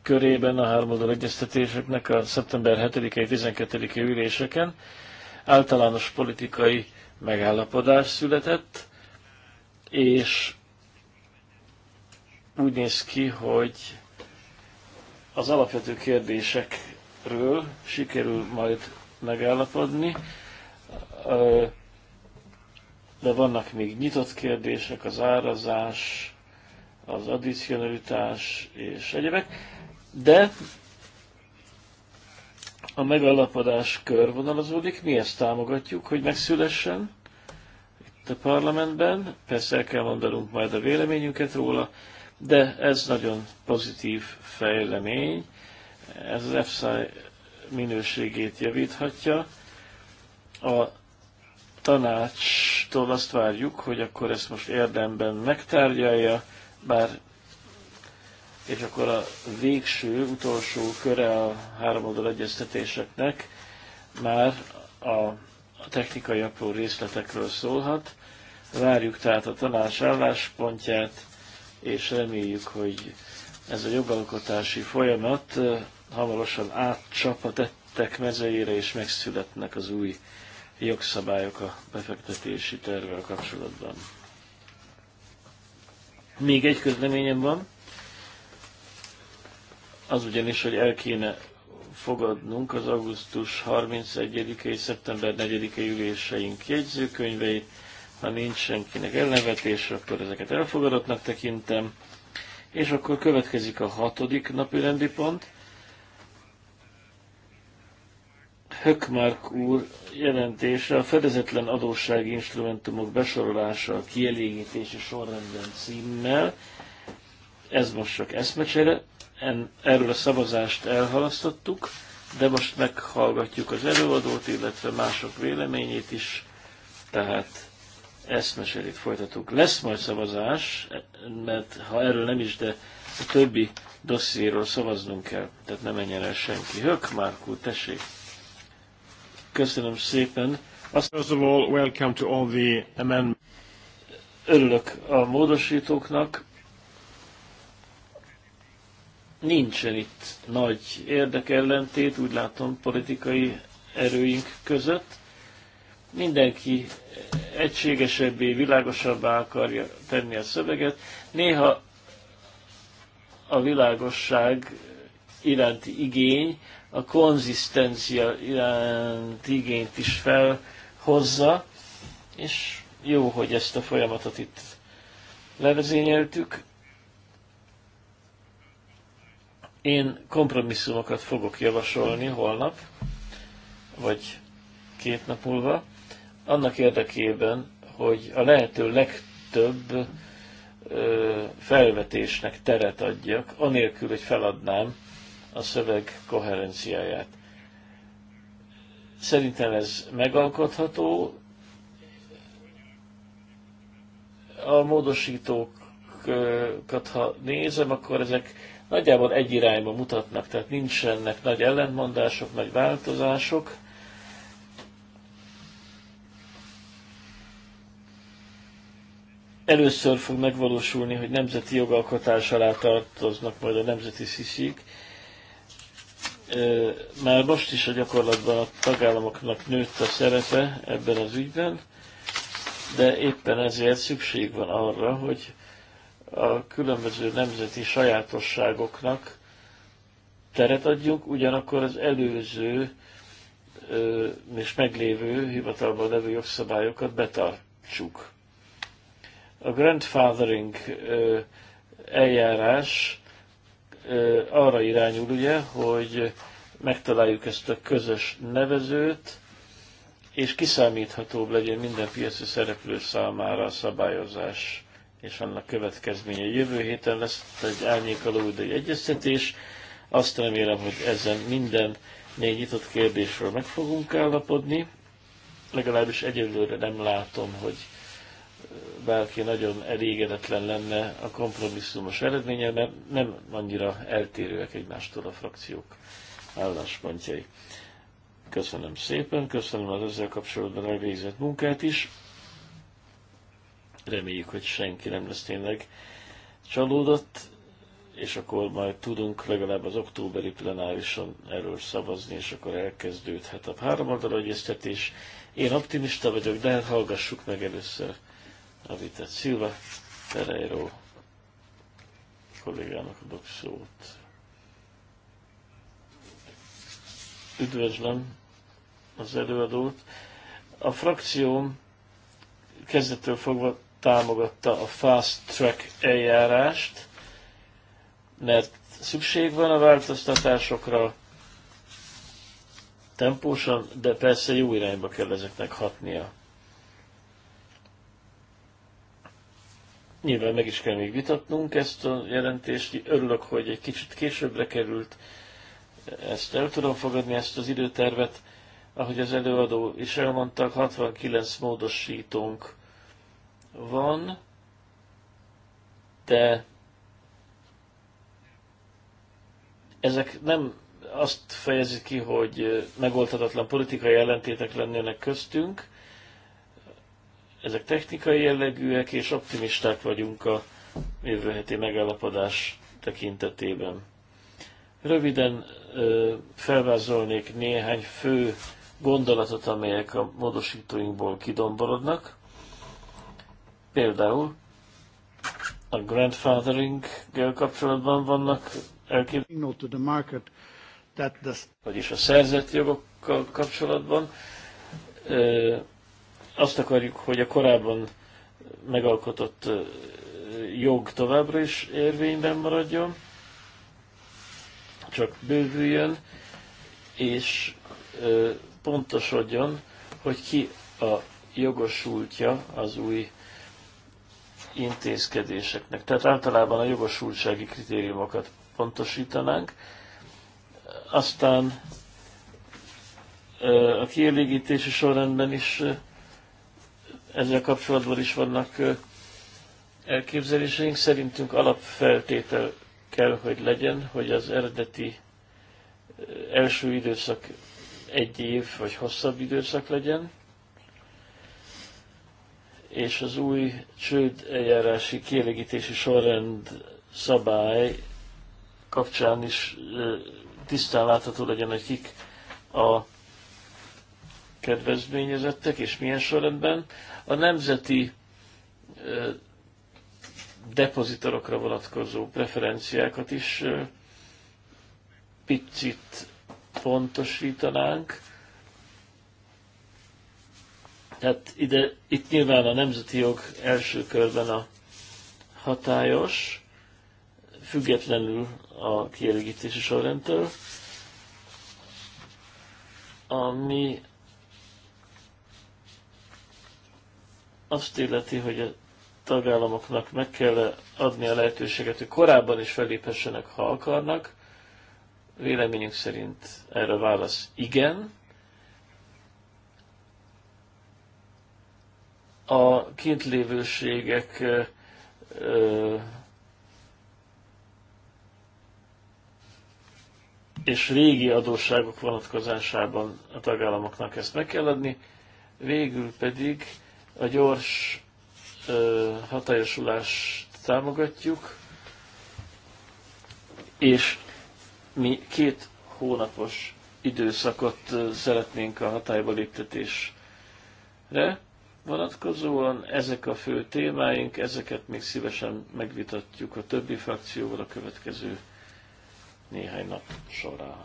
körében a oldal egyeztetéseknek a szeptember 7-i 12 -i üléseken általános politikai megállapodás született, és úgy néz ki, hogy az alapvető kérdésekről sikerül majd megállapodni de vannak még nyitott kérdések, az árazás, az addicionalitás és egyebek, de a megalapodás körvonalazódik, mi ezt támogatjuk, hogy megszülessen itt a parlamentben, persze el kell mondanunk majd a véleményünket róla, de ez nagyon pozitív fejlemény, ez az EFSA minőségét javíthatja. A tanácstól azt várjuk, hogy akkor ezt most érdemben megtárgyalja, bár és akkor a végső, utolsó köre a háromoldal egyeztetéseknek már a, a technikai apró részletekről szólhat. Várjuk tehát a tanács álláspontját, és reméljük, hogy ez a jogalkotási folyamat eh, hamarosan átcsap a tettek mezeire, és megszületnek az új jogszabályok a befektetési tervvel kapcsolatban. Még egy közleményem van, az ugyanis, hogy el kéne fogadnunk az augusztus 31-i, szeptember 4-i üléseink jegyzőkönyveit. Ha nincs senkinek elnevetés, akkor ezeket elfogadottnak tekintem. És akkor következik a hatodik napi rendi pont, Hökmark úr jelentése a fedezetlen adóssági instrumentumok besorolása a kielégítési sorrendben címmel. Ez most csak eszmecsere. En, erről a szavazást elhalasztottuk, de most meghallgatjuk az előadót, illetve mások véleményét is, tehát eszmeserét folytatunk. Lesz majd szavazás, mert ha erről nem is, de a többi dossziéről szavaznunk kell, tehát ne menjen el senki. Hök, Márkú, tessék! Köszönöm szépen. Azt First of all, welcome to all the amendments. Örülök a módosítóknak. Nincsen itt nagy érdekellentét, úgy látom, politikai erőink között. Mindenki egységesebbé, világosabbá akarja tenni a szöveget. Néha a világosság iránti igény a konzisztencia iránt igényt is felhozza, és jó, hogy ezt a folyamatot itt levezényeltük. Én kompromisszumokat fogok javasolni holnap, vagy két nap múlva, annak érdekében, hogy a lehető legtöbb ö, felvetésnek teret adjak, anélkül, hogy feladnám a szöveg koherenciáját. Szerintem ez megalkotható. A módosítókat, ha nézem, akkor ezek nagyjából egy irányba mutatnak, tehát nincsenek nagy ellentmondások, nagy változások. Először fog megvalósulni, hogy nemzeti jogalkotás alá tartoznak majd a nemzeti sziszik, már most is a gyakorlatban a tagállamoknak nőtt a szerepe ebben az ügyben, de éppen ezért szükség van arra, hogy a különböző nemzeti sajátosságoknak teret adjunk, ugyanakkor az előző és meglévő hivatalban levő jogszabályokat betartsuk. A grandfathering eljárás arra irányul, ugye, hogy megtaláljuk ezt a közös nevezőt, és kiszámíthatóbb legyen minden piaci szereplő számára a szabályozás és annak következménye. Jövő héten lesz egy árnyékaló egy egyeztetés. Azt remélem, hogy ezen minden négy nyitott kérdésről meg fogunk állapodni. Legalábbis egyelőre nem látom, hogy bárki nagyon elégedetlen lenne a kompromisszumos eredménye, mert nem annyira eltérőek egymástól a frakciók álláspontjai. Köszönöm szépen, köszönöm az ezzel kapcsolatban elvégzett munkát is. Reméljük, hogy senki nem lesz tényleg csalódott, és akkor majd tudunk legalább az októberi plenárison erről szavazni, és akkor elkezdődhet a háromoldalú egyeztetés. Én optimista vagyok, de hát hallgassuk meg először a Silva Pereiro kollégának adok szót. Üdvözlöm az előadót. A frakcióm kezdettől fogva támogatta a fast track eljárást, mert szükség van a változtatásokra, tempósan, de persze jó irányba kell ezeknek hatnia. Nyilván meg is kell még vitatnunk ezt a jelentést. Örülök, hogy egy kicsit későbbre került. Ezt el tudom fogadni, ezt az időtervet. Ahogy az előadó is elmondta, 69 módosítónk van, de ezek nem azt fejezik ki, hogy megoldhatatlan politikai ellentétek lennének köztünk, ezek technikai jellegűek, és optimisták vagyunk a jövő heti megállapodás tekintetében. Röviden ö, felvázolnék néhány fő gondolatot, amelyek a módosítóinkból kidomborodnak. Például a grandfathering-gel kapcsolatban vannak elképzelések, vagyis a szerzett jogokkal kapcsolatban. Ö, azt akarjuk, hogy a korábban megalkotott jog továbbra is érvényben maradjon, csak bővüljön, és pontosodjon, hogy ki a jogosultja az új intézkedéseknek. Tehát általában a jogosultsági kritériumokat pontosítanánk. Aztán a kielégítési sorrendben is ezzel kapcsolatban is vannak elképzeléseink. Szerintünk alapfeltétel kell, hogy legyen, hogy az eredeti első időszak egy év vagy hosszabb időszak legyen, és az új csőd eljárási kielégítési sorrend szabály kapcsán is tisztán látható legyen, hogy kik a kedvezményezettek, és milyen sorrendben. A nemzeti depozitorokra vonatkozó preferenciákat is picit pontosítanánk. Tehát ide, itt nyilván a nemzeti jog első körben a hatályos, függetlenül a kielégítési sorrendtől, ami azt illeti, hogy a tagállamoknak meg kell adni a lehetőséget, hogy korábban is feléphessenek, ha akarnak. Véleményünk szerint erre válasz igen. A kintlévőségek és régi adósságok vonatkozásában a tagállamoknak ezt meg kell adni, végül pedig a gyors hatályosulást támogatjuk, és mi két hónapos időszakot szeretnénk a hatályba léptetésre vonatkozóan. Ezek a fő témáink, ezeket még szívesen megvitatjuk a többi frakcióval a következő néhány nap során.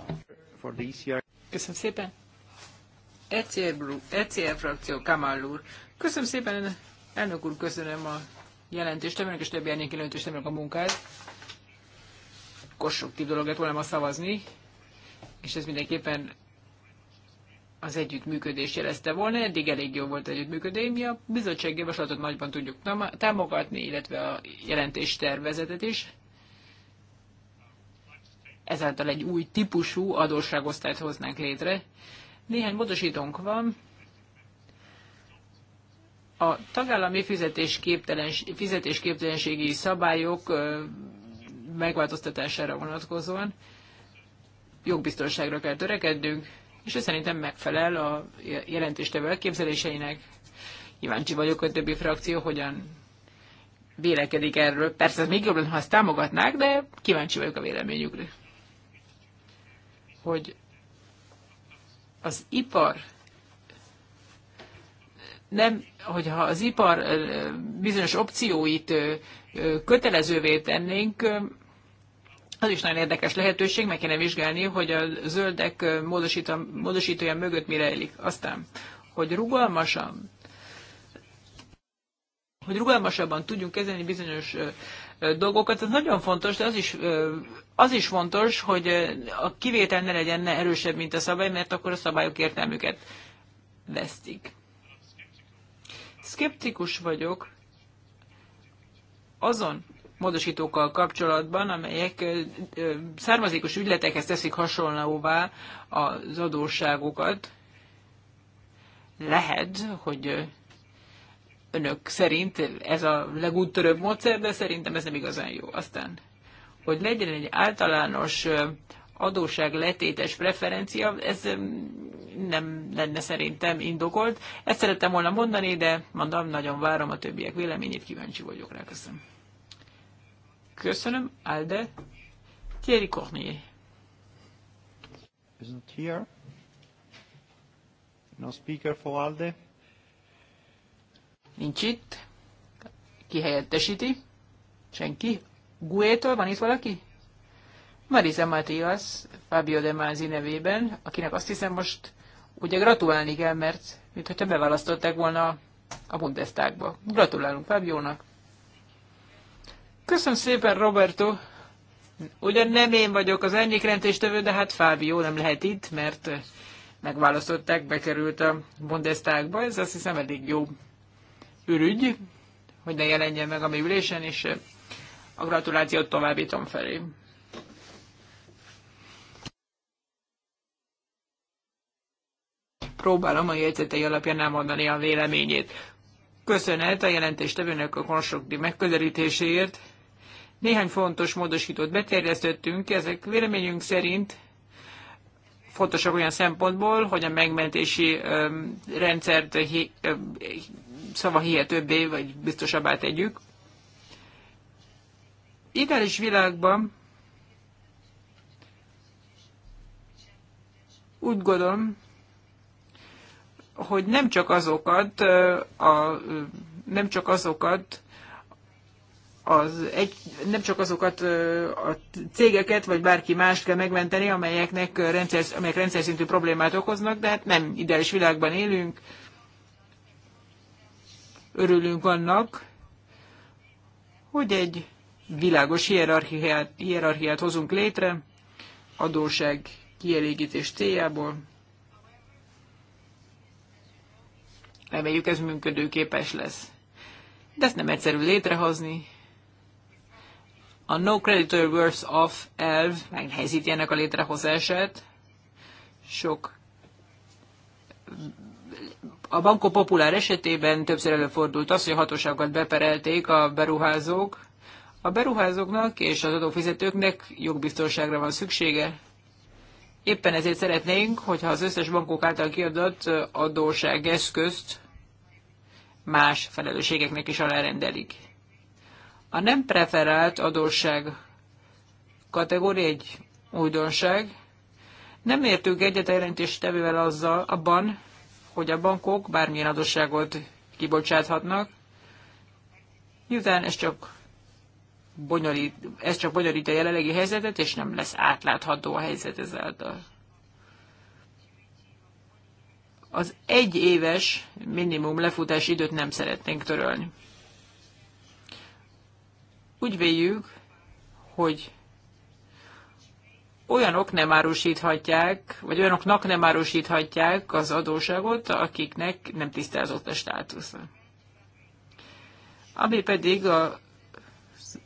Köszönöm szépen! ECR e frakció, Kamal úr. Köszönöm szépen, elnök úr, köszönöm a jelentést, tömörök és többi elnék jelentést, a munkát. Konstruktív dolog lett volna ma szavazni, és ez mindenképpen az együttműködés jelezte volna. Eddig elég jó volt együttműködés, mi a bizottság javaslatot nagyban tudjuk támogatni, illetve a jelentés tervezetet is. Ezáltal egy új típusú adósságosztályt hoznánk létre. Néhány módosítónk van, a tagállami fizetésképtelenségi szabályok megváltoztatására vonatkozóan jogbiztonságra kell törekednünk, és ez szerintem megfelel a jelentéstevő elképzeléseinek. Kíváncsi vagyok, hogy többi frakció hogyan vélekedik erről. Persze ez még jobb lenne, ha ezt támogatnák, de kíváncsi vagyok a véleményükre. Hogy az ipar nem, hogyha az ipar bizonyos opcióit kötelezővé tennénk, az is nagyon érdekes lehetőség, meg kéne vizsgálni, hogy a zöldek módosítója mögött mire élik. Aztán, hogy rugalmasan, hogy rugalmasabban tudjunk kezelni bizonyos dolgokat, ez nagyon fontos, de az is, az is fontos, hogy a kivétel ne legyen erősebb, mint a szabály, mert akkor a szabályok értelmüket vesztik. Szkeptikus vagyok azon módosítókkal kapcsolatban, amelyek származékos ügyletekhez teszik hasonlóvá az adósságokat. Lehet, hogy önök szerint ez a legúttörőbb módszer, de szerintem ez nem igazán jó. Aztán, hogy legyen egy általános adóság letétes preferencia, ez nem lenne szerintem indokolt. Ezt szerettem volna mondani, de mondom, nagyon várom a többiek véleményét, kíváncsi vagyok rá, köszönöm. Köszönöm, Alde. Thierry Cornier. Is not here. No speaker for Alde. Nincs itt. Ki helyettesíti? Senki? Guétől van itt valaki? Marisa Matias Fabio De Mázi nevében, akinek azt hiszem most ugye gratulálni kell, mert mintha beválasztották volna a Bundestagba. Gratulálunk Fábiónak! Köszönöm szépen, Roberto! Ugyan nem én vagyok az árnyékrendtéstevő, de hát Fábio nem lehet itt, mert megválasztották, bekerült a Bundestagba. Ez azt hiszem elég jó ürügy, hogy ne jelenjen meg a mi ülésen, és a gratulációt továbbítom felé. próbálom a jegyzetei alapján elmondani a véleményét. Köszönet a jelentéstevőnek a konstruktív megközelítéséért. Néhány fontos módosítót beterjesztettünk, ezek véleményünk szerint fontosak olyan szempontból, hogy a megmentési rendszert hihetőbbé vagy biztosabbá tegyük. Ideális világban úgy gondolom, hogy nem csak azokat a, nem csak azokat az egy, nem csak azokat a cégeket, vagy bárki más kell megmenteni, amelyeknek rendszer, amelyek rendszer szintű problémát okoznak, de hát nem ideális világban élünk. Örülünk annak, hogy egy világos hierarchiát, hierarchiát hozunk létre, adóság kielégítés céljából. Reméljük ez működőképes lesz. De ezt nem egyszerű létrehozni. A no creditor worse off elv megnehezíti ennek a létrehozását. Sok a bankok Populár esetében többször előfordult az, hogy a hatóságokat beperelték a beruházók. A beruházóknak és az adófizetőknek jogbiztonságra van szüksége. Éppen ezért szeretnénk, hogyha az összes bankok által kiadott eszközt más felelősségeknek is alárendelik. A nem preferált adósság kategória egy újdonság. Nem értünk egyet a jelentéstevővel azzal abban, hogy a bankok bármilyen adósságot kibocsáthatnak, miután ez csak bonyolít, ez csak bonyolít a jelenlegi helyzetet, és nem lesz átlátható a helyzet ezáltal az egy éves minimum lefutási időt nem szeretnénk törölni. Úgy véljük, hogy olyanok nem árusíthatják, vagy olyanoknak nem árusíthatják az adóságot, akiknek nem tisztázott a státusz. Ami pedig a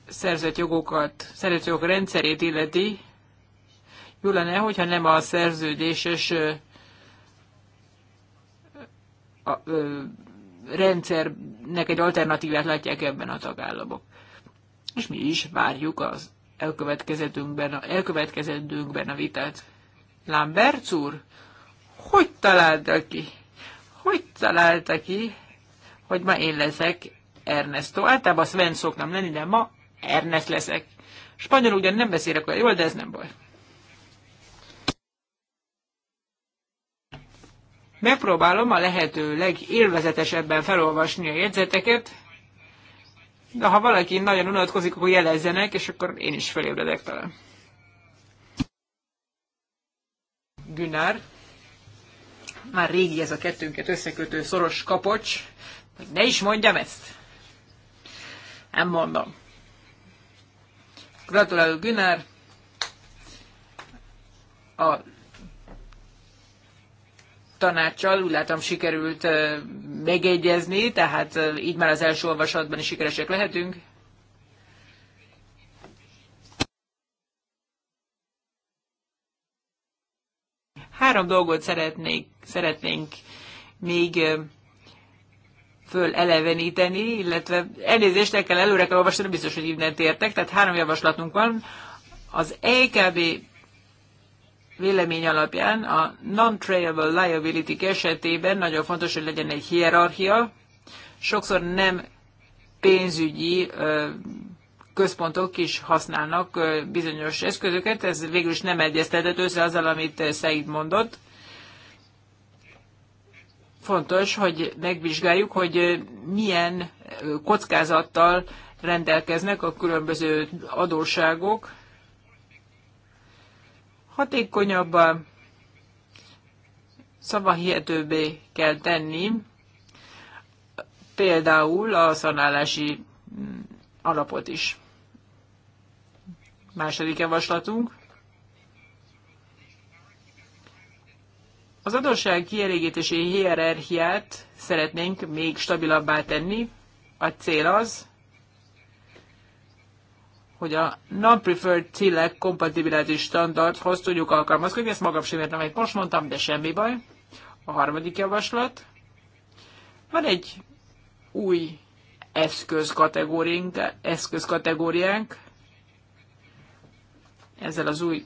szerzett jogokat, szerzett jogok rendszerét illeti, jó lenne, hogyha nem a szerződéses a, ö, rendszernek egy alternatívát látják ebben a tagállamok. És mi is várjuk az elkövetkezetünkben, elkövetkezendőnkben a vitát. Lambert úr, hogy találta ki? Hogy találta ki, hogy ma én leszek Ernesto? Általában Sven szoktam lenni, de ma Ernest leszek. Spanyol ugyan nem beszélek olyan jól, de ez nem baj. Megpróbálom a lehető legélvezetesebben felolvasni a jegyzeteket, de ha valaki nagyon unatkozik, akkor jelezzenek, és akkor én is felébredek talán. Günár. Már régi ez a kettőnket összekötő szoros kapocs. Ne is mondjam ezt. Nem mondom. Gratulálok Günár. A tanácssal úgy látom sikerült megegyezni, tehát így már az első olvasatban is sikeresek lehetünk. Három dolgot szeretnék, szeretnénk még föleleveníteni, illetve elnézést el kell előre kell olvasni, biztos, hogy nem tértek, tehát három javaslatunk van. Az EKB vélemény alapján a non trayable liability esetében nagyon fontos, hogy legyen egy hierarchia, sokszor nem pénzügyi központok is használnak bizonyos eszközöket, ez végül is nem egyeztetett össze azzal, amit Said mondott. Fontos, hogy megvizsgáljuk, hogy milyen kockázattal rendelkeznek a különböző adóságok, hatékonyabban, szavahihetőbbé kell tenni, például a szanálási mm, alapot is. Második javaslatunk. Az adósság kielégítési hierarchiát szeretnénk még stabilabbá tenni. A cél az, hogy a non-preferred cillek kompatibilitási standardhoz tudjuk alkalmazkodni, ezt magam sem értem, amit most mondtam, de semmi baj. A harmadik javaslat. Van egy új eszközkategóriánk, eszközkategóriánk ezzel az új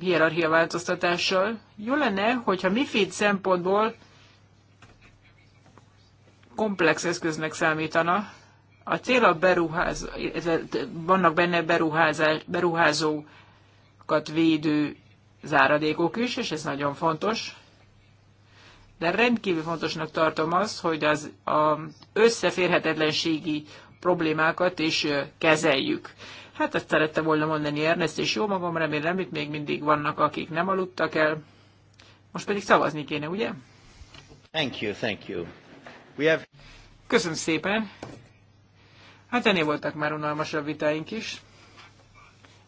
hierarchia változtatással. Jó lenne, hogyha MIFID szempontból komplex eszköznek számítana, a cél a beruház, vannak benne beruházás, beruházókat védő záradékok is, és ez nagyon fontos. De rendkívül fontosnak tartom azt, hogy az a összeférhetetlenségi problémákat is kezeljük. Hát ezt szerette volna mondani Ernest, és jó magam, remélem, itt még mindig vannak, akik nem aludtak el. Most pedig szavazni kéne, ugye? Thank you, thank you. We have... Köszönöm szépen. Hát ennél voltak már unalmasabb vitáink is.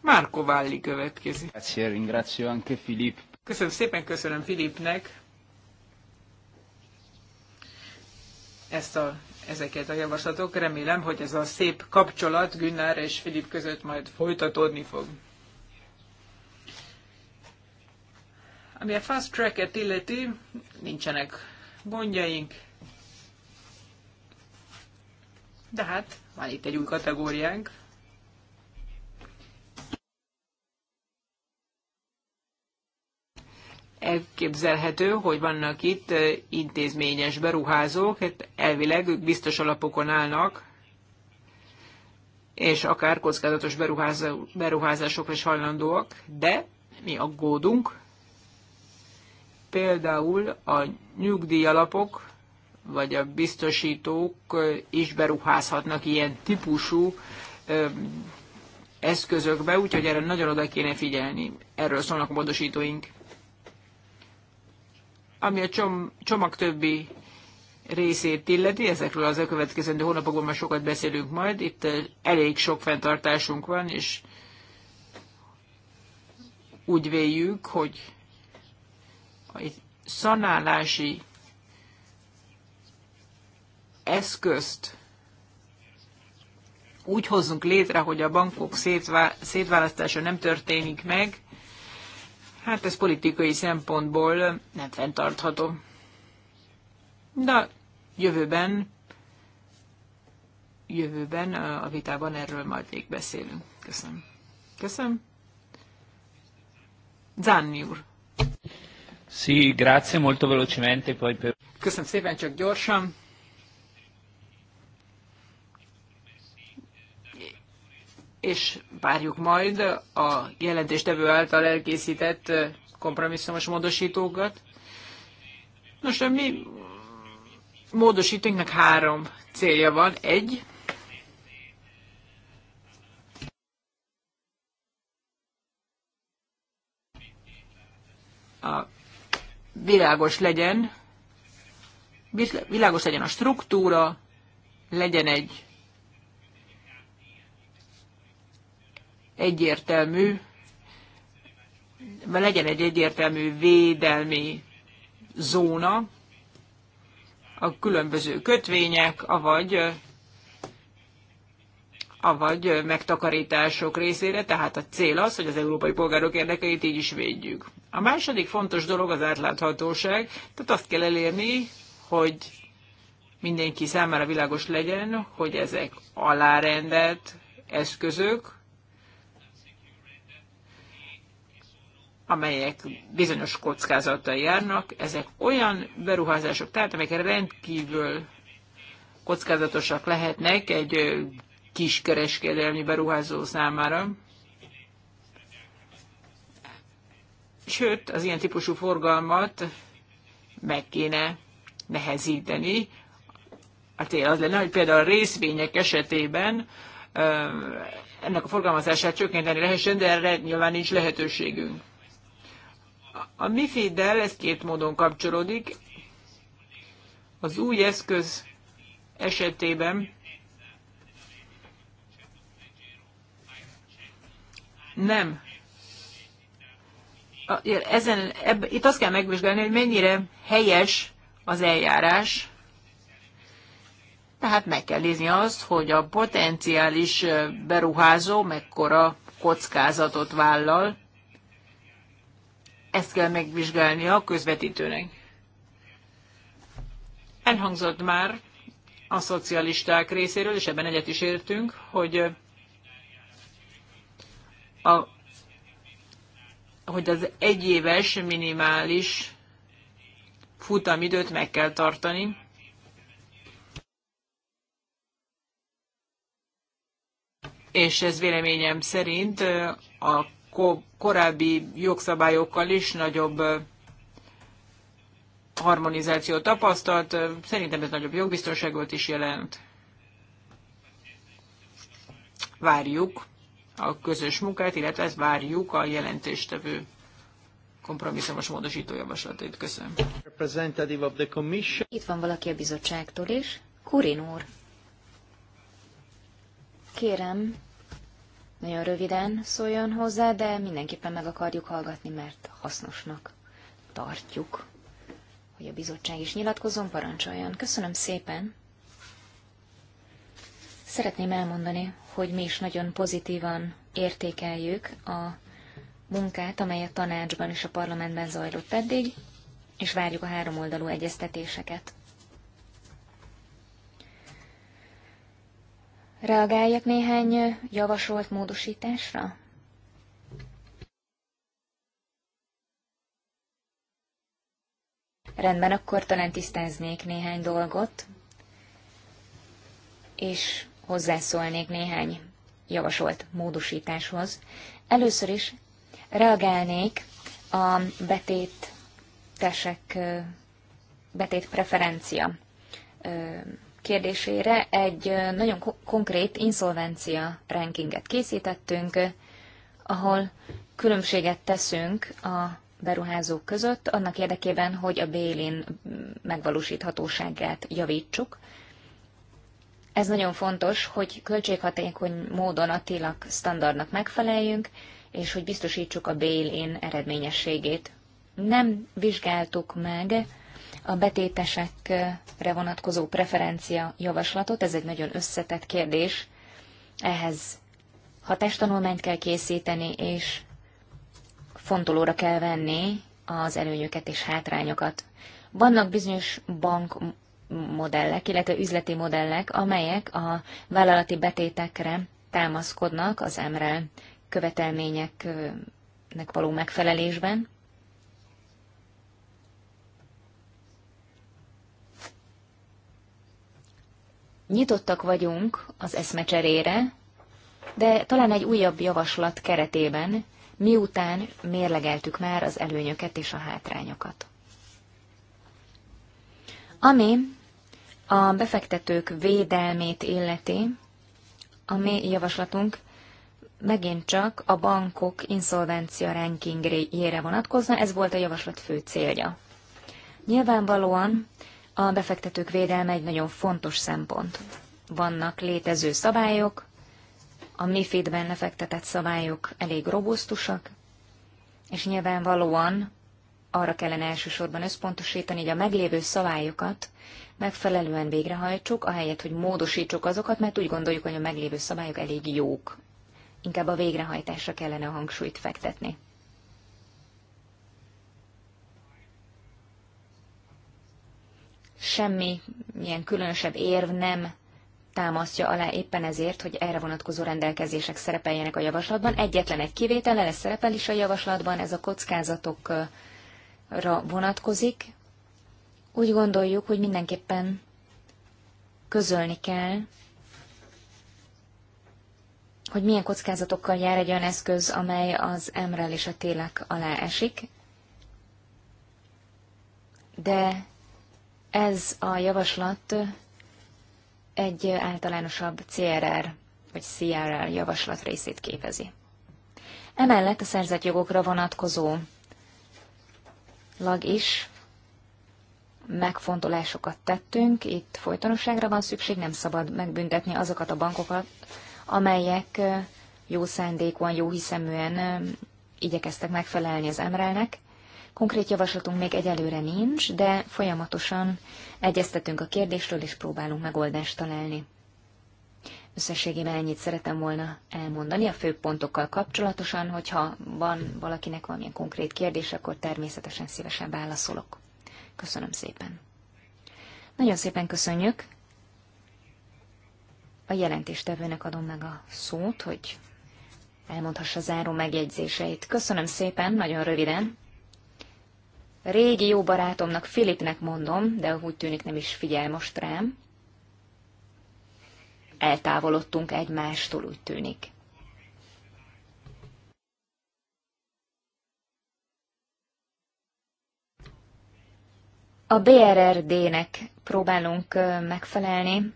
Márko Válli következik. Köszönöm szépen, köszönöm Filipnek ezt a, ezeket a javaslatok. Remélem, hogy ez a szép kapcsolat Günnár és Filip között majd folytatódni fog. Ami a fast track-et illeti, nincsenek gondjaink, de hát van itt egy új kategóriánk. Elképzelhető, hogy vannak itt intézményes beruházók, hát elvileg ők biztos alapokon állnak, és akár kockázatos beruházások is hajlandóak, de mi aggódunk. Például a nyugdíjalapok vagy a biztosítók is beruházhatnak ilyen típusú eszközökbe, úgyhogy erre nagyon oda kéne figyelni. Erről szólnak a módosítóink. Ami a csom, csomag többi részét illeti, ezekről az elkövetkezendő hónapokban már sokat beszélünk majd, itt elég sok fenntartásunk van, és úgy véljük, hogy a szanálási eszközt úgy hozzunk létre, hogy a bankok szétválasztása nem történik meg, hát ez politikai szempontból nem fenntartható. De jövőben, jövőben a vitában erről majd még beszélünk. Köszönöm. Köszönöm. Zanni úr. Sì, grazie, molto velocemente. Poi per... Köszönöm szépen, csak gyorsan. és várjuk majd a jelentéstevő által elkészített kompromisszumos módosítókat. Nos, a mi módosítóinknak három célja van. Egy, a világos legyen, világos legyen a struktúra, legyen egy egyértelmű, legyen egy egyértelmű védelmi zóna, a különböző kötvények, avagy, avagy megtakarítások részére, tehát a cél az, hogy az európai polgárok érdekeit így is védjük. A második fontos dolog az átláthatóság, tehát azt kell elérni, hogy mindenki számára világos legyen, hogy ezek alárendelt eszközök, amelyek bizonyos kockázattal járnak. Ezek olyan beruházások, tehát amelyek rendkívül kockázatosak lehetnek egy kis kereskedelmi beruházó számára. Sőt, az ilyen típusú forgalmat meg kéne nehezíteni. A az lenne, hogy például a részvények esetében ennek a forgalmazását csökkenteni lehessen, de erre nyilván nincs lehetőségünk. A mi fiddel ez két módon kapcsolódik. Az új eszköz esetében nem. Ezen, ebb, itt azt kell megvizsgálni, hogy mennyire helyes az eljárás. Tehát meg kell nézni azt, hogy a potenciális beruházó mekkora kockázatot vállal, ezt kell megvizsgálni a közvetítőnek. Elhangzott már a szocialisták részéről, és ebben egyet is értünk, hogy a, hogy az egyéves minimális futamidőt meg kell tartani. És ez véleményem szerint a korábbi jogszabályokkal is nagyobb harmonizáció tapasztalt. Szerintem ez nagyobb jogbiztonságot is jelent. Várjuk a közös munkát, illetve ezt várjuk a jelentéstevő kompromisszumos módosító javaslatait. Köszönöm. Itt van valaki a bizottságtól is. Kurin úr. Kérem, nagyon röviden szóljon hozzá, de mindenképpen meg akarjuk hallgatni, mert hasznosnak tartjuk, hogy a bizottság is nyilatkozom parancsoljon. Köszönöm szépen! Szeretném elmondani, hogy mi is nagyon pozitívan értékeljük a munkát, amely a tanácsban és a parlamentben zajlott eddig, és várjuk a háromoldalú egyeztetéseket. reagáljak néhány javasolt módosításra? Rendben, akkor talán tisztáznék néhány dolgot, és hozzászólnék néhány javasolt módosításhoz. Először is reagálnék a betét tesek, betét preferencia kérdésére egy nagyon konkrét insolvencia rankinget készítettünk, ahol különbséget teszünk a beruházók között, annak érdekében, hogy a bélin megvalósíthatóságát javítsuk. Ez nagyon fontos, hogy költséghatékony módon a tilak standardnak megfeleljünk, és hogy biztosítsuk a Bélin eredményességét. Nem vizsgáltuk meg a betétesekre vonatkozó preferencia javaslatot. Ez egy nagyon összetett kérdés. Ehhez testtanulmányt kell készíteni, és fontolóra kell venni az előnyöket és hátrányokat. Vannak bizonyos bank modellek, illetve üzleti modellek, amelyek a vállalati betétekre támaszkodnak az emre követelményeknek való megfelelésben. Nyitottak vagyunk az eszmecserére, de talán egy újabb javaslat keretében, miután mérlegeltük már az előnyöket és a hátrányokat. Ami a befektetők védelmét illeti, a mi javaslatunk megint csak a bankok inszolvencia rankingjére vonatkozna, ez volt a javaslat fő célja. Nyilvánvalóan a befektetők védelme egy nagyon fontos szempont. Vannak létező szabályok, a MIFID-ben lefektetett szabályok elég robusztusak, és nyilvánvalóan arra kellene elsősorban összpontosítani, hogy a meglévő szabályokat megfelelően végrehajtsuk, ahelyett, hogy módosítsuk azokat, mert úgy gondoljuk, hogy a meglévő szabályok elég jók. Inkább a végrehajtásra kellene a hangsúlyt fektetni. semmi ilyen különösebb érv nem támasztja alá éppen ezért, hogy erre vonatkozó rendelkezések szerepeljenek a javaslatban. Egyetlen egy kivétel lesz szerepel is a javaslatban, ez a kockázatokra vonatkozik. Úgy gondoljuk, hogy mindenképpen közölni kell, hogy milyen kockázatokkal jár egy olyan eszköz, amely az emrel és a télek alá esik, de ez a javaslat egy általánosabb CRR vagy CRR javaslat részét képezi. Emellett a szerzett jogokra vonatkozó lag is megfontolásokat tettünk, itt folytonosságra van szükség, nem szabad megbüntetni azokat a bankokat, amelyek jó szándékúan, jó hiszeműen igyekeztek megfelelni az emrelnek. Konkrét javaslatunk még egyelőre nincs, de folyamatosan egyeztetünk a kérdésről, és próbálunk megoldást találni. Összességében ennyit szeretem volna elmondani a főpontokkal pontokkal kapcsolatosan, hogyha van valakinek valamilyen konkrét kérdés, akkor természetesen szívesen válaszolok. Köszönöm szépen. Nagyon szépen köszönjük. A jelentéstevőnek adom meg a szót, hogy elmondhassa záró megjegyzéseit. Köszönöm szépen, nagyon röviden. Régi jó barátomnak, Filipnek mondom, de úgy tűnik nem is figyel most rám. Eltávolodtunk egymástól, úgy tűnik. A BRRD-nek próbálunk megfelelni,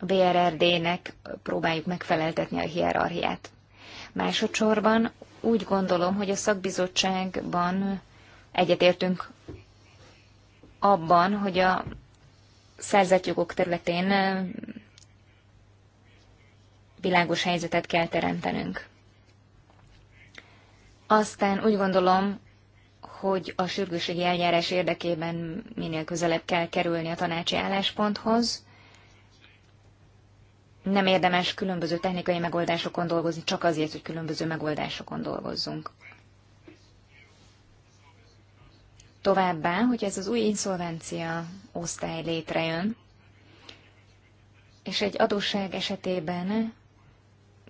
a BRRD-nek próbáljuk megfeleltetni a hierarchiát. Másodszorban úgy gondolom, hogy a szakbizottságban egyetértünk abban, hogy a szerzett jogok területén világos helyzetet kell teremtenünk. Aztán úgy gondolom, hogy a sürgőségi eljárás érdekében minél közelebb kell kerülni a tanácsi állásponthoz. Nem érdemes különböző technikai megoldásokon dolgozni, csak azért, hogy különböző megoldásokon dolgozzunk. Továbbá, hogy ez az új inszolvencia osztály létrejön, és egy adósság esetében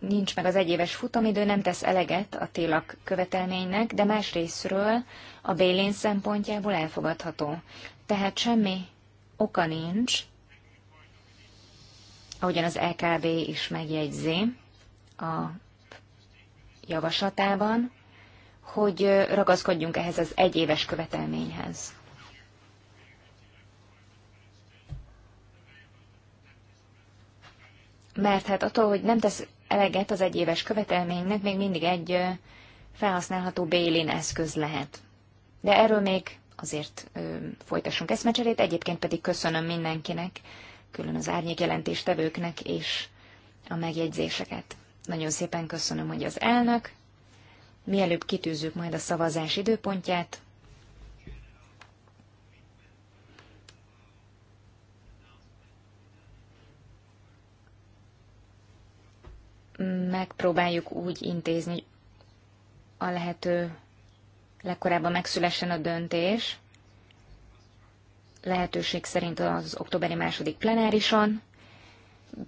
nincs meg az egyéves futamidő, nem tesz eleget a télak követelménynek, de más részről a bélén szempontjából elfogadható. Tehát semmi oka nincs, ahogyan az LKB is megjegyzi a javaslatában, hogy ragaszkodjunk ehhez az egyéves követelményhez. Mert hát attól, hogy nem tesz eleget az egyéves követelménynek, még mindig egy felhasználható bélin eszköz lehet. De erről még azért ö, folytassunk eszmecserét, egyébként pedig köszönöm mindenkinek, külön az árnyékjelentéstevőknek és a megjegyzéseket. Nagyon szépen köszönöm, hogy az elnök Mielőbb kitűzzük majd a szavazás időpontját. Megpróbáljuk úgy intézni, hogy a lehető legkorábban megszülessen a döntés, lehetőség szerint az októberi második plenárison,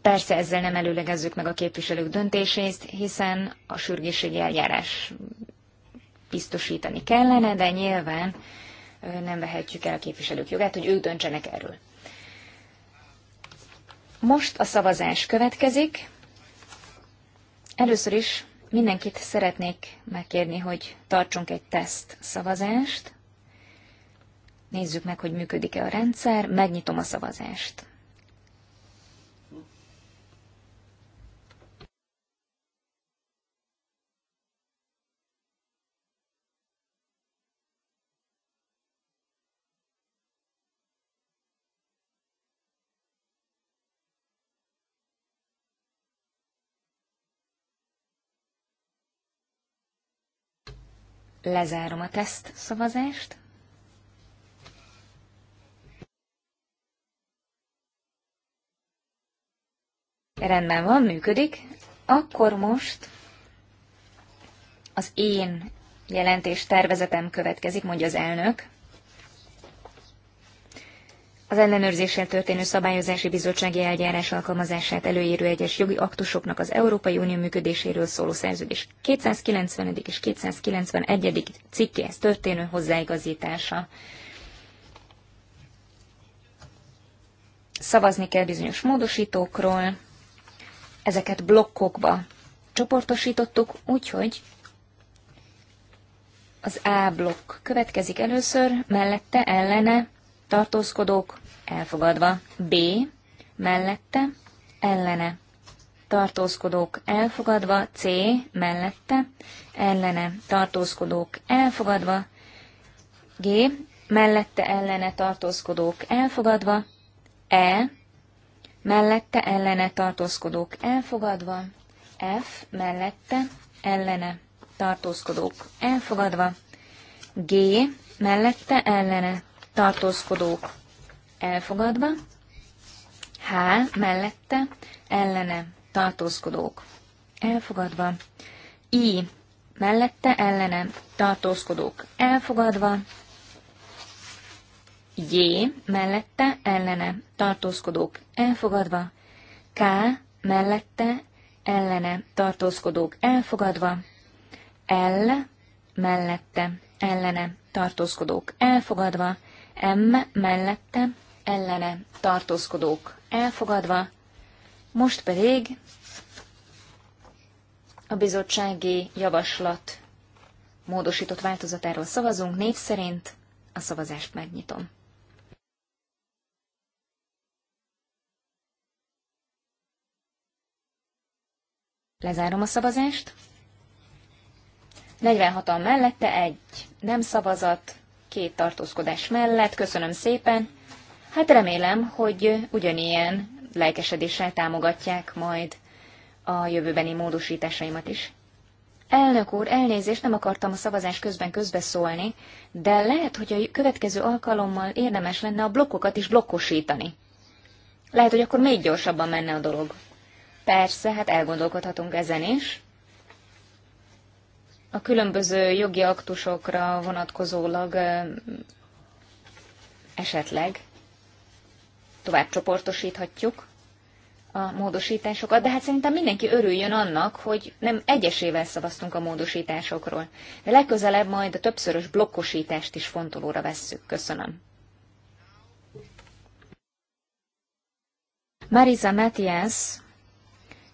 Persze ezzel nem előlegezzük meg a képviselők döntését, hiszen a sürgésségi eljárás biztosítani kellene, de nyilván nem vehetjük el a képviselők jogát, hogy ők döntsenek erről. Most a szavazás következik. Először is mindenkit szeretnék megkérni, hogy tartsunk egy teszt szavazást. Nézzük meg, hogy működik-e a rendszer. Megnyitom a szavazást. Lezárom a teszt szavazást. Rendben van, működik. Akkor most az én jelentés tervezetem következik, mondja az elnök az ellenőrzéssel történő szabályozási bizottsági eljárás alkalmazását előírő egyes jogi aktusoknak az Európai Unió működéséről szóló szerződés 290. és 291. cikkéhez történő hozzáigazítása. Szavazni kell bizonyos módosítókról, ezeket blokkokba csoportosítottuk, úgyhogy az A blokk következik először, mellette ellene tartózkodók elfogadva, B mellette, ellene, tartózkodók elfogadva, C mellette, ellene, tartózkodók elfogadva, G mellette, ellene, tartózkodók elfogadva, E mellette, ellene, tartózkodók elfogadva, F mellette, ellene, tartózkodók elfogadva, G mellette, ellene, tartózkodók elfogadva, H mellette, ellene tartózkodók elfogadva, I mellette, ellene tartózkodók elfogadva, J mellette, ellene tartózkodók elfogadva, K mellette, ellene tartózkodók elfogadva, L mellette, ellene tartózkodók elfogadva, M mellette, ellene tartózkodók elfogadva, most pedig a bizottsági javaslat módosított változatáról szavazunk, név szerint a szavazást megnyitom. Lezárom a szavazást. 46-an mellette egy nem szavazat, két tartózkodás mellett. Köszönöm szépen! Hát remélem, hogy ugyanilyen lelkesedéssel támogatják majd a jövőbeni módosításaimat is. Elnök úr, elnézést, nem akartam a szavazás közben közbeszólni, de lehet, hogy a következő alkalommal érdemes lenne a blokkokat is blokkosítani. Lehet, hogy akkor még gyorsabban menne a dolog. Persze, hát elgondolkodhatunk ezen is. A különböző jogi aktusokra vonatkozólag esetleg tovább csoportosíthatjuk a módosításokat, de hát szerintem mindenki örüljön annak, hogy nem egyesével szavaztunk a módosításokról. De legközelebb majd a többszörös blokkosítást is fontolóra vesszük. Köszönöm. Marisa Matthias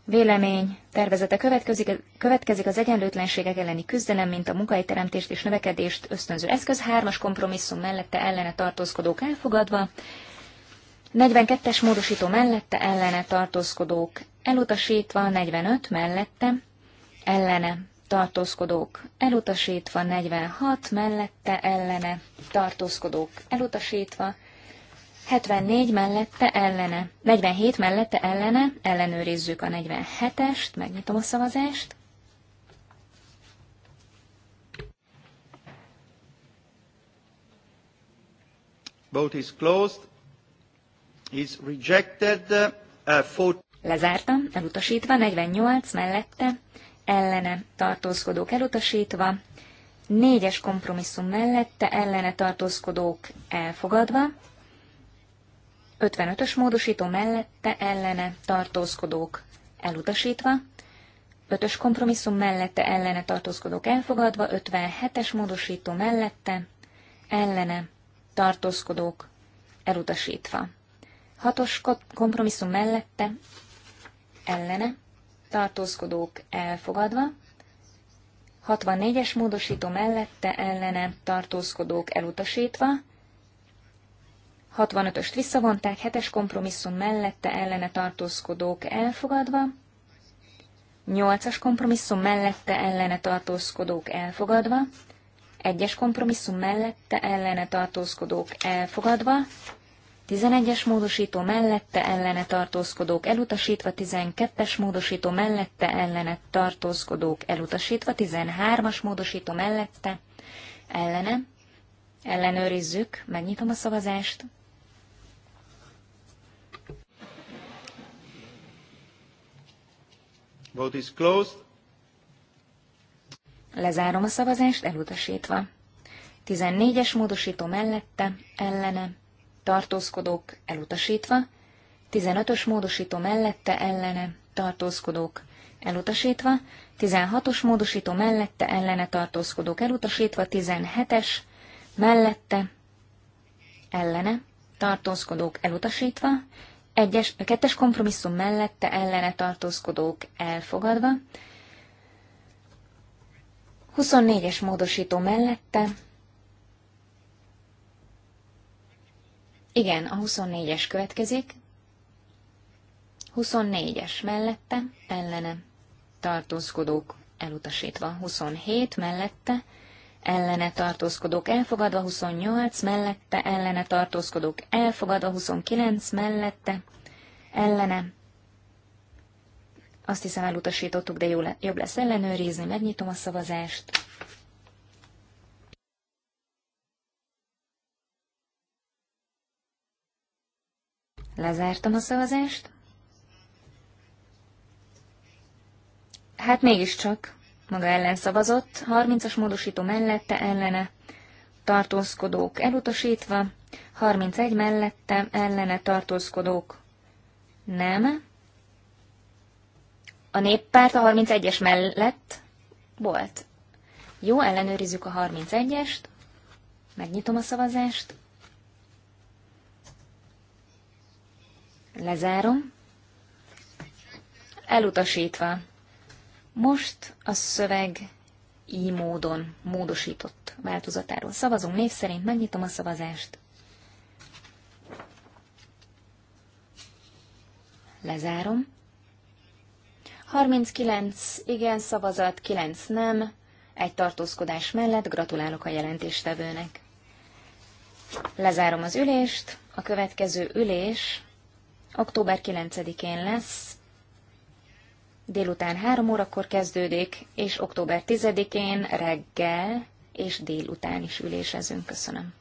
vélemény tervezete következik, következik az egyenlőtlenségek elleni küzdelem, mint a munkahelyteremtést és növekedést ösztönző eszköz, hármas kompromisszum mellette ellene tartózkodók elfogadva, 42-es módosító mellette ellene tartózkodók elutasítva, 45 mellette ellene tartózkodók elutasítva, 46 mellette ellene tartózkodók elutasítva, 74 mellette ellene, 47 mellette ellene, ellenőrizzük a 47-est, megnyitom a szavazást. Vote is closed is rejected. Uh, for... Lezártam, elutasítva, 48 mellette, ellene tartózkodók elutasítva, négyes kompromisszum mellette, ellene tartózkodók elfogadva, 55-ös módosító mellette, ellene tartózkodók elutasítva, 5-ös kompromisszum mellette, ellene tartózkodók elfogadva, 57-es módosító mellette, ellene tartózkodók elutasítva. Hatos kompromisszum mellette, ellene, tartózkodók elfogadva. 64-es módosító mellette, ellene, tartózkodók elutasítva. 65-öst visszavonták, 7-es kompromisszum mellette, ellene, tartózkodók elfogadva. 8-as kompromisszum mellette, ellene, tartózkodók elfogadva. 1-es kompromisszum mellette, ellene, tartózkodók elfogadva. 11-es módosító mellette ellene tartózkodók elutasítva, 12-es módosító mellette ellene tartózkodók elutasítva, 13-as módosító mellette ellene. Ellenőrizzük, megnyitom a szavazást. Vote is closed. Lezárom a szavazást, elutasítva. 14-es módosító mellette, ellene, tartózkodók elutasítva, 15-ös módosító mellette ellene tartózkodók elutasítva, 16-os módosító mellette ellene tartózkodók elutasítva, 17-es mellette ellene tartózkodók elutasítva, egyes, es kettes kompromisszum mellette ellene tartózkodók elfogadva, 24-es módosító mellette Igen, a 24-es következik. 24-es mellette, ellene, tartózkodók elutasítva. 27 mellette, ellene tartózkodók elfogadva, 28 mellette, ellene tartózkodók elfogadva, 29 mellette, ellene. Azt hiszem elutasítottuk, de jó le, jobb lesz ellenőrizni, megnyitom a szavazást. Lezártam a szavazást. Hát mégiscsak, maga ellen szavazott, 30-as módosító mellette ellene, tartózkodók elutasítva, 31 mellette ellene tartózkodók nem. A néppárt a 31-es mellett volt. Jó, ellenőrizzük a 31-est, megnyitom a szavazást. Lezárom. Elutasítva. Most a szöveg így módon módosított változatáról szavazunk. Név szerint megnyitom a szavazást. Lezárom. 39 igen szavazat, 9 nem, egy tartózkodás mellett gratulálok a jelentéstevőnek. Lezárom az ülést, a következő ülés Október 9-én lesz, délután 3 órakor kezdődik, és október 10-én reggel és délután is ülésezünk. Köszönöm.